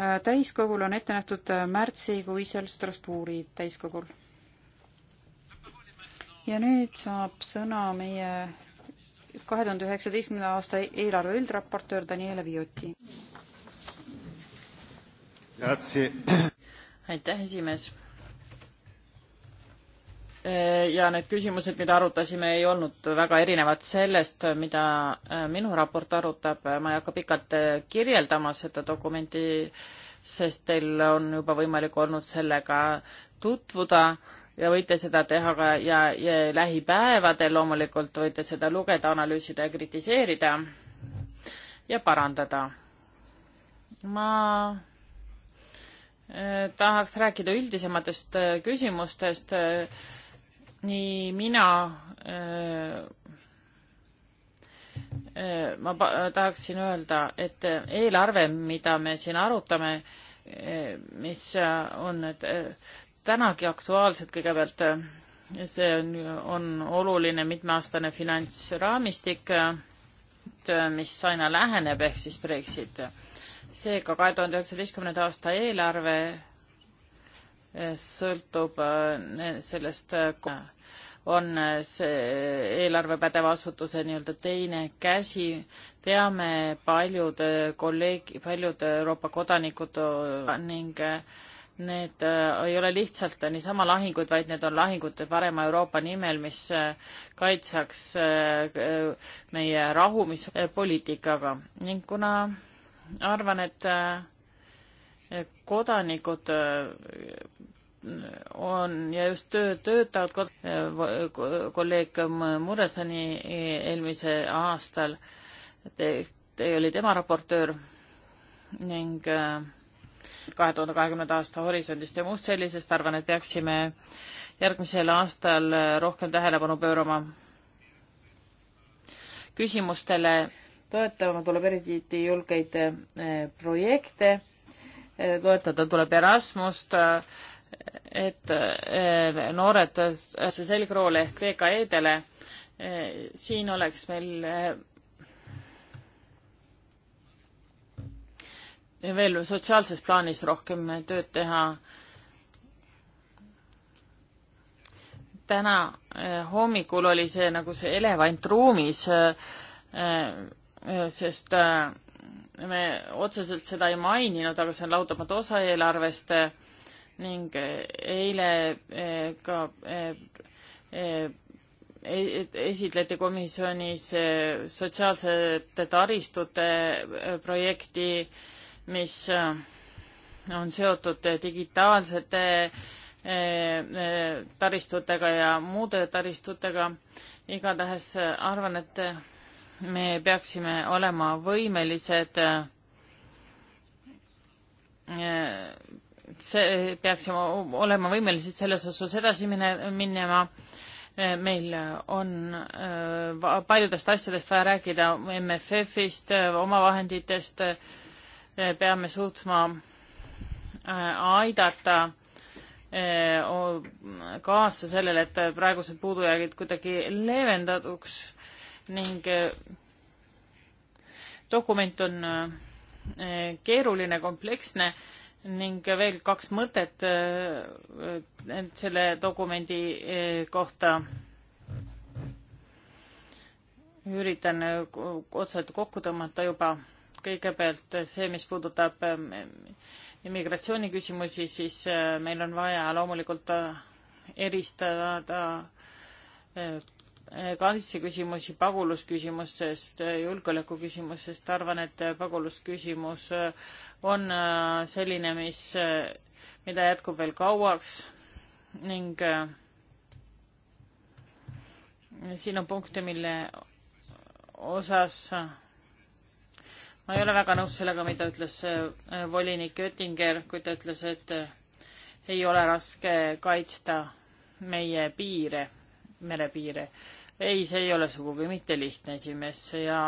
äh, täiskogul on ette nähtud äh, märtsikuisel Strasbourgi täiskogul. ja nüüd saab sõna meie kahe tuhande üheksateistkümnenda aasta eelarve üldraportöör Daniele Vioti. aitäh, esimees. Äh, ja need küsimused, mida arutasime, ei olnud väga erinevad sellest, mida äh, minu raport arutab, ma ei hakka pikalt äh, kirjeldama seda dokumenti, sest teil on juba võimalik olnud sellega tutvuda ja võite seda teha ka ja, ja lähipäevadel loomulikult võite seda lugeda, analüüsida ja kritiseerida ja parandada. ma äh, tahaks rääkida üldisematest äh, küsimustest. Äh, nii mina ma tahaksin öelda, et eelarve, mida me siin arutame, mis on tänagi aktuaalsed, kõigepealt see on, on oluline mitmeaastane finantsraamistik, mis aina läheneb, ehk siis Brexit. seega kahe tuhande üheksateistkümnenda aasta eelarve sõltub eh, sellest, eh, on see eelarve pädeva asutuse nii-öelda teine käsi. teame, paljud eh, kolleeg-, paljud Euroopa kodanikud ning äh, Need äh, ei ole lihtsalt niisama lahingud, vaid need on lahingud parema Euroopa nimel, mis äh, kaitseks äh, meie rahumispoliitikaga ning kuna arvan, et kodanikud on ja just töö, töötavad kod-, kolleeg Muresani eelmise aastal, te, te oli tema raportöör ning äh, kahe tuhande kahekümnenda aasta horisondist ja muust sellisest, arvan, et peaksime järgmisel aastal rohkem tähelepanu pöörama küsimustele, toetama tuleb eriti julgeid eh, projekte, eh, toetada tuleb Erasmust, eh, et noored selgroole ehk VKE-dele, siin oleks meil veel sotsiaalses plaanis rohkem tööd teha. täna eh, hommikul oli see nagu see elevant ruumis, eh, eh, sest me otseselt seda ei maininud, aga see on lahutamatu osa eelarvest ning eile ka e-, esitleti komisjonis sotsiaalsete taristute projekti mis äh, on seotud digitaalsete äh, äh, taristutega ja muude taristutega. igatahes arvan, et me peaksime olema võimelised, see, peaksime olema võimelised selles osas edasi mine, minema. meil on paljudest asjadest vaja rääkida MFF-ist, omavahenditest, me peame suutma äh, aidata äh, kaasa sellele, et praegused puudujäägid kuidagi leevendatuks ning äh, dokument on keeruline, kompleksne ning veel kaks mõtet selle dokumendi kohta. üritan otsad kokku tõmmata juba kõigepealt eh, see, mis puudutab eh, immigratsiooniküsimusi, siis eh, meil on vaja loomulikult eristada kaitseküsimusi pagulusküsimustest, julgeolekuküsimusest, arvan, et pagulusküsimus on selline, mis, mida jätkub veel kauaks ning siin on punkte, mille osas ma ei ole väga nõus sellega, mida ütles äh, volinik Oettinger, kui ta ütles, et äh, ei ole raske kaitsta meie piire, merepiire. ei, see ei ole sugugi mitte lihtne, esimees, ja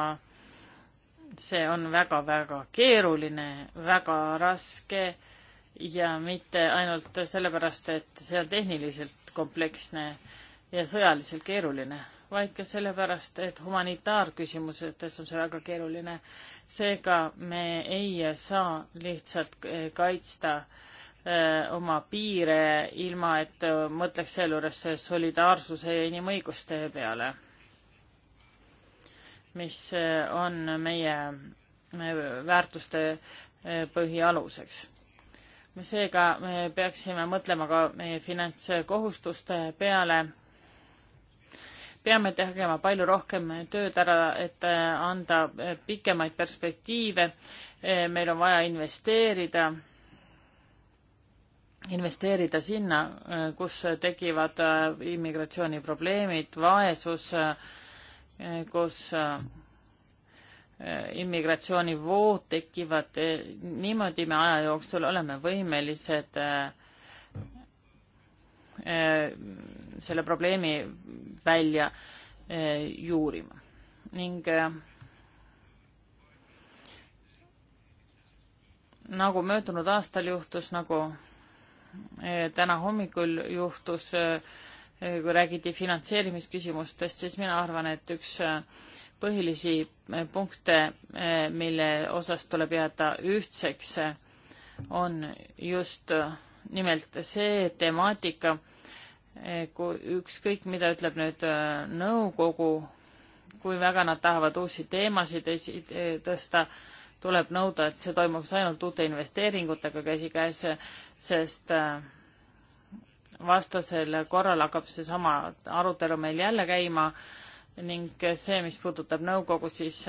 see on väga-väga keeruline, väga raske ja mitte ainult sellepärast, et see on tehniliselt kompleksne ja sõjaliselt keeruline vaid ka sellepärast, et humanitaarküsimustes on see väga keeruline. seega me ei saa lihtsalt eh, kaitsta eh, oma piire, ilma et mõtleks sealjuures solidaarsuse ja inimõiguste peale, mis eh, on meie väärtuste põhialuseks. seega me peaksime mõtlema ka meie finantskohustuste peale peame tegema palju rohkem tööd ära, et äh, anda äh, pikemaid perspektiive. Äh, meil on vaja investeerida, investeerida sinna, kus tekivad immigratsiooniprobleemid, vaesus, kus immigratsioonivood tekivad, niimoodi me aja jooksul oleme võimelised äh, Äh, selle probleemi välja äh, juurima ning äh, nagu möödunud aastal juhtus, nagu täna hommikul juhtus, kui räägiti finantseerimisküsimustest, siis mina arvan, et üks põhilisi punkte, mille osas tuleb jääda ühtseks, on just nimelt see temaatika, Eh, kui ükskõik, mida ütleb nüüd eh, nõukogu, kui väga nad tahavad uusi teemasid esi-, eh, tõsta, tuleb nõuda, et see toimuks ainult uute investeeringutega käsikäes, sest vastasel korral hakkab seesama arutelu meil jälle käima ning see, mis puudutab nõukogu, siis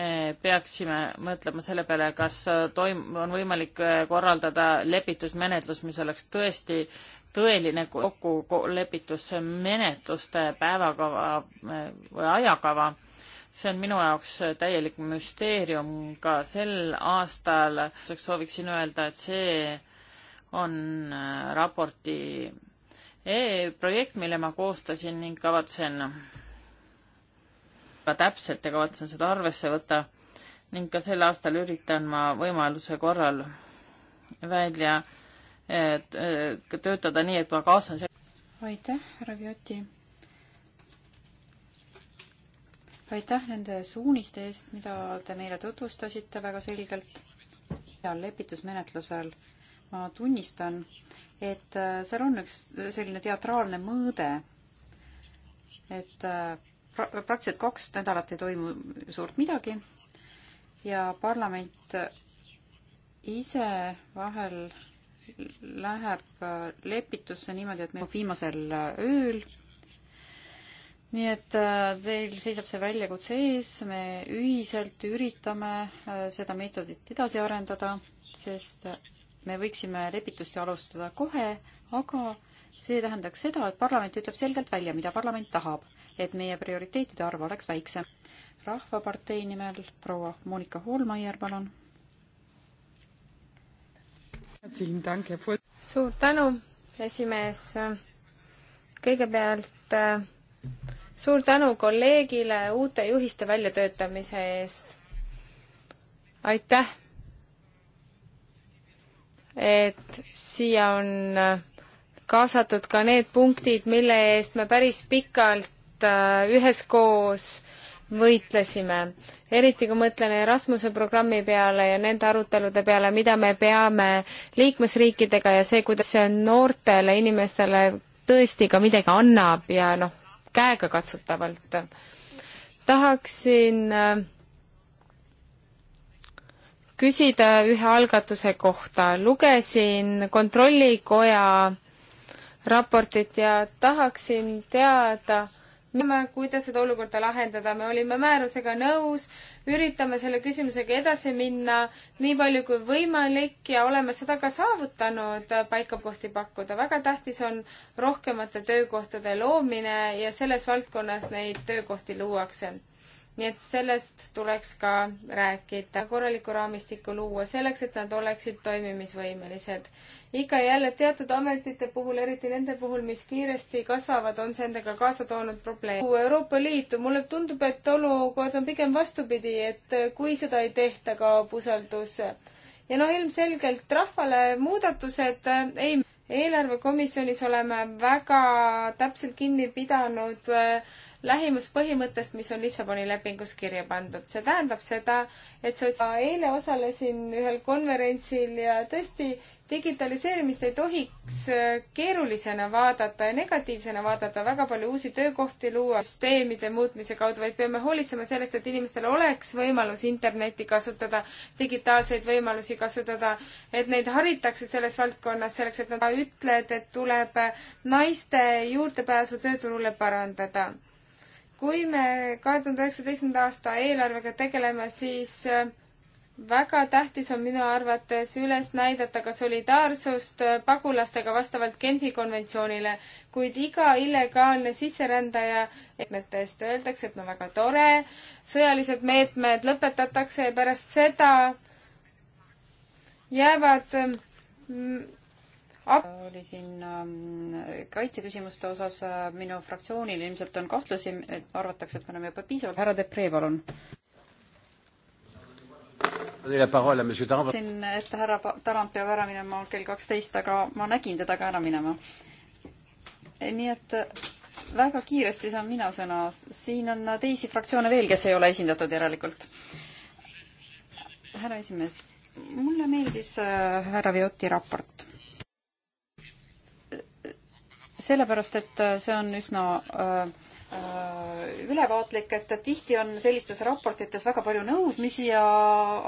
Eh, peaksime mõtlema selle peale, kas äh, toim-, on võimalik äh, korraldada lepitusmenetlus, mis oleks tõesti tõeline kokku lepitusmenetluste päevakava äh, või ajakava. see on minu jaoks täielik müsteerium ka sel aastal. sooviksin öelda, et see on raporti e projekt, mille ma koostasin ning kavatsen väga täpselt ja kavatsen seda arvesse võtta ning ka sel aastal üritan ma võimaluse korral välja töötada nii, et ma kaasan seal. aitäh, härra Vjoti. aitäh nende suuniste eest, mida te meile tutvustasite väga selgelt. ja lepitusmenetlusel ma tunnistan, et äh, seal on üks selline teatraalne mõõde, et äh, praktiliselt kaks nädalat ei toimu suurt midagi ja parlament ise vahel läheb äh, lepitusse niimoodi, et meil viimasel äh, ööl nii et äh, veel seisab see väljakutse ees, me ühiselt üritame seda meetodit edasi arendada, sest me võiksime lepitust ju alustada kohe, aga see tähendaks seda, et parlament ütleb selgelt välja, mida parlament tahab et meie prioriteetide arv oleks väiksem. rahvapartei nimel proua Monika Hoolmeier, palun. suur tänu, esimees. kõigepealt äh, suur tänu kolleegile uute juhiste väljatöötamise eest. aitäh, et siia on äh, kaasatud ka need punktid, mille eest me päris pikalt Äh, üheskoos võitlesime. eriti kui mõtlen Erasmuse programmi peale ja nende arutelude peale, mida me peame liikmesriikidega ja see, kuidas see noortele inimestele tõesti ka midagi annab ja noh, käegakatsutavalt. tahaksin äh, küsida ühe algatuse kohta. lugesin Kontrollikoja raportit ja tahaksin teada, näeme, kuidas seda olukorda lahendada, me olime määrusega nõus, üritame selle küsimusega edasi minna nii palju kui võimalik ja oleme seda ka saavutanud, paikakohti pakkuda. väga tähtis on rohkemate töökohtade loomine ja selles valdkonnas neid töökohti luuakse nii et sellest tuleks ka rääkida, korralikku raamistikku luua selleks, et nad oleksid toimimisvõimelised. ikka ja jälle teatud ametite puhul, eriti nende puhul, mis kiiresti kasvavad, on see endaga kaasa toonud probleem. Euroopa Liitu, mulle tundub, et olukord on pigem vastupidi, et kui seda ei tehta, kaob usaldus. ja noh, ilmselgelt rahvale muudatused ei eelarvekomisjonis oleme väga täpselt kinni pidanud äh, lähimuspõhimõttest, mis on Lissaboni lepingus kirja pandud. see tähendab seda, et sots-, eile osalesin ühel konverentsil ja tõesti, digitaliseerimist ei tohiks äh, keerulisena vaadata ja negatiivsena vaadata, väga palju uusi töökohti luua süsteemide muutmise kaudu, vaid peame hoolitsema sellest, et inimestel oleks võimalus Internetti kasutada, digitaalseid võimalusi kasutada, et neid haritakse selles valdkonnas selleks, et nad ütled, et tuleb naiste juurdepääsu tööturule parandada kui me kahe tuhande üheksateistkümnenda aasta eelarvega tegeleme, siis äh, väga tähtis on minu arvates üles näidata ka solidaarsust äh, pagulastega vastavalt Genfi konventsioonile, kuid iga illegaalne sisserändaja meetmetest öeldakse, et no väga tore, sõjalised meetmed lõpetatakse ja pärast seda jäävad äh, oli siin ähm, kaitseküsimuste osas äh, minu fraktsioonil ilmselt on kahtlusi, et arvatakse, et me oleme juba piisavalt, härra Depree, palun. siin, et härra Tarand peab ära minema kell kaksteist, aga ma nägin teda ka ära minema. nii et äh, väga kiiresti saan mina sõna, siin on äh, teisi fraktsioone veel, kes ei ole esindatud järelikult. härra esimees, mulle meeldis härra Vioti raport sellepärast, et äh, see on üsna äh, äh, ülevaatlik, et tihti on sellistes raportites väga palju nõudmisi ja,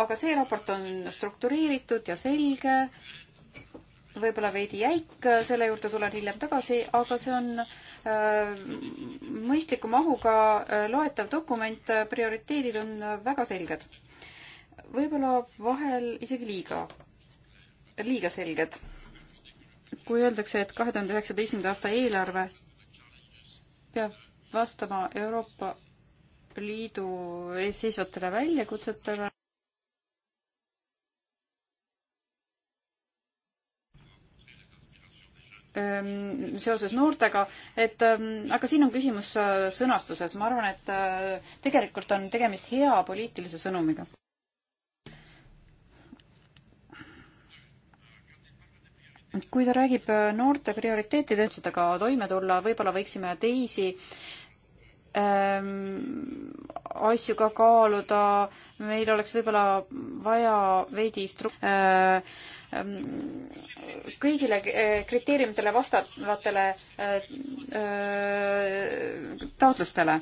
aga see raport on struktureeritud ja selge, võib-olla veidi jäik, selle juurde tulen hiljem tagasi, aga see on mõistliku mahuga loetav dokument, prioriteedid on väga selged. võib-olla vahel isegi liiga, liiga selged kui öeldakse, et kahe tuhande üheksateistkümnenda aasta eelarve peab vastama Euroopa Liidu ees seisvatele väljakutsetele, ähm, seoses noortega, et ähm, aga siin on küsimus äh, sõnastuses, ma arvan, et äh, tegelikult on tegemist hea poliitilise sõnumiga. kui ta räägib äh, noorte prioriteetidest, aga toime tulla, võib-olla võiksime teisi ähm, asju ka kaaluda, meil oleks võib-olla vaja veidi stru- äh,, ähm, kõigile äh, kriteeriumitele vastavatele äh, äh, taotlustele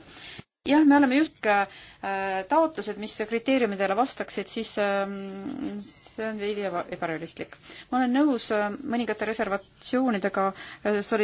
jah, me oleme just ka äh, taotlused, mis kriteeriumidele vastaksid, siis ähm, see on veidi ebarealistlik. ma olen nõus äh, mõningate reservatsioonidega äh,